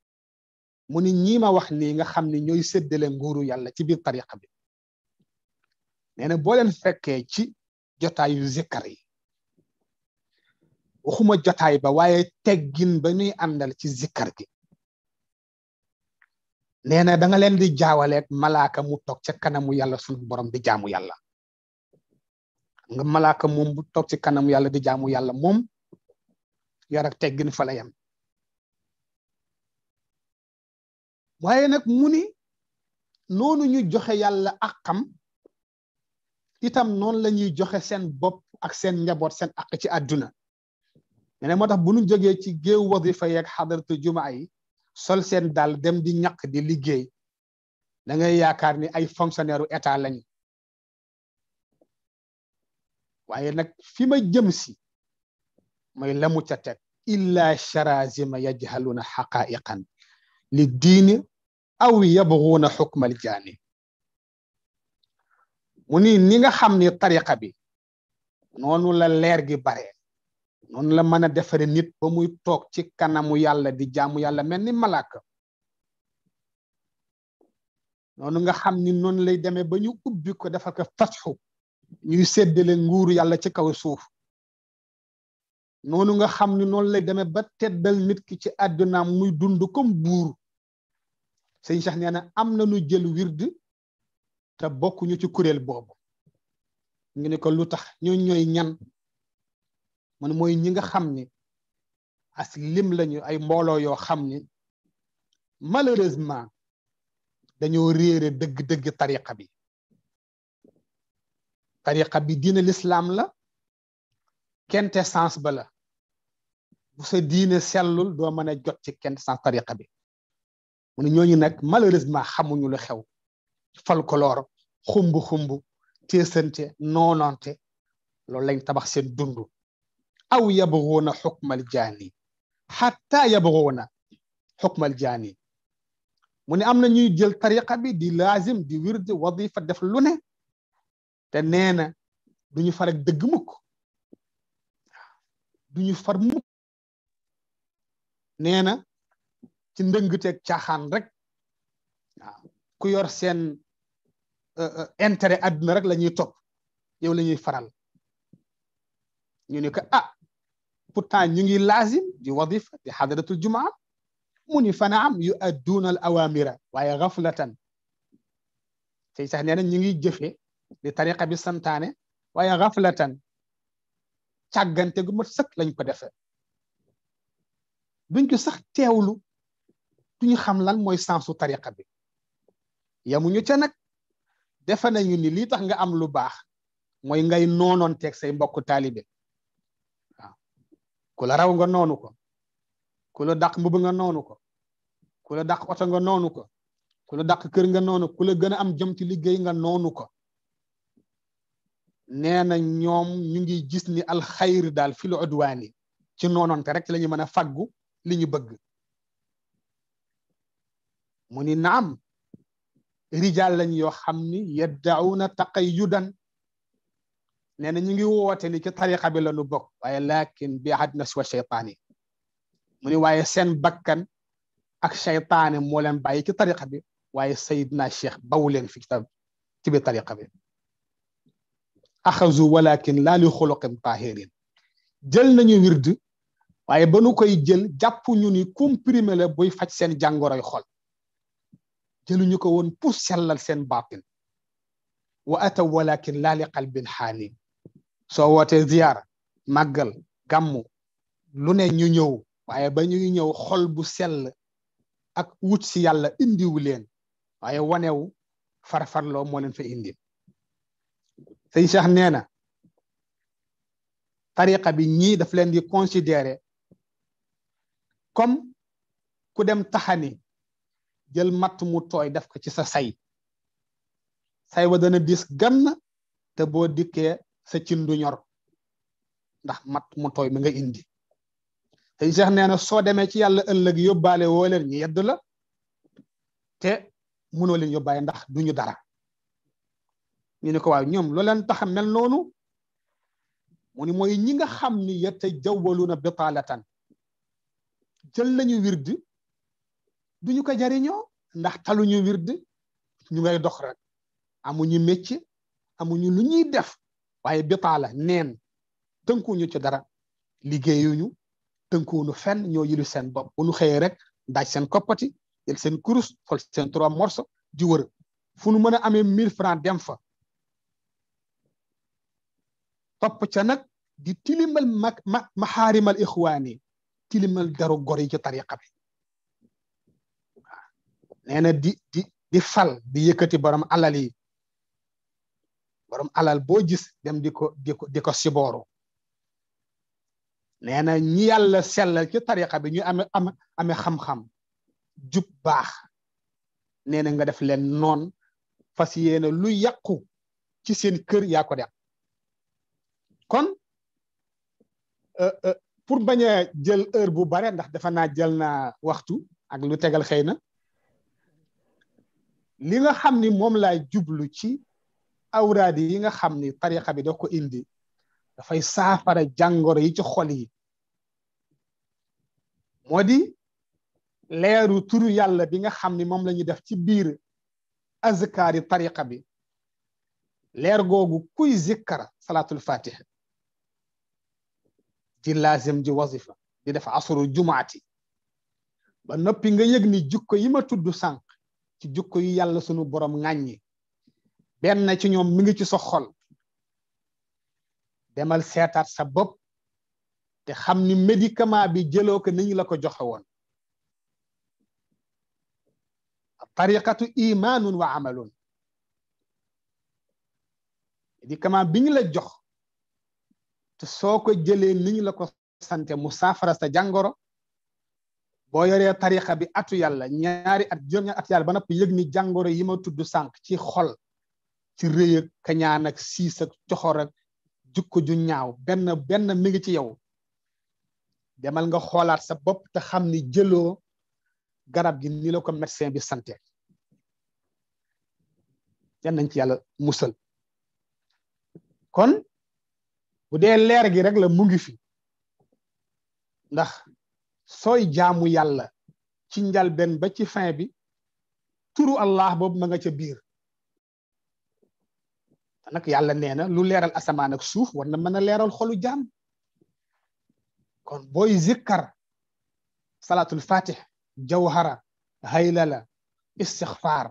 موني ني ما واخ ني غا خامني نيوي سيدل نغورو يالا تي بير طريقه بي نينا بولين فكي تي جوتاي ذكري waxuma jotaay ba waaye teggin ba nuy àndal ci zikkar gi nee na da leen di jaawale malaaka mu toog ca kanamu yàlla sunu borom di jaamu yàlla nga malaaka moom bu toog ci kanamu yàlla di jaamu yàlla moom yar teggin fa la yem waaye nag mu ni noonu joxe yàlla ak xam itam noonu la ñuy joxe seen bopp ak seen njaboot seen àq ci àdduna mene moo tax bu nu jógee ci géew wasifa yeeg xadaratu jumaa yi sol seen daal dem di ñaq di liggéey da ngay yaakaar ni ay fonctionnaire u état waaye nag fi ma jëm si mooy la mu ca teg illa charazima yajhaluuna xaqaiqan li diini aw yabguuna xukmal jaani mu ni ni nga xam ni tariqa bi noonu la leer gi bare noonu la mën a defare nit ba muy toog ci kanamu yàlla di jaamu yàlla mel ni malaaka noonu nga xam ni noonu lay demee ba ñu ubbi ko defal ko fatxu ñuy séddale yàlla ci kaw suuf noonu nga xam ni noonu lay demee ba teddal nit ki ci àddunaam muy dund comme buur sëñ Cheikh nee na am na ñu jël wird te bokkuñu ci kuréel boobu ngi ne ko lu tax ñu ñooy ñan mu mooy ñi nga xam ni as lim lañu ay mbooloo yoo xam ni malheureusement dañoo réere dëgg-dëgg tariqa bi tariqa bi diine lislaam la kente sens ba la bu sa diine sellul doo mën a jot ci kente sens tariqa bi mu ne ñooñu nag malheureusement xamuñu lu xew folklore xumb-xumb téesante noonante loolu lañ tabax seen dund aw yabruuna xukmal jaani xatta yabruuna xukmal jaani mu ne am na ñuy jël tariqa bi di laazim di wird wadifa def lu ne te nee na du ñu far ak dëgg mukk du ñu far mukk nee na ci teg caaxaan rek waaw ku yor seen euh, euh, intérêt àdduna rek la ñuy topp yow lañuy faral ñu ne ko ah pourtant ñu ngi laazim di wadifa di xadratul jumaa mu ni fana am yu adduuna al awamira waaye gaflatan tey sax nee na ñu ngi jëfe li tariqa bi santaane waaye gaflatan càggante gu mat sak lañ ko defee duñ ko sax teewlu duñu xam lan mooy sensu tariqa bi yamuñu ca nag defe nañu ni lii tax nga am lu baax mooy ngay noonoon teeg say mbokku taalibe ku raw nga noonu ko ku la dàq nga noonu ko ku la dàq nga noonu ko ku la kër nga noonu ku la gën a am jom ci liggéey nga noonu ko nee na ñoom ñu ngi gis ni alxayr daal fi lu udwaani ci noononte rek ci la mën a faggu liñu bëgg mu ni naam rijaal lañ yoo xam ni yeddaawuna taqayudan نانا نيغي ووتي ني سي طريقه بي لا نو بوك واي لكن بي احد نفس الشيطان موني واي سين بكان اك شيطان مولن باي كي طريقه بي واي سيدنا الشيخ باولين في كتاب تبي طريقه بي اخذوا ولكن لا لخلق طاهرين جيل نانيو ويرد waye banu koy jël japp ñu ni comprimer la boy fajj seen jangoroy xol jëlu ñu ko woon pour sellal seen batin wa ataw walakin la li qalbin hanin soo wootee ziyaara màggal gàmmu lu ne ñu ñëw waaye ba ñuy ñëw xol bu sell ak wut si yàlla indiwu leen waaye wanewu farfarloo moo leen fa indi sëñ Cheikh nee na tariqa bi ñii daf leen di considérer comme ku dem taxani jël matt mu tooy def ko ci sa say say wa dana dis gann te boo dikkee sa cin du ñor ndax mat mu tooy mi nga indi sëñ Cheikh nee na soo demee ci yàlla ëllëg yóbbaale woo leen ñu yedd la te mënoo leen yóbbaale ndax duñu dara ñu ne ko waaw ñoom loo leen tax mel noonu mu ni mooy ñi nga xam ni yette jawwaluna bitaalatan jël nañu wird duñu ko jariñoo ndax taluñu wird ñu ngay dox rek amuñu métier amuñu lu ñuy def waaye bitaa la neen tënkuñu ci dara liggéeyuñu tënkuwuñu fenn ñoo yilu seen bopp bu ñu xëyee rek daaj seen koppati jël seen kurus fol seen trois morceaux di wër fu nu mën a amee mille francs dem fa topp ca nag di tilimal ma ma maxaarimal ixwaan yi tilimal daru gor yi ci tariqa bi waaw nee na di di fal di yëkkati borom alal yi borom alal bojis gis dem diko diko diko siboro neena ñi yalla selal ci tariqa bi ñu ame am amee xam-xam jup bax neena nga def len non fasiyena lu yaqku ci seen kër ya ko def kon euh, euh, pour baña jël heure bu bare ndax dafa na jël na waxtu ak lu tégal xeyna li nga xamni mom lay jublu ci awraad yi nga xam ni tariqa bi da ko indi dafay saafara jàngoro yi ci xol yi moo di leeru turu yàlla bi nga xam ni moom la ñuy def ci biir azkaari tariqa bi leer googu kuy zikkara salaatul fatiha di laazim ji wazifa di def asuru jumaati ba noppi nga yëg ni jukko yi ma tudd sànq ci jukko yi yàlla sunu borom ŋàññi benn ci ñoom mi ngi ci sa xol demal seetaat sa bopp te xam ni médicament bi jëloo ko nañu la ko joxe woon tariqatu imaanun wa amalun médicament bi ñu la jox te soo ko jëlee ni ñu la ko sante mu saafara sa jàngoro boo yoree tariqa bi atu yàlla ñaari at juróom-ñaari at yal ba noppi yëg ni jàngoro yi ma tudd sànq ci xol ci rëy ak kañaan ak siis ak jukko ju ñaaw benn benn mi ngi ci yow demal nga xoolaat sa bopp te xam ni jëloo garab gi ni la ko bi sante yan nañ ci yàlla musal kon bu dee leer gi rek la mu ngi fi ndax sooy jaamu yàlla ci njalben ba ci fin bi turu Allah boobu ma nga ca biir nak yàlla neena lu leral asaman ak suuf war na meuna leral leeral xolu jaam kon boy zikkar salatul fatih jawhara haylala istighfar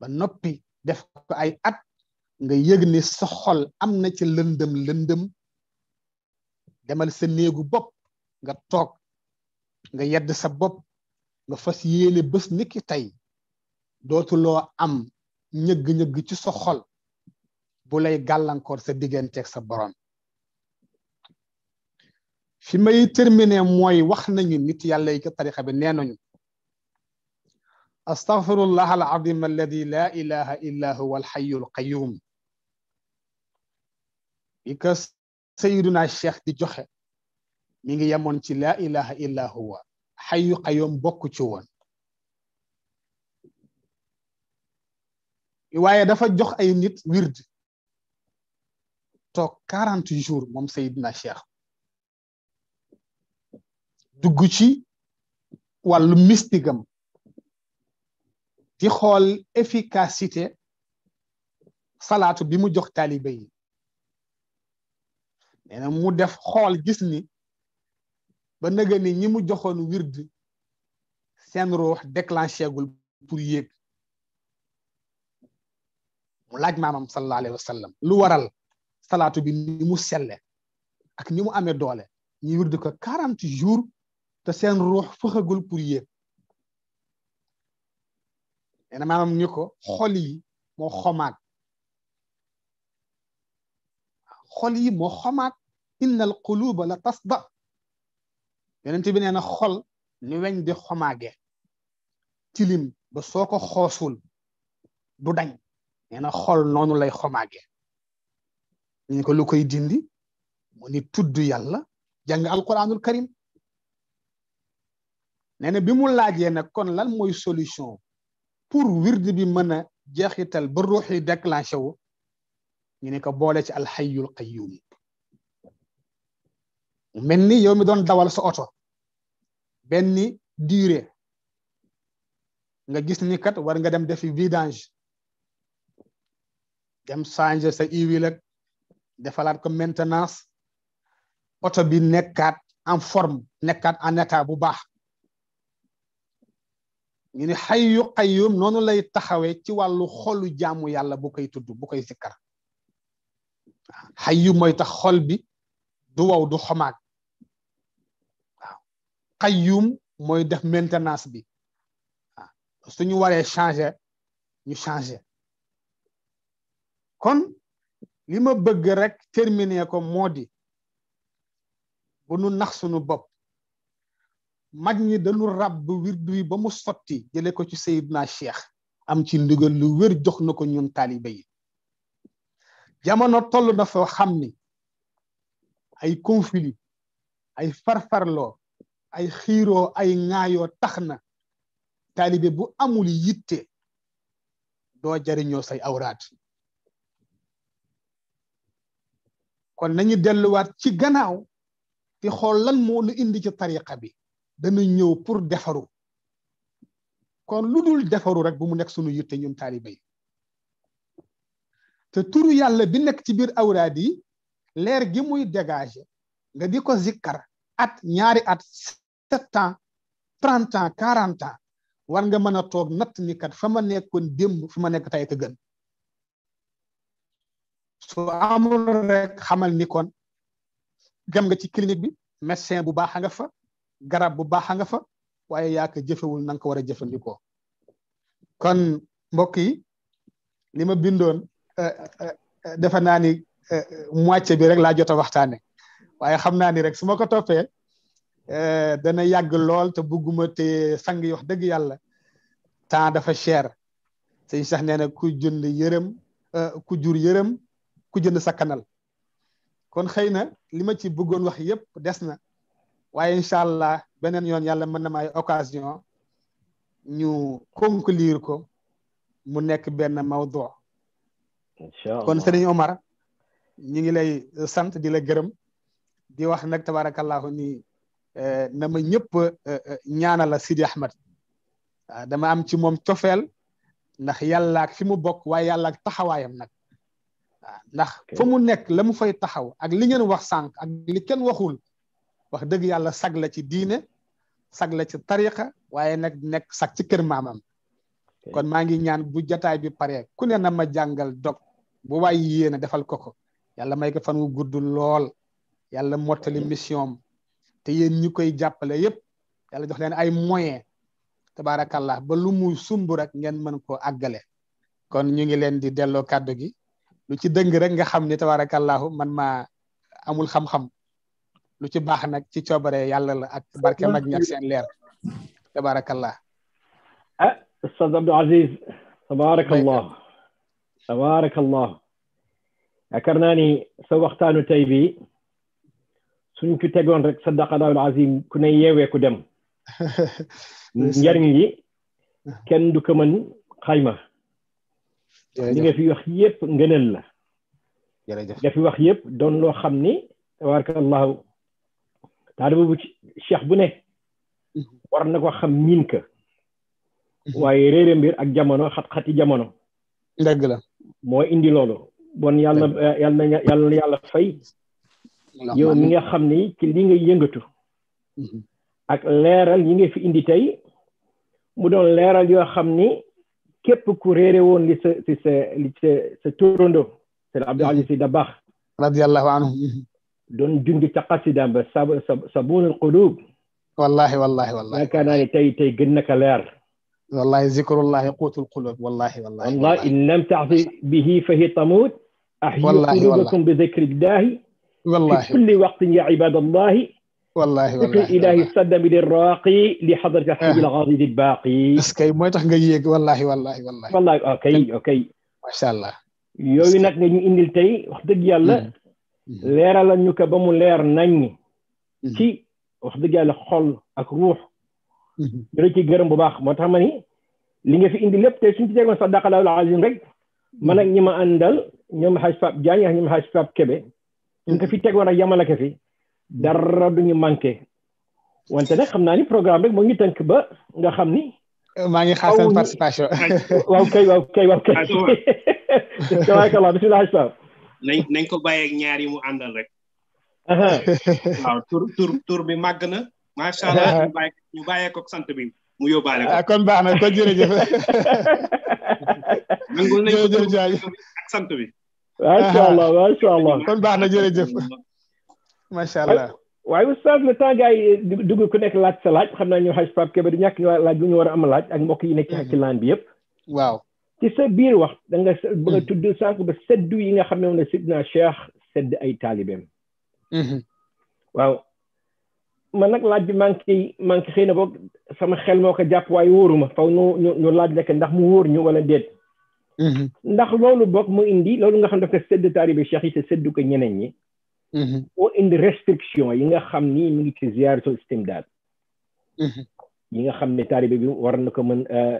ba noppi def ko ay at nga yëg ni sa xol amna ci lëndëm lëndëm demal sa néegu bop nga tok nga yedd sa bop nga fas yene bés niki tay dotu lo am ñeug ñeug ci sa xol bu lay gàllankoor sa digganteeg sa borom fi may terminer mooy wax nañu nit yàlla yi ko tarixa bi nee nañu astaghfirullah al azim alladi la ilaha illa huwa al hayyul qayyum bi ko sayiduna cheikh di joxe mi ngi yemoon ci la ilaha illa huwa hayyu qayyum bokk ci woon waaye dafa jox ay nit wird toog quarante jours moom Seydina Cheikh dugg ci wàllu mystique di xool efficacité salaatu bi mu jox taalibe yi nee mu def xool gis ni ba nëga ni ñi mu joxoon wird seen ruux déclenché gul pour yéeg mu laaj maamam sallallahu alayhi wa sallam lu waral salatu bi ni mu selle ak ni mu amé doole ñi wirdu ko 40 jours te sen ruh fëxagul pour yé ena manam maanaam ñu ko xol yi mo xomaat xol yi mo xomaat inna al quluba la tasda yenen bi nee xol ni weñ di xomaage tilim ba soko xosul du dañ nee xol nonu lay xomaage ñu ko lu koy dindi mu ni tudd yàlla jàng alquranul karim nee na bi mu laajee nag kon lan mooy solution pour wird bi mën a jeexital ba ruux yi déclenché wu ñu ne ko boole ci alxayul qayyum mu mel ni yow mi doon dawal sa oto benn durée nga gis ni kat war nga dem defi vidange dem changer sa huile ak defalaat ko maintenance oto bi nekkaat en forme nekkaat en état bu baax ñu ne xayyu qayyum noonu lay taxawee ci wàllu xolu jaamu yàlla bu koy tudd bu koy sikkar waaw xayyu tax xol bi du wow du xomaag waaw qayyum mooy def maintenance bi waaw suñu waree changer ñu changer kon li ma bëgg rekk terminer ko moo di bu nu nax sunu bopp mag ñi dañu ràbb wirdu yi ba mu sotti jële ko ci Seydina Cheikh am ci ndiga lu wér jox na ko ñun taalibe yi jamono toll na fa xam ni ay conflit ay farfarloo ay xiiro ay ŋaayoo tax na taalibe bu amul yitte doo jariñoo say awraat kon nañu delluwaat ci gannaaw di xool lan moo nu indi ci tariqa bi dana ñëw pour defaru kon lu dul defaru rek bu mu nekk sunu yitte ñun taaliba yi te turu yàlla bi nekk ci biir awraad yi leer gi muy dégagé nga di ko zikkar at ñaari at sept ans trente ans quarante ans war nga mën a toog natt ni kat fa ma nekkoon démb fi ma nekk tey ka gën su amul rek xamal ni kon dem ci clinique bi messin bu baax a nga fa garab bu baax a nga fa waaye yaa ko jëfewul na nga ko war a jëfandikoo kon mbokk yi li ma bindoon eh, eh, eh, defe naa ni moitié bi rek laa jota a waxtaane waaye xam naa ni rek su ma ko toppee dana yàgg lool te bugguma te sang wax dëgg yàlla temps dafa cher sëñ sax nee na ku jënd yërëm ku jur yërëm ku jënd sa kanal kon xëy na li ma ci bëggoon wax yépp des na waaye incha allah beneen yoon yàlla mën na ma ay occasion ñu conclure ko mu nekk benn mawdu kon sëriñ Omar ñu ngi lay sant di la gërëm di wax nag tabarakallahu ni na ma ñëpp ñaanal la Sidi Ahmed dama am ci moom cofeel ndax yàlla ak fi mu bokk waaye yàlla ak taxawaayam nag ndax fa mu nekk la mu fay taxaw ak li ngeen wax sànq ak li kenn waxul wax dëgg yàlla sag la ci diine sag la ci tariqa waaye nag nekk sag ci kër maamam kon maa ngi ñaan bu jataay bi pare ku ne na ma jàngal dog bu waay a defal ko ko yàlla may ko fan wu gudd lool yàlla mottali mission te yéen ñi koy jàppale yëpp yàlla jox leen ay moyen tabaarakallah ba lu muy sumb rek ngeen mën koo àggale kon ñu ngi leen di delloo kàddu gi lu ci dëng rek nga xam ne ni tabarakallahu man ma amul xam-xam lu ci baax nag ci coobare yàlla la ak barke mag ñi ak seen leer tabarakallah ah ustaz Abdou Aziz tabarakallah tabarakallah yaakaar naa ni sa waxtaanu tey bi suñ ko tegoon rek sadaqa daawul azim ku ne yeewee ku dem njariñ yi kenn du ko mën xayma li nga fi wax yëpp ngëneel la. jërëjëf fi wax yépp doon loo xam ni tabarakallahu taaliba bu cheikh bu ne mhm. war na ko xam miin ka mhm. waaye réere mbir ak jamono xat-xati jamono dëgg la moo indi loolu bon yàlla eh, yàlla na yàlla yàlla fay nga xam ni ci li nga yëngatu mhm. ak leeral yi nga fi indi tey mu doon leeral yoo xam ni كيف كوريري وون لي سي لي سي سي توروندو سي يعني عبد العزيز دباخ رضي الله عنه دون جند تقصد صابون القلوب والله والله والله كان انا تي تي جنك لير والله ذكر الله قوت القلوب والله والله والله, ان لم تعفي به فهي تموت احيي قلوبكم والله. بذكر الله والله في كل وقت يا عباد الله wallahi wallahi ilahi saddami di raaqi li xadrati alxabibi alxaadi di baaqi est-ce que mooy tax nga yéeg wallahi wallahi wallahi wallahi ok ok macha allah yooyu nag nga ñu indil tey wax dëgg yàlla leeralal ñu ba mu leer naññi ci wax dëgg yàlla xol ak ruux dara ci gërëm bu baax moo tax ma ni li nga fi indi lépp tey suñu ci tegoon sadaqallahu alazim rek man ak ñi ma àndal ñoom xaj Pape Diagne ak ñoom xaj Pape Kébé ñu ko fi tegoon ak yamala ko fi dara duñu manké wante nak xamna ni programme rek mo ngi tank ba nga xamni ma ngi xassal participation. waaw kay waaw kay waaw kay. tabarakallah bisimilah asalaam. nañ nañ ko ak ñaar yi mu andal rek. waaw tur tur tur bi màgg na. sha allah ñu baye ko sant bi mu yobale ko. kon baax na kon jërëjëf. nangul nañ ko ak sant bi. sha allah sha allah kon baax na jërëjëf. macha allah waaye oustaz le temps gars dugg ku nekk laaj sa laaj xam naa ñu xaj Pape Kébé du ñàkk ñu laaj lu ñu war a am laaj ak mbokk yi nekk ci mhm. laan bi yëpp waaw ci sa biir wax da nga bëgg mhm. tudd sànq ba seddu yi nga xam ne moom la sidna cheikh sedd ay taalibeem mhm. waaw man nag laaj bi maa ngi koy maa ngi xëy na boog sama xel moo ko jàpp waaye wóoruma faw ñu ñu laaj lekk ndax mu wóor ñu wala déet ndax loolu boog mu indi loolu nga xam ne dafa sedd taalibe cheikh yi te seddu ko ñeneen ñi moo mm-hmm. indi restriction yi nga xam ni mu ngi ci ziyaaratul istimdaad mm-hmm. yi nga xam ne taalibe bi war na ko mën uh,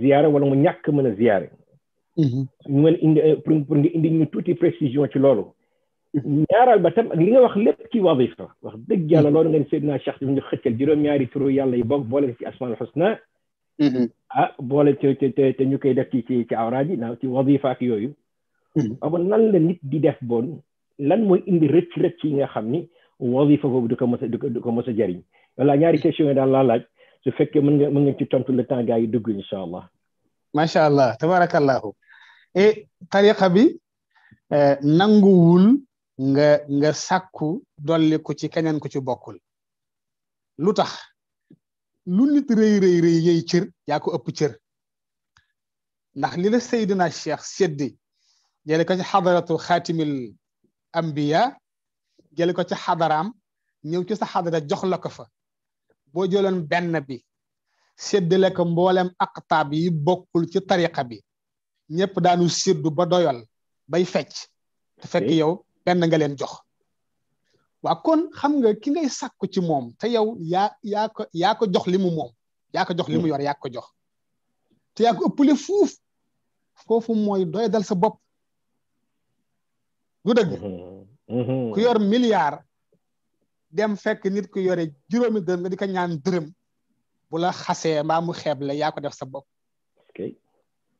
ziyaara wala mu ñàkk mën a ziyaare mm-hmm. ñu mën indi uh, pour nga indi ñu tuuti précision ci loolu ñaaral ba tam ak li nga wax lépp ci wazifa wax dëgg yàlla loolu nga ne naa Cheikh ñu xëccal juróom-ñaari turu yàlla i bokk boole ci asmaul husna ah boole ci te te ñu koy def ci ci ci awraaj yi naaw ci wazifa ak yooyu. waaw nan la nit di def bon lan mooy indi rëcc rëcc yi nga xam ni wasifa boobu du ko mos a du ko a jëriñ voilà ñaari question yi daal laa laaj su fekkee mën nga mën nga ci tontu le temps gars yi dugg incha allah. macha allah tabarakallahu et tariqa bi e, nanguwul nga nga sàkku dolli ko ci keneen ko ci bokkul lu tax lu nit rëy rëy yëy cër yaa ëpp cër ndax li la Seydina Cheikh seddi jële ko xadaratu xaatimil ambiya jële ko ci xadaraam ñëw ci sa xadara jox la ko fa boo jëloon benn bi séddale ko mboolem aqtaab yi bokkul ci tariqa bi ñëpp daanu séddu ba doyal bay fecc te fekk yow benn nga leen jox waa kon xam nga ki ngay sàkku ci moom te yow yaa yaa ko yaa ko jox li mu moom yaa ko jox li mu yor yaa ko jox te yaa ko ëppale fuuf foofu mooy doy dal sa bopp du dëgg mhm. Mhm. ku yor milliard dem fekk nit ku yoré juróomi deun nga dika ñaan deureum bu la xasse mbaa mu xeeb la yaa ko def sa bopp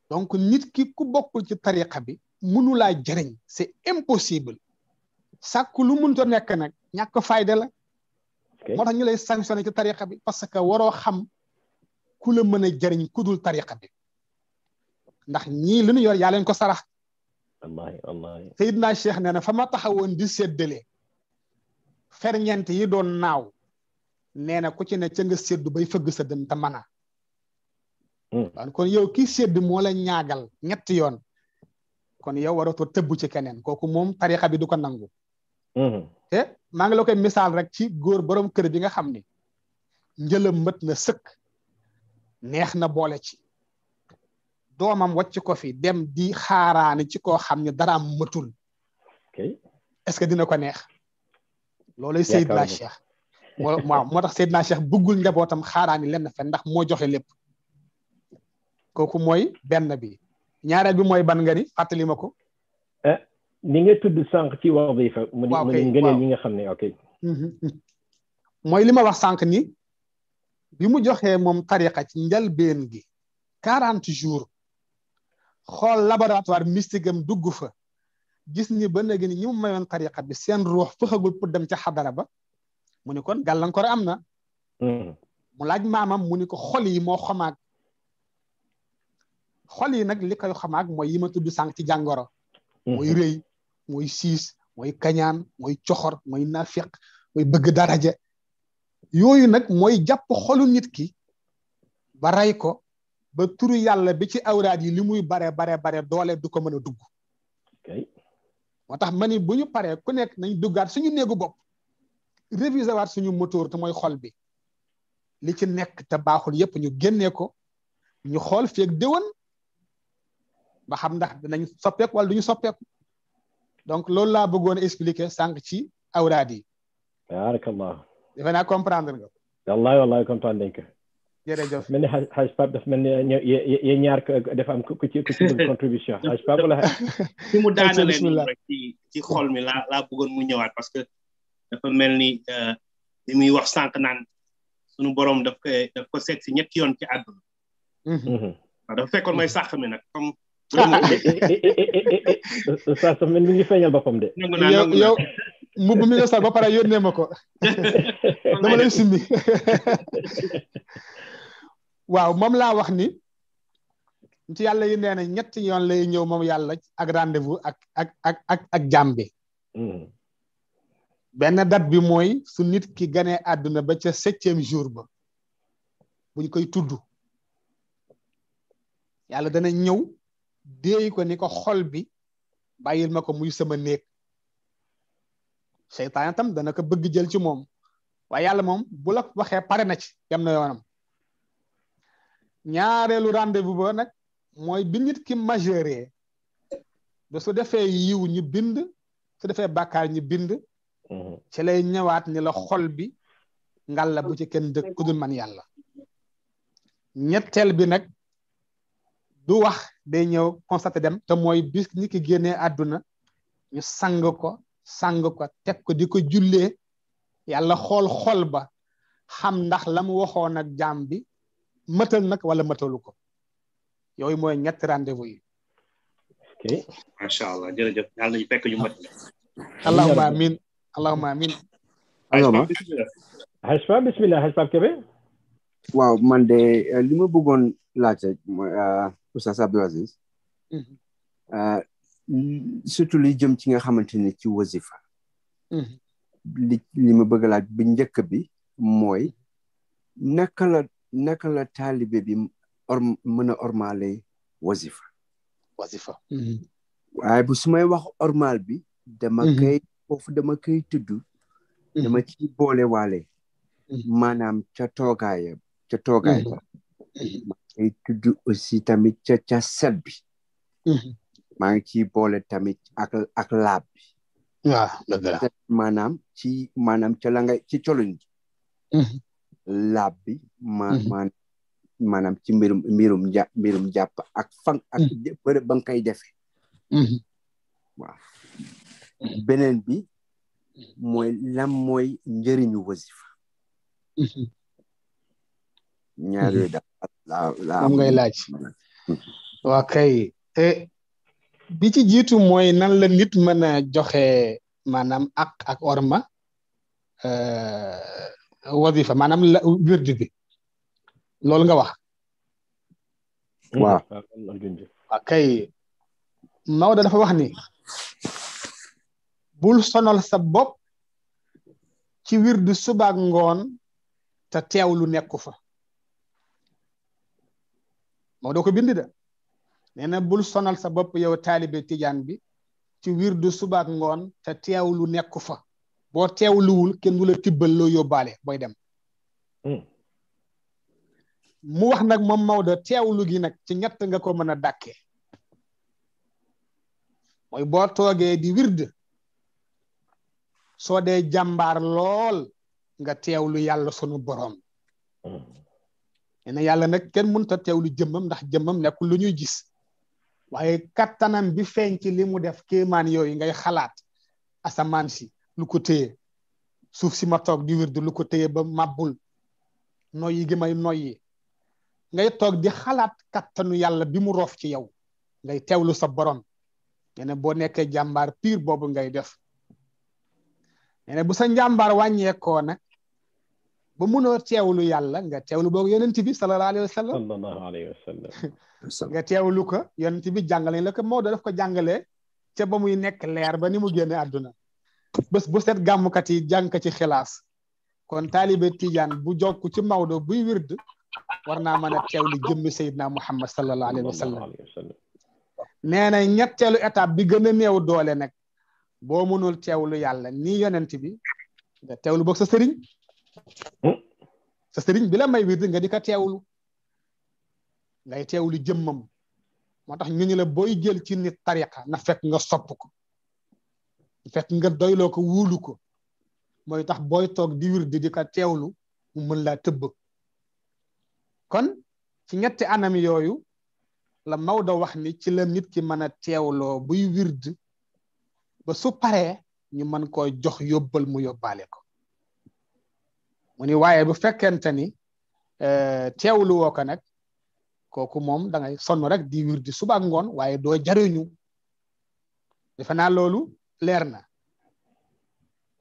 donc nit ki ku bokul ci tariqa bi la jëriñ c'est impossible sàkk lu to nek nak ñak fayda la moo motax ñu lay sanctionner ci tariqa bi parce que waro xam ku la mëna kudul tariqa bi ndax ñi lu ñu yor ya leen ko sarax wallaahi wallaahi na Cheikh nee na fa ma taxawoon di séddale ferñeent yi doon naaw nee na ku ci ne ca seddu bay fëgg sa dën te mën a hmm. waaw kon yow kii sédd moo ñaagal ñetti yoon kon yow waratoo tëbb ci keneen kooku moom tarixa bi du ko nangu hmm. te maa ngi la koy misaal rek ci góor borom kër bi nga xam ni njëlam mët na sëkk neex na boole ci doomam wàcc ko fi dem di xaaraani ci koo xam ne daraam mëtul est-ce que dina ko neex looluy Seydina Cheikh waaw moo tax Seydina Cheikh bëggul njabootam xaaraani lenn fen ndax moo joxe lépp kooku mooy benn bi ñaareel bi mooy ban nga ni fàttali ma ko li eh, tudd sànq ci wadifa nga xam ne ok mhm, mhm. mooy li wax sànq ni bi mu joxee moom tariqa ci njalbeen gi quarante jours xool laboratoire mystique am dugg fa gis ni ba léegi ni ñi mu mayoon tariqa bi seen ruux fëxagul pour dem ca xadara ba mu ni kon gàllankoor am na mm-hmm. mu laaj maamam mu ni ko xol yi moo xomaag xol yi nag li koy xomaag mooy yi ma tudd sànq ci jàngoro mm-hmm. mooy rëy mooy siis mooy kañaan mooy coxor mooy nafiq mooy bëgg daraja yooyu nag mooy jàpp xolu nit ki ba rey ko ba turu yàlla bi ci awraad yi li muy bare bare bare doole du ko mën a dugg moo tax ma ni bu paree ku nekk nañ duggaat suñu néegu bopp réviser waat suñu moteur te mooy xol bi li ci nekk te baaxul yépp ñu génnee ko ñu xool feeg déwén ba xam ndax dinañ soppeeku wala duñu soppeeku donc loolu laa bëggoon expliquer sànq ci awraad yi baarakallah defe naa comprendre nga wallaay wallaay comprendre nañ ko jërëjëf mel ni Haj Pape daf mel ni yéen ñaar dafa am ku ci ku ci contribution Haj Pape wala fi mu daanalee noonu rek ci mu ñëwaat que dafa mel ni euh, li muy wax sànq naan suñu borom daf ko daf ko seet si ñetti yoon ci àdduna mm-hmm. Mm-hmm. waaw dafa fekkoon mooy sàq mi nag comme sa eh, eh, eh, sa mel mi ngi feeñal boppam de yow mbubb mi nga sax ba pare yónnee ma ko dama lay simmi waaw moom laa wax ni ci yàlla yi nee na ñetti yoon lay ñëw moom yàlla ak rendez-vous ak ak ak ak bi hmm. benn dat bi mooy su nit ki ganee àdduna ba ca septième jour ba buñ koy tudd yàlla dana ñëw déey ko ni ko xol bi bàyyil ma ko muy sama néeg seytaan itam dana ko bëgg jël ci moom waaye yàlla moom bu la waxee pare na ci yam na yoonam ñaareelu rendez-vous ba nag mooy bi nit ki majeure ba su defee yiw ñu bind su defee bàkkaar ñu bind mhm. ci lay ñëwaat ni la xol bi ngalla bu ci kenn dëkk ku dul man yàlla ñetteel bi nag du wax day ñëw constaté dem te mooy bis nit ki génnee àdduna ñu sang ko sang ko teg ko di ko jullee yàlla xol xol ba xam ndax la mu waxoon ak jaam bi matal nag wala matalu ko yooyu mooy ñetti rendez yi. ok macha allah jërëjëf yàlla nañu fekk ñu mat. allahumma amin allahumma amin. allahumma bismillah Hachpa Kébé. waaw man de eh, li ma bëggoon laajte mooy eh, mhm. eh, li jëm ci nga xamante ne ci wasifa. Mhm. li li bëgg laaj bi njëkk bi moy naka la. naka la taalibe bi or mën a ormale wazifa wazifa mm-hmm. waaye bu su may wax ormal bi dama mm-hmm. koy foofu dama kay tudd mm-hmm. dama ci boole waale maanaam ca toogaaya ca toogaay ba ma koy aussi tamit ca ca set bi maa ngi ciy boole tamit ak ak laab bi waaw ci maanaam ca la ci ci colin laab bi maanaam mhm. maanaam ci mbirum mbirum jà jàpp ak fan ak mhm. bërëb ba nga koy defee mhm. waaw beneen bi moy lan mooy njëriñu wasifa ñaar yooyu daal la moom ngay laaj waa kay bi ci jiitu mooy nan la nit mën a joxe maanaam ak ak orma euh, wazifa maanaam la wird bi loolu nga wax. Hmm. waaw waaw kay Maodo dafa wax ni bul sonal sa bopp ci wirdu suba ak ngoon te teewlu nekku fa Maodo ko bind da nee na bul sonal sa bopp yow taalibe tiijan bi ci wirdu suba ak ngoon te teewlu nekku fa bo teewluwul kenn du la tibbal lo yobale boy dem hmm. mu wax nag mom mawda tewlu gi nak ci ñett nga ko mëna dakké moy bo boo di wird so dé jambar lol nga tewlu yalla sunu borom hmm. nee yalla nak nag mën ta tewlu jëmmam ndax jëmmam nekul lu ñuy gis waye katanam bi fenc limu def kéemaan yoy ngay xalaat asaman si lu ko téye suuf si ma toog di wirdu lu ko téye ba màbbul noyyi gi may noyyi ngay toog di xalaat kattanu yàlla bi mu roof ci yow ngay teewlu sa borom nee na boo nekkee jàmbaar piir boobu ngay def nee na bu sa njàmbaar wàññeekoo nag ba mënoo teewlu yàlla nga teew lu boog yeneen bi sallallahu alayhi wa sallam sallallahu alayhi wa sallam nga teewlu ko yonent bi jàngale la ko Maodo daf ko jàngalee ca ba muy nekk leer ba ni mu génne àdduna bés bu set kat yi jank ci khilas kon talibé tidiane bu jokk ci mawdo bu wird warna naa muhammad sallallahu alaihi wasallam. sallam ñettelu na étape bi gëna a doole nak bo mënul teewlu yalla ni yonent bi nga teewlu bok sa sëriñ hmm? sa sëriñ bila may wird nga di ko teewlu ngay jëmmam ñu ñu la boy jël ci nit tariqa na fek nga sopp ko fekk nga doyloo ko wóolu ko mooy tax booy toog di wir di di ko teewlu mu mën la tëbb kon ci ñetti anam yooyu la Maodo wax ni ci la nit ki mën a teewloo buy wird ba su paree ñu mën koo jox yóbbal mu yóbbaale ko mu ni waaye bu fekkente ni eh, teewlu woo ko nag kooku moom da ngay sonn rek di wir di suba ngoon waaye doo jariñu defe loolu leer na.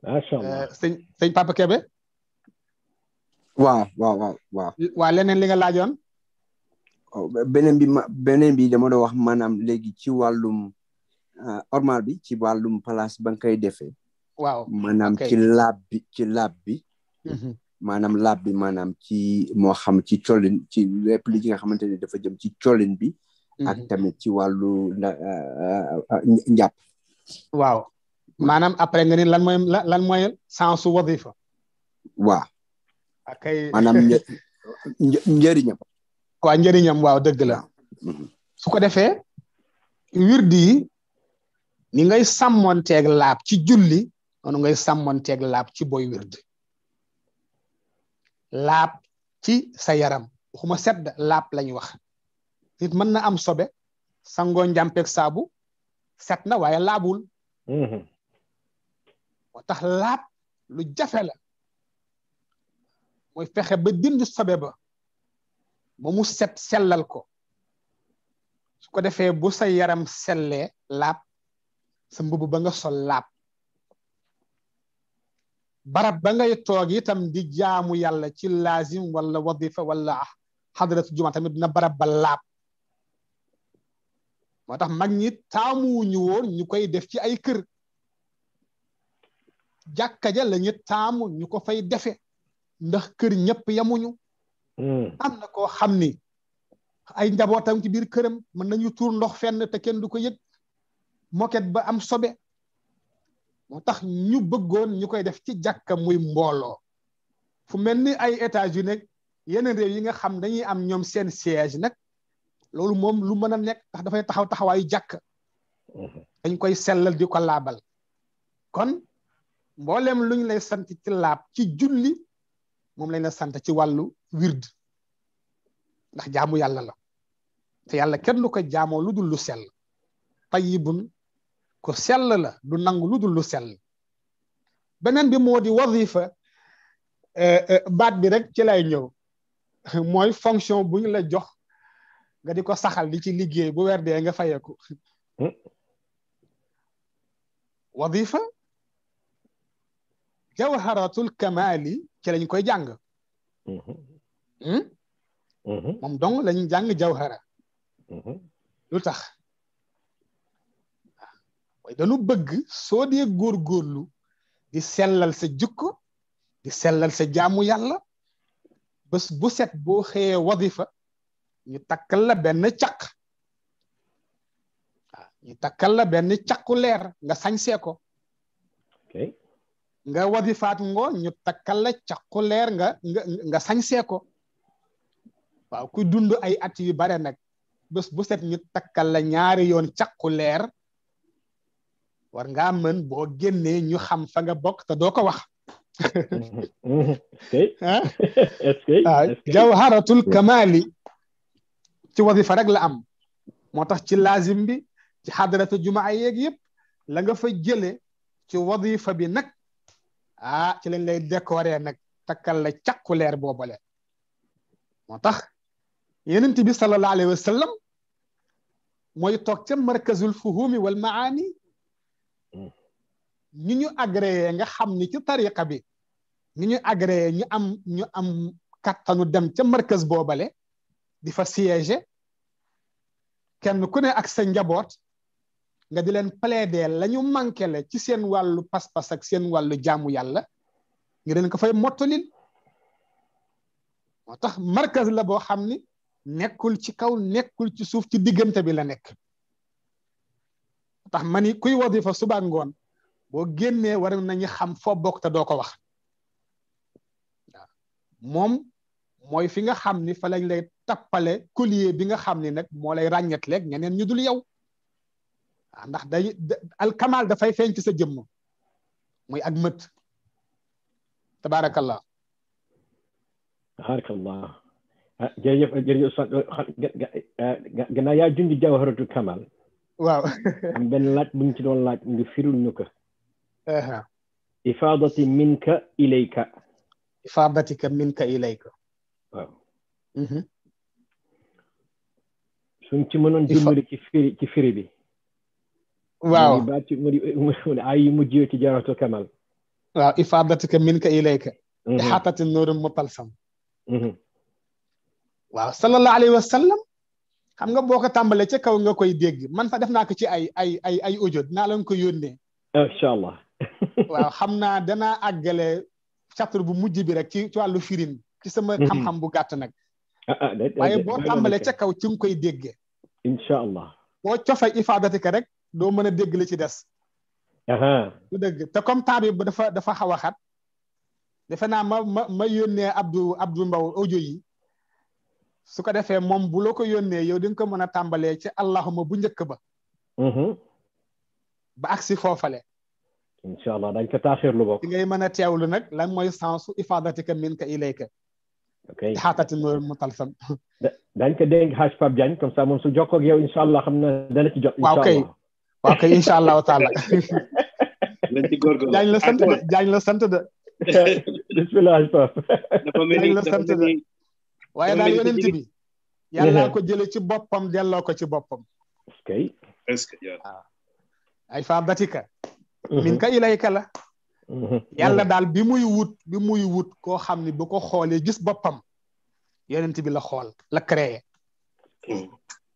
macha allah eh, Papa Kebe. waaw waaw waaw waaw. waa leneen li nga laajoon. Oh, beneen bi ma dama doon wax maanaam léegi ci wàllum eh, ormal bi ci wàllum place ba nga koy defee. waaw maanaam ci laab bi ci laab bi. Mhm. maanaam laab bi maanaam ci moo xam ci colin ci lépp li nga xamante ne dafa jëm ci colin bi. ak mhm. tamit ci wàllu eh, njàpp. waaw maanaam après nga ni lan mooy lan mooy sens su wadifa waaw akay maanaam njëriñam waaw njëriñam waaw dëgg la mhm. su ko defee wirdi yi ni ngay sàmmonteeg laab ci julli noonu ngay sàmmonteeg laab ci boy wirdi laab ci sa yaram waxuma sedd laab lañ wax nit mën na am sobe sangoo njàmpeeg saabu set na waaye laabul mhm. moo tax laab lu jafe la mooy fexe ba dindi sobe ba ba mu set sellal ko su ko defee bu sa yaram sellee laab sa mbubb ba nga sol laab barab ba ngay toog itam di jaamu yàlla ci laazim wala wadifa wala ah, xadratu juma tamit na barab ba laab moo tax mag ñi taamuwuñu woon ñu koy def ci ay kër jàkka ja la ñu ñu ko fay defe ndax kër ñëpp yamuñu hmm. am na koo xam ni ay njabootam ci biir këram mën nañu tuur ndox fenn te kenn du ko yëg moket ba am sobe moo tax ñu bëggoon ñu koy def ci jàkka muy mbooloo fu mel ni ay États-Unis yeneen réew yi nga xam dañuy am ñoom seen siège nag loolu moom lu mën a nekk ndax dafay taxaw taxawaayu jàkk mhm. dañ koy sellal di ko laabal kon mboolem luñ lay sant ci laab ci julli moom lañ la sant ci wàllu wird ndax jaamu yàlla la te yàlla kenn du ko jaamoo lu dul lu sell tayyibun ko sell la du nangu lu dul lu sell beneen bi moo di e baat bi rek ci lay ñëw mooy fonction bu ñu la jox nga di ko saxal di ci liggéey bu weer dee nga fayeku hmm. wadifa jawharatul kamali ci lañ koy jàng hmm. Hmm? moom dong lañ jàng jawhara lu tax waaye dañu bëgg soo dee góorgóorlu di sellal sa jukko di sellal sa jaamu yàlla bés bu set boo xëyee wadifa ñu takkal la benn caq ñu takkal la benn caqu leer nga sañsee ko nga wadifaat ngo ñu takkal la caqu leer nga nga sañ sañsee ko waaw ku dund ay at yu bare nag bés bu set ñu takkal la ñaari yoon caqu leer war ngaa mën boo génnee ñu xam fa nga bokk te doo wax ah, ah jawharatul kamali ci wazifa rek la am moo tax ci laazim bi ci xadarata jumaa yeeg yëpp la nga fa jëlee ci wazifa bi nag ah ci lañ lay décorer nag takkal la càkku leer boobale moo tax yenent bi sallallahu alayhi wa sallam mooy toog ca markazul fuhumi wa maani ñu ñu agréé nga xam ni ci tariqa bi ñu ñu agréé ñu am ñu am kattanu dem ca markaz boobale di fa siéger kenn ku ne ak sa njaboot nga di leen plaider la ñu manqué la ci seen wàllu pas-pas ak seen wàllu jaamu yàlla nga leen ko fay mottalil moo tax markaz la boo xam ni nekkul ci kaw nekkul ci suuf ci diggante bi la nekk tax ma ni kuy wadifa suba ak ngoon boo génnee war nañu xam foo bokk te doo ko wax waaw moom mooy fi nga xam ni fa lañ lay tappale collier bi nga xam ni nag moo lay ràññet leeg ñeneen ñu dul yow ah, ndax day alkamal dafay feeñ ci sa jëmm muy ak mët tabaarakallah tabaarakallah ah, jërëjëf jërëjëf sa uh, uh, junj jawharatul kamal waaw am benn laaj bu ngi ci doon laaj ngi firul ñu ko ifaadati minka ilayka ifaadatika minka ilayka waaw mm-hmm. suñ ci mënoon dimbali ci firi ci firi bi waaw baat ci mu di ay mujj ci jaratul kamal waaw ifaadatika minka ilayka mm-hmm. ihaatati nuurum mutalsam mm-hmm. waaw sallallahu alayhi wa sallam xam nga boo ko tàmbalee ca kaw nga koy dégg man sax def naa ko ci ay ay ay ay audio dinaa leen ko yónnee incha waaw xam naa danaa àggale chapitre bu mujj bi rek ci ci wàllu firin ci sama mhm. xam-xam bu gàtt nag ah, ah, waaye boo tàmbalee ca kaw ci nga koy déggee incha allah boo cofee ifaadati ka rek doo mën a dégg li ci des su dëgg te comme temps bi dafa dafa xaw a xat defe naa ma ma ma yónnee Abdou Abdou Mbow audio yi su ko defee moom bu la ko yónnee yow di nga ko mën a tàmbalee ci allahuma bu njëkk ba mhm. ba agsi foofale incha allah dañ ko taaxir lu bokk. ngay mën a teewlu nag lan mooy sensu ifaadatika minka ilayka ok xaatati mu talsam. daañu ko dénk xaaj Pape Diagne comme ça moom su jokkoo ak yow incha allah xam na dana ci jot. incha allah waaw kay waaw kay incha allahu taala. lañ ci góorgóorlu jaañ la sant de jaañ la sant de. bisimilah. dafa mel waaye daal yonent bi. yàlla ko jëlee ci boppam delloo ko ci boppam. est-ce que. ay faa batika. Mhm. min ka ilayka la. Mhm. yàlla mhm. daal bi muy wut bi muy wut koo xam ne bu ko xoolee gis boppam yonent bi la xool la créé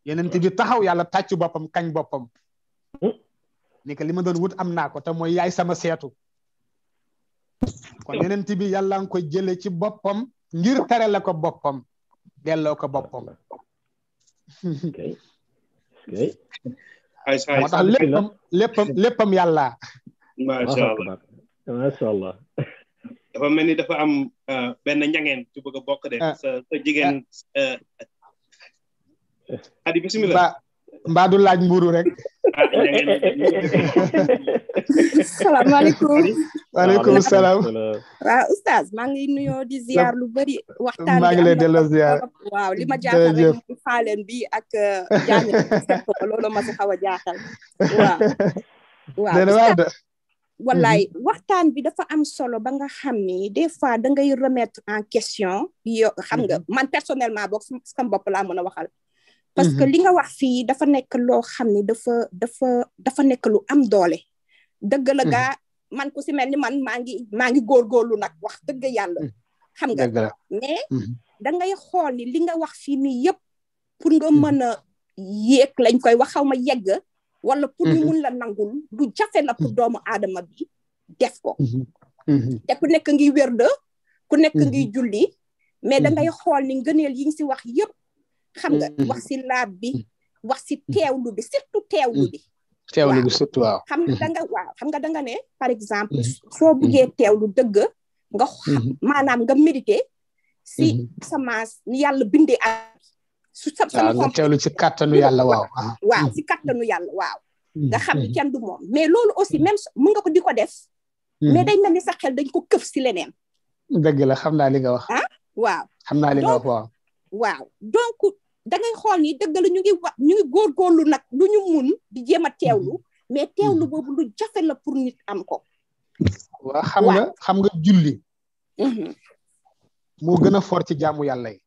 yonent bi taxaw yàlla tàcc boppam kañ boppam mhm. ni que li ma doon wut am naa ko te mooy yaay sama seetu kon yonent bi yàlla nga ko jële ci boppam ngir tere la ko boppam delloo ko boppam moo tax léppam léppam léppam yàlla Ya, macha allah dafa mel ni dafa am um, uh, benn njangeen kan? ci bëgg bokk de ah. sa sa kan, adi ah. eh, ah, bismillah Ba, mbaa du laaj mburu rek salaamaaleykum waaleykum salaam waaw oustaz ngi di ziar lu bëri waxtaan maa ngi lay lima ziar waaw li ma rek muy xaaleen bi ak jaami loolu ma si xaw a waaw waaw wallaay mhm. waxtaan bi dafa am solo ba nga xam ni des fois da ngay remettre en question yo xam nga mhm. man personnellement bo sama bopp laa mën a waxal parce que mhm. li nga wax fii dafa nekk loo xam ni dafa dafa dafa nekk lu am doole dëgg la gaa man ku si ni man maa ngi maa ngi góorgóorlu nag wax dëgg yàlla xam nga mais da ngay xool ni li nga wax fii ni yëpp pour nga mën a yéeg lañ koy wax xaw ma yegg wala pour ñu mhm. mun la nangul lu jafe la pour mhm. doomu aadama bi def ko mhm. te ku nekk ngi wér de ku nekk ngi julli mais da ngay xool ni ngëneel yi ñu si wax yëpp xam nga wax si laab bi wax si teewlu bi surtout teewlu bi teewlu bi surtout waaw xam nga da nga xam nga da ne par exemple soo teew teewlu dëgg nga maanaam nga méditer si semence ni yàlla bindee su sa sama waaw teewlu ci kattanu yàlla waaw. waaw ci nu yàlla waaw. Mm-hmm. nga xam ne mm-hmm. kenn du moom mais loolu aussi même mun nga ko di ko def. Mm-hmm. mais day mel ni sa xel dañ ko këf si leneen. dëgg la xam naa li nga wax. ah waaw. xam naa li nga wax waaw. waaw donc da ngay xool ni dëgg la ñu ngi wa ñu nag lu ñu mun di jéem a teewlu. mais teewlu boobu lu jafe la pour nit am ko. waaw xam nga xam nga julli. moo gën a fort ci jaamu yàlla yi.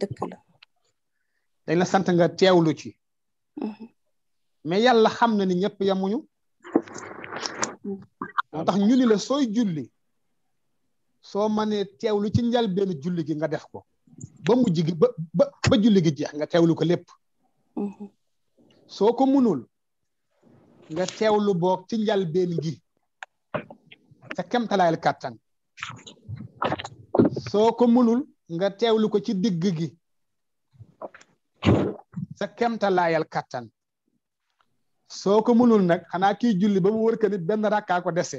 dëgg la. dañ na sant nga teewlu ci mm-hmm. mais yàlla xam na ni ñëpp yemuñu mm-hmm. moo tax ñu ni la sooy julli soo mënee teewlu ci njëlbéenu julli gi nga def ko ba mujj gi ba ba julli gi jeex nga teewlu ko lépp mm-hmm. soo ko munul nga teewlu boog ci njëlbéen gi sa kemtalaayal kàttan soo ko munul nga teewlu ko ci digg gi sa kemtalaayal kàttan soo ko mënul nag xanaa kii julli ba mu wër benn rakkaa ko dese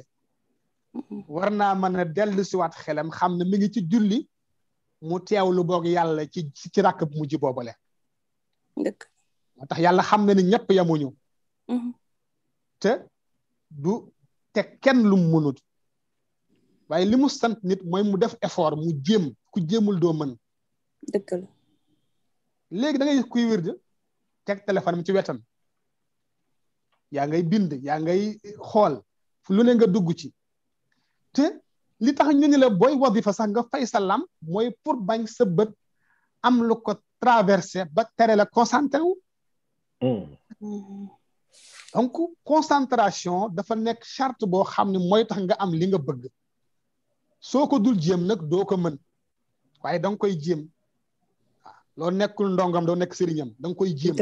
war naa mën a dellu siwaat xelam xam ne mi ngi ci julli mu lu boog yàlla ci ci rakk bu mujj boobale moo tax yàlla xam na ni ñëpp yamuñu mm-hmm. te du te kenn lum mu mënut waaye li mu sant nit mooy mu def effort mu jéem ku jéemul doo mën dëgg léegi da ngay gis kuy wird teg téléphone am ci wetam yaa ngay bind yaa ngay xool lu ne nga dugg ci te li tax ñu ni la booy wadifa sax nga fay sa lam mooy pour bañ sa bët am lu ko traversé ba tere la concentré wu mm. donc concentration dafa nekk charte boo xam ne mooy tax nga am li nga bëgg soo ko dul jéem nag doo ko mën waaye danga koy jéem loo nekkul ndongam doo nekk sëriñam da nga koy jéem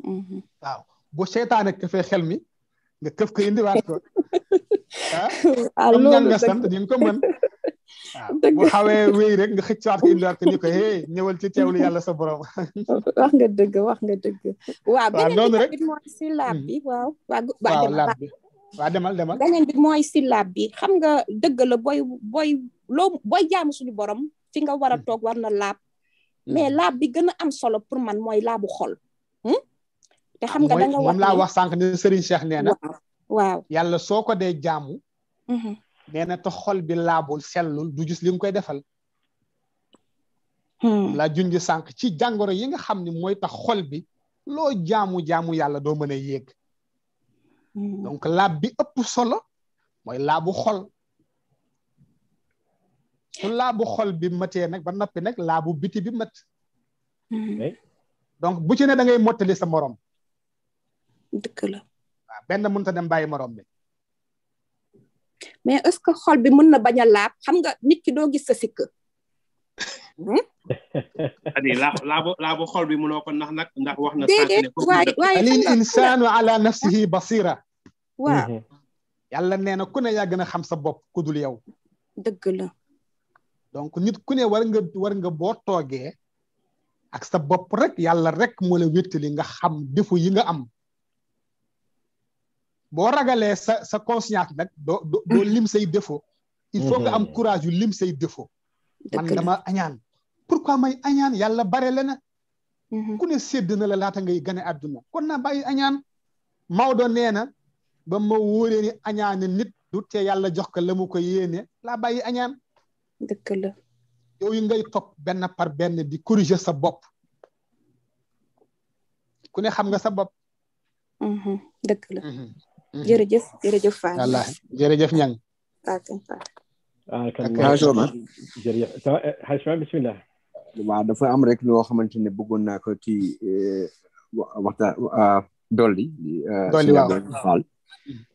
mhm. bo bu seetaane këfee xel mi nga këf ko indiwaat ko ah, ah nga sant di nga ko mën rek nga xëccaat ko indiwaat ko ñëwal ci teewlu yàlla sa borom wax nga dëgg wax nga dëgg waaw beneen bi tamit mooy si laab bi mhm. waa demal demal beneen mooy si laab bi xam nga dëgg la booy booy loo booy jaamu suñu borom fi nga war a mhm. toog war na laab mais mm-hmm. laab bi gën a am solo pour man mooy laabu xol. Hmm? te xam nga da nga wax moom laa wax sànq ne Serigne seex nee na. waaw yàlla soo ko dee jaamu. Mm-hmm. nee na te xol bi laabul sellul du gis li koy defal. Hmm. la junj sànq ci jàngoro yi nga xam ni mooy tax xol bi loo jaamu jaamu yàlla doo mën a yéeg. Hmm. donc laab bi ëpp solo mooy laabu xol. su laabu xol bi matee nag ba noppi nag laabu biti bi mat mm-hmm. donc bu ci ne da ngay mottali sa morom dëkk la waaw benn mënut a dem bàyyi morom bi mais est-ce que xol bi mën na bañ a laab xam nga nit ki doo gis sa sikk hmm? adi laa laabu laabu xol bi mënoo ko ndax nag ndax wax na insaanu ala nafsihi basira waaw mm-hmm. yàlla nee na ku ne yaa gën a xam sa bopp ku dul yow dëgg donc nit ku ne war nga war nga boo toogee ak sa bopp rek yàlla rek moo la wéttali nga xam defu yi nga am boo ragalee sa sa conscience nag doo doo lim say défaut il faut nga am mm-hmm. courage lim sey défaut man dama añaan pourquoi may añaan yàlla bare le na mm-hmm. ku ne sédd na la laata ngay gane àdduna kon na bàyyi añaan Maodo nee na ba ma wóoree ni nit du te yàlla jox ko lamu mu ko yéene laa bàyyi dëgg la yooyu ngay topp benn par benn di corriger sa bopp ne xam nga sa bopp mhm, dëgg la mhm, mhm. jërëjëf jërëjëf Fall dafa am rek loo xamante ne bëggoon naa ko ci eh, waxta dolli eh, dolli waaw Fall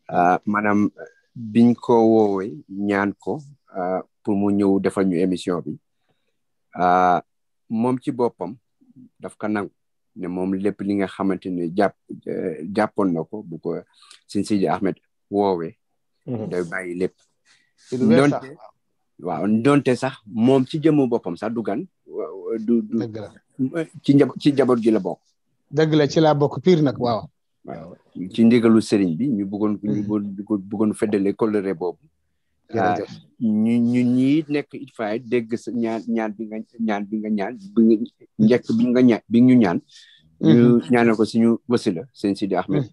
ah, biñ ko woowee ñaan ko Euh, pour mu ñëw defal ñu émission bi euh, moom ci boppam daf ko nangu ne moom lépp li nga xamante ne jàpp euh, jàppoon na ko bu ko sëñ Sidi Ahmed woowee mhm. day bàyyi lépp donte waaw donte sax moom ci jëmu boppam sax du gan ci njab ci njaboot gi la bokk dëgg la ci laa bokk piir nag waaw waaw ci ndigalu sëriñ bi ñu bëggoon ñu mhm. bëggoon feddale coloré boobu jërëjëf ah, ñi nekk ITFA dégg sa ñaan ñaan bi nga ñaan bi nga bi ñu ñaan ñu mm-hmm. ñaanal ko suñu wasila sëñ Sidi Ahmed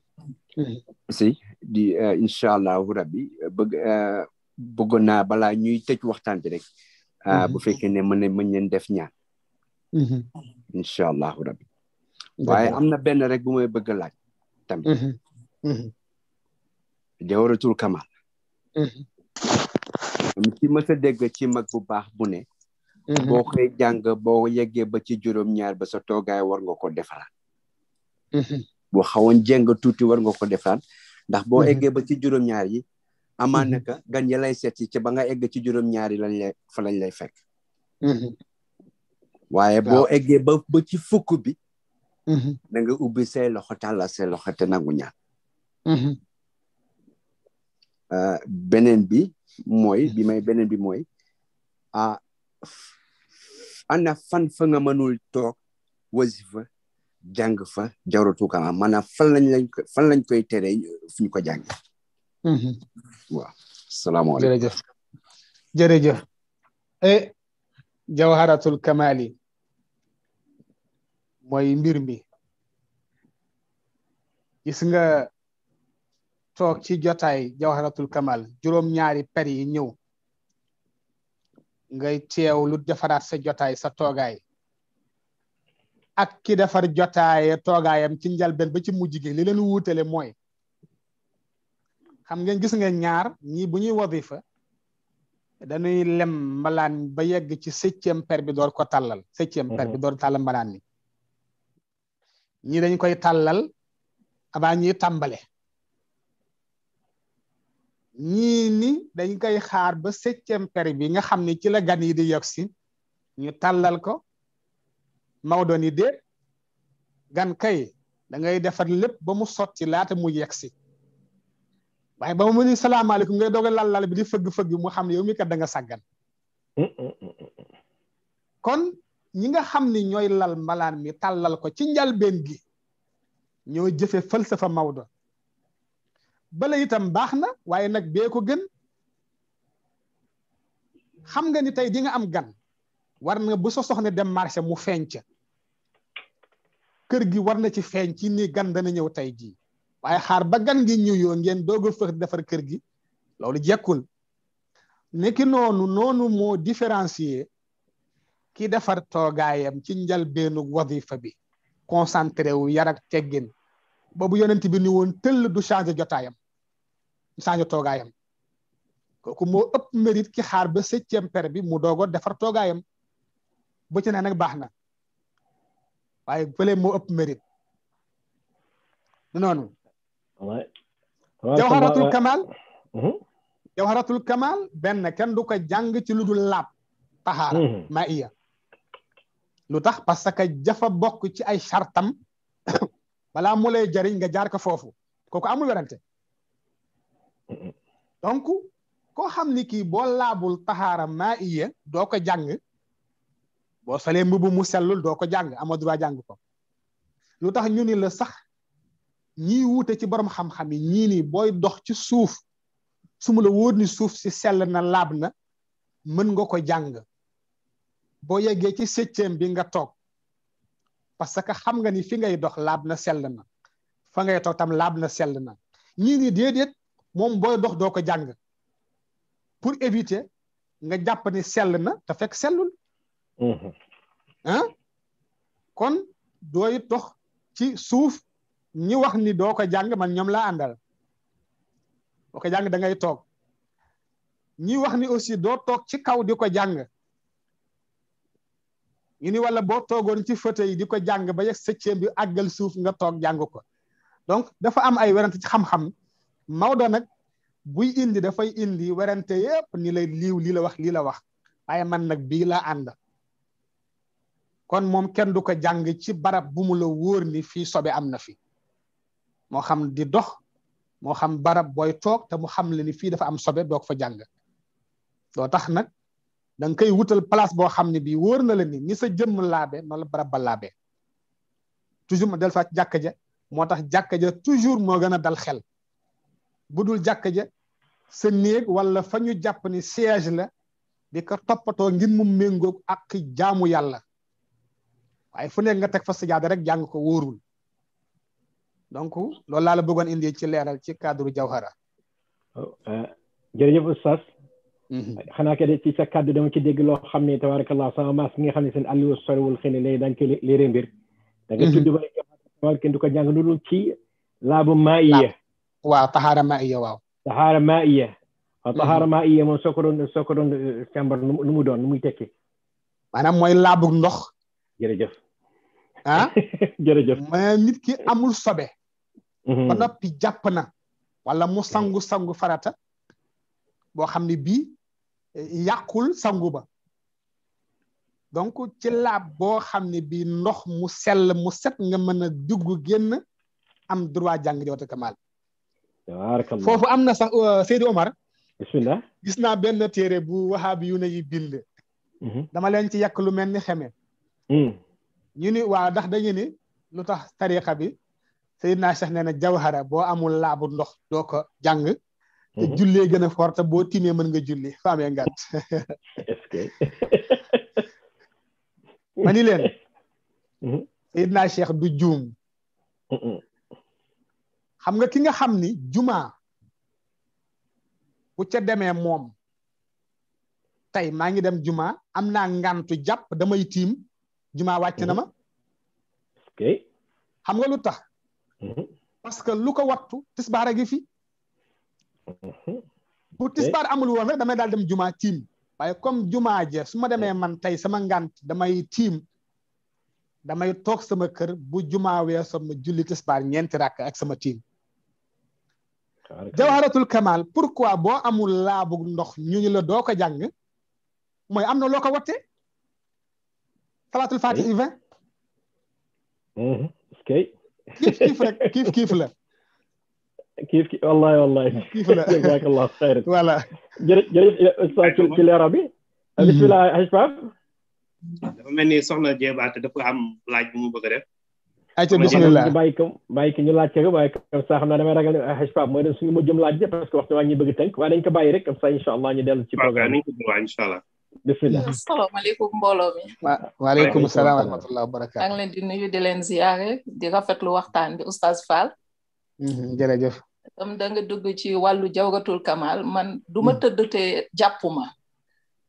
mm-hmm. si di euh, incha allahu rabbi bëgg euh, bëggoon naa balaa ñuy tëj waxtaan bi rek ah, mm-hmm. bu fekkee ne mën ne mën ngeen def ñaan incha allahu rabbi waaye am na benn rek bu may bëgg laaj tamit jawaratul kamal ci mës a dégg ci mag bu baax bu ne mhm. boo koy jàng boo yeggee ba ci juróom-ñaar ba sa toogaay war nga ko defaraat mhm. boo xawoon jeng tuuti war nga ko defaraat ndax boo mhm. eggee ba ci juróom-ñaar yi amaan naka gan ya lay seet si ca ba nga egg ci juróom-ñaar lay fa lay fekk waaye boo eggee ba ci fukk bi na nga ubbi say loxo tàllal say loxo te nangu ñaan euh, beneen bi mooy bi may beneen bi mooy ah ana fan fa nga mënul toog wasifa jàng fa jaratu ka maanaam fan lañ koy tere fu ñu ko jànge mm-hmm. waaw salaamaaleykum jërëjëf jërëjëf e kamali mooy mbir mi gis toog ci jotaay jawharatul kamal juróom-ñaari per yi ñëw ngay teew lu defaraat sa jotaay sa toogaay ak ki defar jotaay toogaayam ci njalbeen ba ci mujj gi li leen wuutale mooy xam ngeen gis nga ñaar ñii bu ñuy wadifa dañuy lem mbalaan ba yegg ci septième per bi door ko tàllal septième per bi mhm. door tàllal mbalaan ni ñii dañ koy tàllal abaa ñuy tàmbale ñii ni dañ koy xaar ba septième per bi nga xam ni ci la gan yi di yegsi ñu tàllal ko Maodo ni déet gan kay da ngay defar lépp ba mu sotti laata mu yegsi waaye ba mu ni salaamaaleykum ngay doog a lal lal bi di fëgg-fëgg mu xam ne yow mi kat danga nga sàggan kon ñi nga xam ni ñooy lal mbalaan mi tàllal ko ci njalbeen gi ñoo jëfe falsafa Maodo bala itam baax na waaye nag bee ko gën xam nga ni tey dinga am gan war na bu sa soxna dem marché mu feeñ ca kër gi war na ci feeñ ci ni gan dana ñëw tey jii waaye xaar ba gan gi ñu yoo ngeen doog a fëx defar kër gi loolu jekkul nekki noonu noonu moo différencier ki defar toogaayam ci njalbeenu wadifa bi concentré wu yar ak teggin boobu yonent bi ni woon tëll du changé jotaayam sañu toogaayam kooku mo upp mérite ki xaar ba 7e père bi mu dogo defar togayam bu ci ne nak baxna waye waaye mo upp ëpp mérite noonu jawharatul kamal mm-hmm. jawharatul kamal ben ken du ko jang ci luddul dul laab taxaara mm-hmm. maa iya lu parce que jafa bok ci ay chartam bala mu jariñ nga jaar ko fofu koku amul werante donc koo xam ni kii boo laabul taxaara maa iya doo ko jàng boo solee mbubb mu sellul doo ko jàng amoo droit jàng ko lu tax ñu ni la sax ñii wuute ci borom xam-xam yi ñii ni booy dox ci suuf suma la wóor ni suuf si sell na laab na mën nga ko jàng boo yeggee ci septième bi nga toog parce que xam nga ni fi ngay dox laab na sell na fa ngay laab na sell na ñii moom booy dox doo ko jàng pour éviter nga jàpp ne sell na te fekk sellul mhm. kon dooy dox ci suuf ñi wax ni doo ko jàng man ñoom laa àndal doo ko jàng dangay toog ñi wax ni aussi doo toog ci kaw di ko jàng ñu ni wala boo toogoon ci fauteuil di ko jàng ba yegg septième bi àggal suuf nga toog jàng ko donc dafa am ay werante ci xam-xam Maodo nak buy indi fay indi werante yep ni lay liw li la wax li la wax waaye man nak bi la and kon mom ken du ko ci barab bu mu la wor ni fi sobe amna fi mo xam di dox mo xam barab boy tok te mu xam ni fi dafa am sobe doog fa jang do tax nak dang kay wutal place bo xamni bi wor na la ni ni sa jëm laabe no la barab laabe toujours ma del fa jàkka ja moo toujours mo gëna dal xel bu dul jàkk ja sa néeg wala fa ñu jàpp ni siège la di ko toppatoo ngir mu méngoog ak jaamu yàlla waaye fu nekk nga teg fa sajaada rek jàng ko wóorul donc loolu laa la bëggoon indi ci leeral ci cadre jawhara oh, euh, jërëjëf oustaz mhm. xanaa ke de ci sa kàddu dama ci dégg loo xam ne tabarakallah sama maas mi nga xam ne seen alliwu soriwul xëy na léegi daañu koy mbir mhm. da nga tudd jàng lu dul ci laabu maayiya Wa ta hara mhm. eh, ah? ma iya wa ta hara ma iya ma sa korunda sa korunda kamba namu dona mui teke mana mo i labu noh gereje ah gereje ma mi ki amul sabeh mana mhm. pi jakpana wala musanggu sanggu farata bo hamni bi eh, yakul sanggu ba donko cila bo hamni bin noh musel musel ngamana dugugin am durwa jan gadi wata kamal. foofu am na sax euh, Seydou Omar. bisimilah gis naa benn téere bu waxaabi yu ne yi bind. Mhm. dama leen ci yàq lu mel ni xeme. Mm. ñu ni waaw ndax da ni lu tax tariqa bi Seydina Cheikh nee na jawhara boo amul laabu ndox doo ko jàng. te mhm. jullee gën a forte boo timee mën nga julli faamee ngàtt. est-ce que. ma ni leen. Mhm. du juum. xam nga ki nga xam ni juma bu ca demee moom tey maa ngi dem juma amna naa ngantu jàpp damay tim juma wàcc na ma xam nga lu tax mhm. parce que lu ko wattu tisbaar a gi fi mhm. bu tisbaar amul woon rek damay daal dem juma tim waaye comme juma je su ma demee man tey sama ngant damay tiim damay toog sama kër bu juma weesoo ma julli tisbaar ñeenti rakk ak sama tiim jawharatul kamal pourquoi boo amul laabu ndox ñu ñu la doo ko jàng mooy am na loo ko watte salaatul fatih vingt kay kiif kiif rek kiif kiif la kiif kiif wallahi wallahi kiif la jazakallah xayr voilà jërëjëf ustaz ci leera bi bismillah haj pap dafa mel ni soxna jeebaate dafa am laaj bu mu bëgg a def ayca bismillah bàyyi ko ñu laaj ko waaye comme ça xam ragal ne xaj dem suñu parce que waxtu bëgg dañ ko rek allah ñu dellu ci programme bi allah bismillah asalaamaaleykum ya, mbooloo mi waaleykum salaam wa wa ngi leen di nuyu di leen eh, kan ziyaare mm-hmm, di rafetlu waxtaan bi oustaz Fall jërëjëf comme da nga dugg ci wàllu kamal man du ma tëdd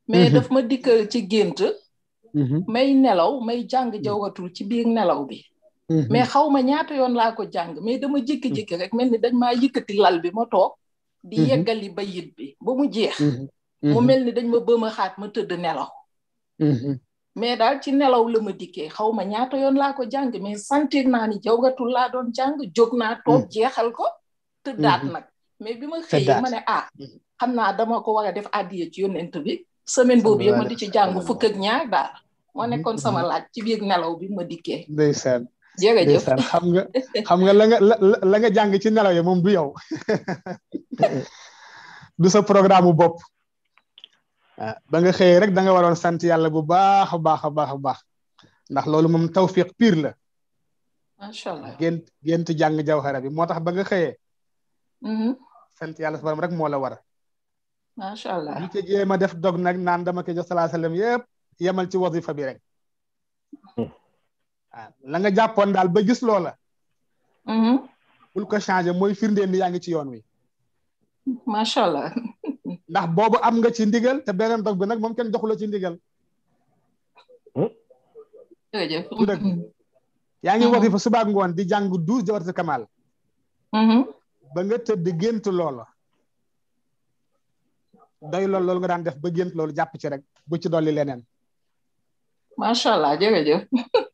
mais mm-hmm. daf ma dikk ci gént may mm-hmm. nelaw may jang jawratul ci biir nelaw bi Mm-hmm. mais xaw ma ñaata yoon laa ko jàng mais dama jékki-jékki mm-hmm. rek mel ni dañ maa yëkkati lal bi ma toog. di mm-hmm. yeggali yit bi ba mu jeex. mu mel ni dañ ma bëm xaat ma tëdd nelaw. mais daal ci nelaw la ma dikkee xaw ma ñaata yoon laa ko jàng mais sentir naa ni jawgatul laa doon jàng jóg naa toog jeexal ko. tëddaat nag mais bi ma xëyee ma ne ah. xam naa dama ko war a def àddiya ci yoon yonent bi. semaine boobu yëpp ma di ci jàng fukk ak ñaar daal. moo nekkoon sama laaj ci biir nelaw bi ma dikkee. jërëjëf xam nga xam nga la nga la nga jàng ci nelaw ya moom du yow du sa programme bopp ah, ba nga xëyee rek da nga waroon sant yàlla bu baax a baax a baax a baax ndax loolu moom tawfiq pire la allah gént gént jàng jawhara bi moo tax ba nga xëyee sant yàlla sa borom rek moo la war allah li ci jéem a def dog nag naan dama koy jox salaa sallam yëpp yemal ci wasifa bi rek la nga jàppoon dal ba gis hmm bul ko changer moy firndeen ni yaa ci yoon wi sha allah ndax bobu am nga ci ndigal te benen dog bi nak mom ken doxula ci ndigal hmm yaa ngi mm-hmm. wati fa suba ngoon di jàng douze jawarta kamal mm-hmm. ba nga tëdd gentu lola day lol lol nga dan def ba gentu lola japp ci rek bu ci lenen ma sha allah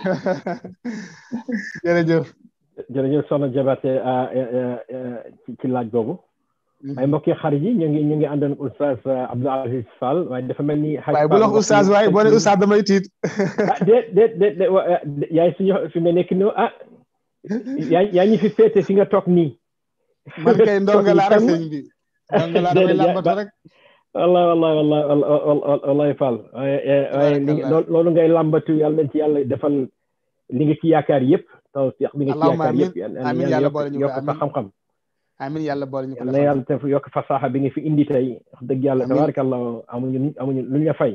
jërëjëf. jërëjëf soxna Jabaate euh, euh, euh, ci laaj boobu. Mm-hmm. waaye mbokki xarit yi ñu ngi ñu ngi àndoon oustaz Abdou Aziz Fall waaye dafa mel ni. waaye bu lox oustaz waaye boo ne oustaz damay tiit. ah déet déet fi nga nekk nii ah. yaa yaa ñu fi féete fi nga toog nii. man kay ndongo laa rek sëñ bi ndongo laa damay rek. Allah, Allah, Allah, Allah ya, Fall waaye loolu ngay làmbatu yàlla ci yàlla defal li nga ci yaakaar yëpp taw si li nga ci yaakaar yëpp amin ñu xam-xam amin yàlla boole ñu ko yàlla yàlla def yokk fasaxa bi nga fi indi tey wax dëgg yàlla tabarakallah amuñu amuñu fay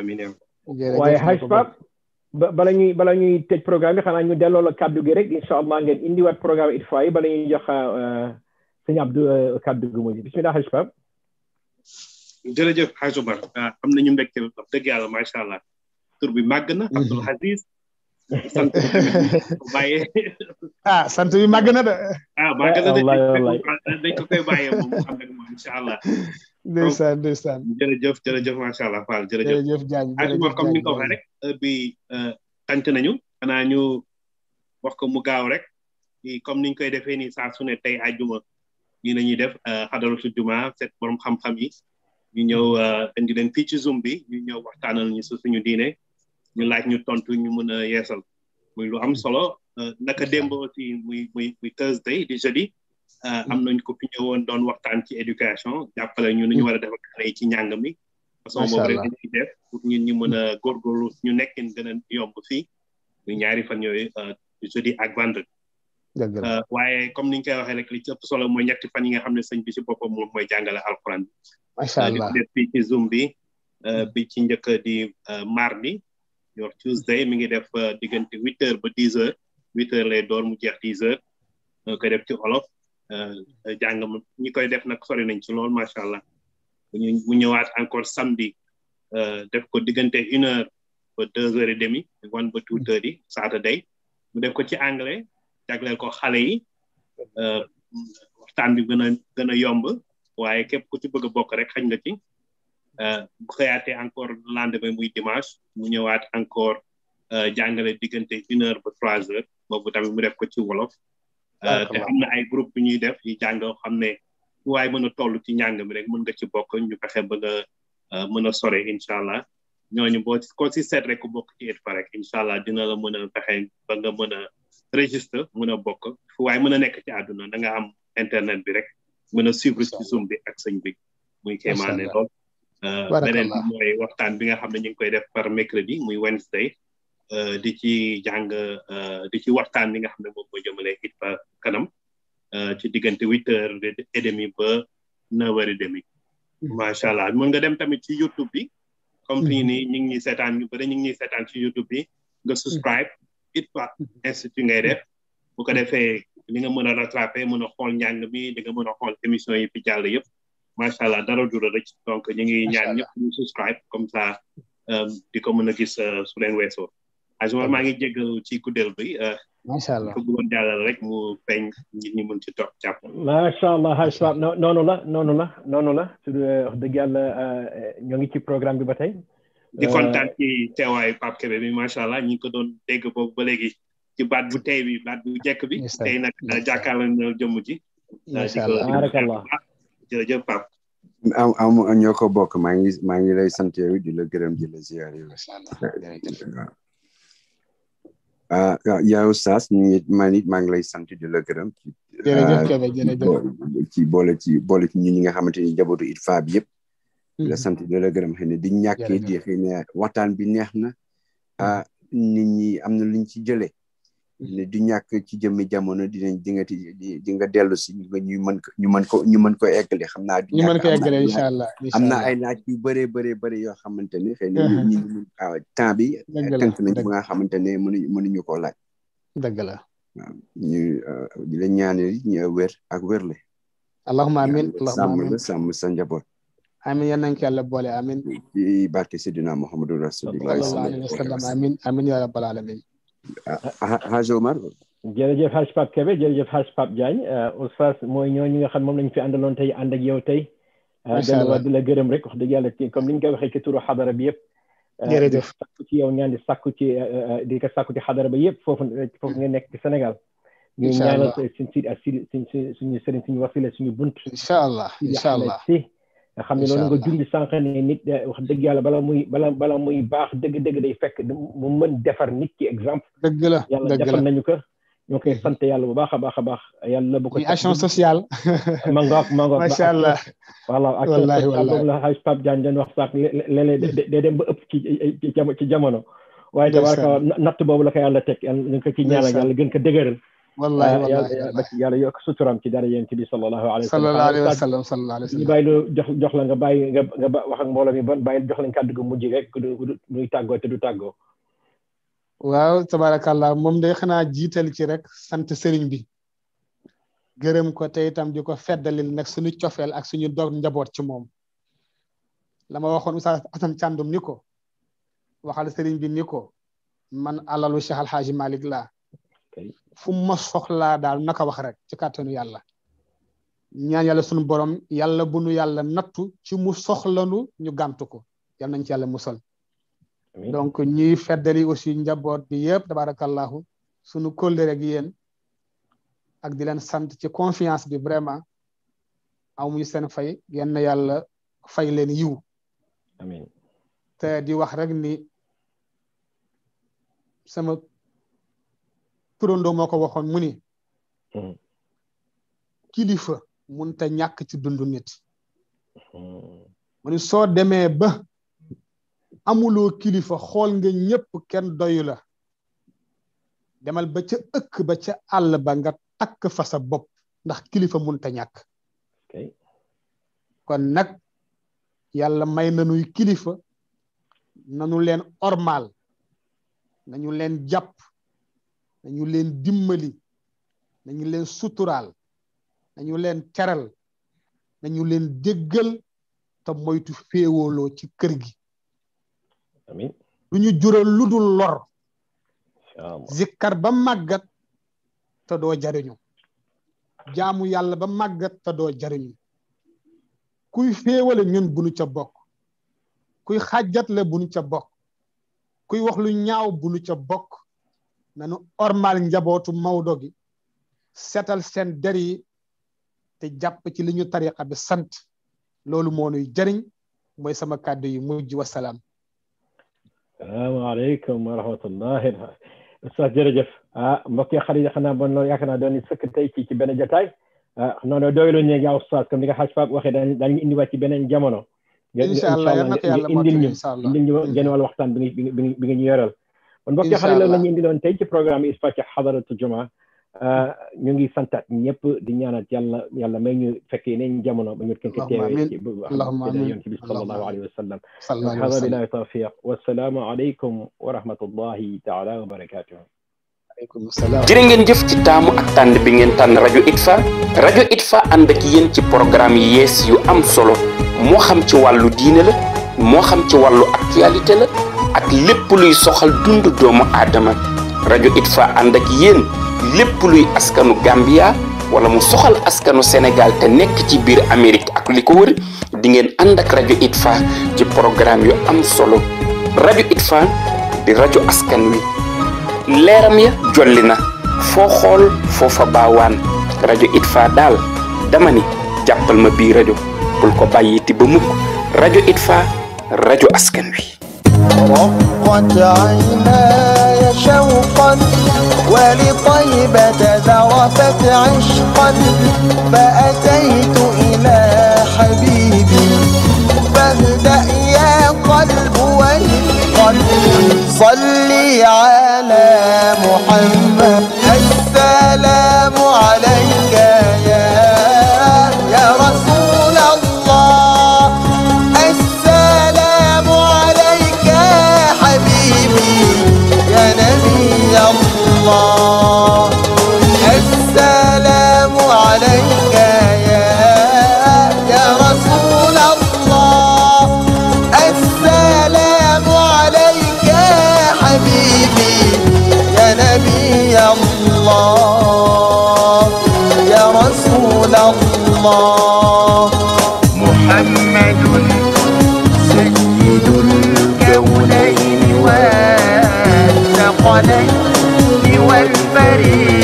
amin waaye xaj bala ñuy bala ñuy tëj programme bi ñu delloo la kàddu gi rek incha allah ngeen indiwaat programme it fois bala ñuy jox euh, sëñ Abdou euh, bismillah jërëjëf Hadj Omar ah, am nañu mbégte wax dëgg yàlla macha allah tur bi màgg na. Mhm. Abdoul Aziz. sant bi bàyyee. ah sant bi màgg na de. ah màgg na de dañ ko koy bàyyee moom xam nag moom incha allah. ndeysaan ndeysaan. jërëjëf jërëjëf macha allah Fall jërëjëf. jërëjëf ni nga ko waxee rek heure bi euh, tànc nañu. xanaa ñu ko mu gaaw rek comme niñ koy defee nii saa su ne tey àjjuma nii la ñuy def euh, xadaratul juma seet borom xam-xam yi. ñu ñëw euh, indi leen fii ci Zoom bi ñu ñëw waxtaanal ñu suñu diine ñu laaj ñu tontu ñu mën a yeesal muy lu am solo euh, naka démb aussi muy muy muy Thursday di jeudi euh, am nañ ko fi ñëwoon doon waxtaan ci éducation jàppale ñu ñu war a def ak ci njàng mi façon boobu rek dañuy ñu mën a góorgóorlu ñu nekkin gën a yomb fii muy ñaari fan yooyu jeudi ak vendredi waaye comme ni ñu koy waxee rek solo mooy ñetti fan yi nga xam ne sëñ bi si boppam moom mooy jàngale alxuraan macha allah di fii ci Zoom bi euh, bi ci njëkk di euh, mardi ñu wax Tuesday mi ngi def euh, diggante huit heures ba dix heures huit heures lay door mu jeex dix heures koy def ci olof jàng ñi koy def nag sori nañ ci lool macha allah mu ñëwaat encore samedi def ko diggante une heure ba deux heures et demi one ba two thirty Saturday mu def ko ci anglais jagleel ko xale yi waxtaan bi gën a gën a yomb waye kep ku ci bëgg bok rek xañ nga ci euh créaté encore lendemain muy dimanche mu ñëwaat encore euh jàngalé digënté 1h ba 3h bobu tamit mu def ko ci wolof euh, te am na ay groupe yu ñuy def yi jàng xam ne waye mëna tollu ci njàng mi rek mën nga ci bok ñu fexé ba nga euh, mëna soré inshallah ñoñu bo ci boo ko si seet rek ku bok ci et par rek inshallah dina la mëna fexé ba nga mëna a registre mën a bokk fu waaye mën a nekk ci aduna da nga am internet bi rek mëna suivre ci zoom bi ak sëñ bi muy kéemaane lool euh benen moy waxtaan bi nga xam ñing koy def par mercredi muy wednesday euh di ci jang euh di ci waxtaan bi nga xam mo ko jëmele jëmale it ba kanam ci digënté 8h et demi ba 9h et demi sha allah mën nga dem tamit ci youtube bi comme fii nii ñu ngi ñuy ñu bëri ñing ñi sétan ci youtube bi nga subscribe it pa institut ngay def bu ko defé li nga mën a rattrapé mën a xool njàng mi di nga mën a xool émission yi fi jàll yëpp macha allah dara du la donc ñu ngi ñaan ñëpp ñu subscribe comme ça di ko mën a gis su leen weesoo ajuma maa ngi jéggal ci kuddeel bi macha allah ko bëggoon jàllal rek mu feeñ nit ñi mën ci toog jàpp macha allah noonu la noonu la noonu la wax dëgg yàlla ngi ci programme bi ba tey di kontaan ci teewaayu Pape Kébé bi macha allah ñu ko doon dégg boobu ba léegi ci baat bu tey bi baat bu jekk bi tey nag jàkkaarloo na jëmm ji barakallah jërëjëf Pap am am ñoo bokk maa ngi maa ngi lay sante yow di la gërëm di la ziar yow ah, ah yow Sass maa nit maa ngi lay sant di la gërëm ah, ci boole ci boole ci ñi nga xamante ni jabootu ITFA bi yëpp mm-hmm. la sant di la gërëm xëy di ñàkk di xëy na waxtaan bi neex na ah nit ñi am na liñ ci jëlee di ñak ci jëmmi jamono nañ di nga di nga dellu ci nga ñuy mën ko ñu mën ko ñu mën ko éggalé xamna di ñu mën ko éggalé inshallah allah ay laaj yu bëré bëré bëré yo xamante xéne ñi na ñu taw temps bi tank nañ bu nga xamante mënu mënu ñu ko laaj dëgg la ñu euh, di la ñaané ñu wër ak wërlé allahumma amin allahumma amin sam sam njaboot amin ya nañ ko yàlla boole amin di barké sidina alayhi wasallam amin amin ya rabbal alamin a Hadj Omar. jërëjëf Hadj Pape Kébé jërëjëf Hadj Pape Diagne euh, oustaz mooy ñooñu nga xam moom lañ fi àndaloon tey ànd ak yow tey. macha euh, allah la gërëm rek wax dëgg yàlla comme ni ñu koy waxee ci turu xadara bi yëpp. Euh, jërëjëf sàkku ci yow ñaan di sàkku ci di ko sàkku ci xadara yëpp foofu foofu nga nekk ci Sénégal. incha allah ñu ñaanal suñu si suñu sëriñ suñu wasila suñu bunt. incha allah incha allah si. nga xam ne loolu nga junj sànq ne nit wax dëgg yàlla bala muy bala bala muy baax dëgg-dëgg day fekk mu mën defar nit ki exemple. dëgg la yàlla defar nañu ko. ñoo koy sant yàlla bu baax a baax a baax yàlla bu ko. muy action ma ngoog ma ngoog macha allah. wallaahi wallaahi voilà boobu la xaj Pape Diagne doon wax sànq léeg-léeg dem ba ëpp ci ci jamono. waaye tabaraka natt boobu la ko yàlla teg yàlla ñu ko ci gën ko dëgëral. wallahi wallahi yàlla yokk suturaam ci dara yéen bi sallallahu alayhi sallallahu alayhi wa sallam sallallahu alayhi wa sallam ñu bàyyi lu jox jox la nga bàyyi nga nga wax ak mbooloo mi ban bàyyi jox lañ kàddu gu mujj rek du muy tàggoo te du tàggoo waaw tabarakallah moom day xanaa jiital ci rek sant sëriñ bi gërëm ko te itam di ko feddalil nag suñu cofeel ak suñu dog njaboot ci moom la ma waxoon Oustaz Assane Thiandoum ni ko waxal sëriñ bi ni ko man alalu Cheikh Alhaaji Malick laa fu mu ma soxlaa daal naka wax rek ci kàttanu yàlla ñaan yàlla sunu borom yàlla bu nu yàlla nattu ci mu soxlanu ñu gàntu ko yal nañ ci yàlla sol donc ñuy feddali aussi njaboot bi yëpp tabarakallahu sunu kóllëre gi yéen ak di leen sant ci confiance bi vraiment amuñu seen fay yenn yàlla fay leen yiw te di wax rek ni sama turandoo moo ko waxoon mu ni hmm. kilifa mënut a ñàkk ci dundu nit hmm. mu soo demee ba amuloo kilifa xool nga ñépp kenn doyu la demal ba ca ëkk ba ca àll ba nga takk fa sa bopp ndax kilifa mënut a ñàkk kon nag yàlla may nanuy kilifa nanu leen ormaal nañu leen jàpp nañu leen dimbali nañu leen suturaal nañu leen teral nañu leen déggal ta moytu féewaloo ci kër gi du ñu jural lu dul lor zikkar ba màggat te doo jariñu jamu yàlla ba màggat te doo jariñu kuy féewale ñun bunu ca bokk kuy xàjjatle bunu ca bokk kuy wax lu ñaaw bunu ca bokk nanu ormal njabotu mawdo gi setal sen deri te japp ci liñu tariqa bi sant lolou mo nuy jëriñ moy sama kaddu yi mujj assalamu alaykum wa rahmatullahi ustaz jërëjëf ah mbokk yi xarit xana bon lo yaakaar do ni sëkk tay ci ci benn jataay ah, noonu doylu ñu yaa ustaz comme ni nga xaj faab waxee dañ daañu indiwaat ci benen jamono inshallah allah yal yalla ko yàlla ñu indil ñu genn bi nga bi nga ñu yoral kon mbokk yi xarit la la ñu doon tey ci programme yi Isfa ci xadaratu jumaa euh, ñu ngi santaat ñëpp di ñaanat yàlla yàlla may ñu fekkee jamono ba ñu kenn teewee ci yoon ci bis sallallahu alayhi wa sallam hada billahi tawfiq wassalaamu aleykum wa rahmatullahi taala wa ci taamu ak tànn bi ngeen tànn rajo ITFA rajo ITFA ànd ci programme yu am solo moo xam ci wàllu diine la moo xam ci wàllu actualité la ak lépp luy soxal dund doomu aadama rajo itfa ànd ak yéen lépp luy askanu gambia wala mu soxal askanu sénégal te nekk ci biir amérique ak li ko wër di ngeen ànd ak rajo itfa ci programme yu am solo rajo itfa di rajo askan wi leeram ya jolli na foo xool foofa baawaan rajo itfa daal dama ni jàppal ma bii rajo bul ko ti ba mukk rajo itfa rajo askan wi رقت عيناي شوقا ولطيبة ذرفت عشقا فأتيت إلى حبيبي فاهدأ يا قلب والقلب صلي على محمد morning, you were very.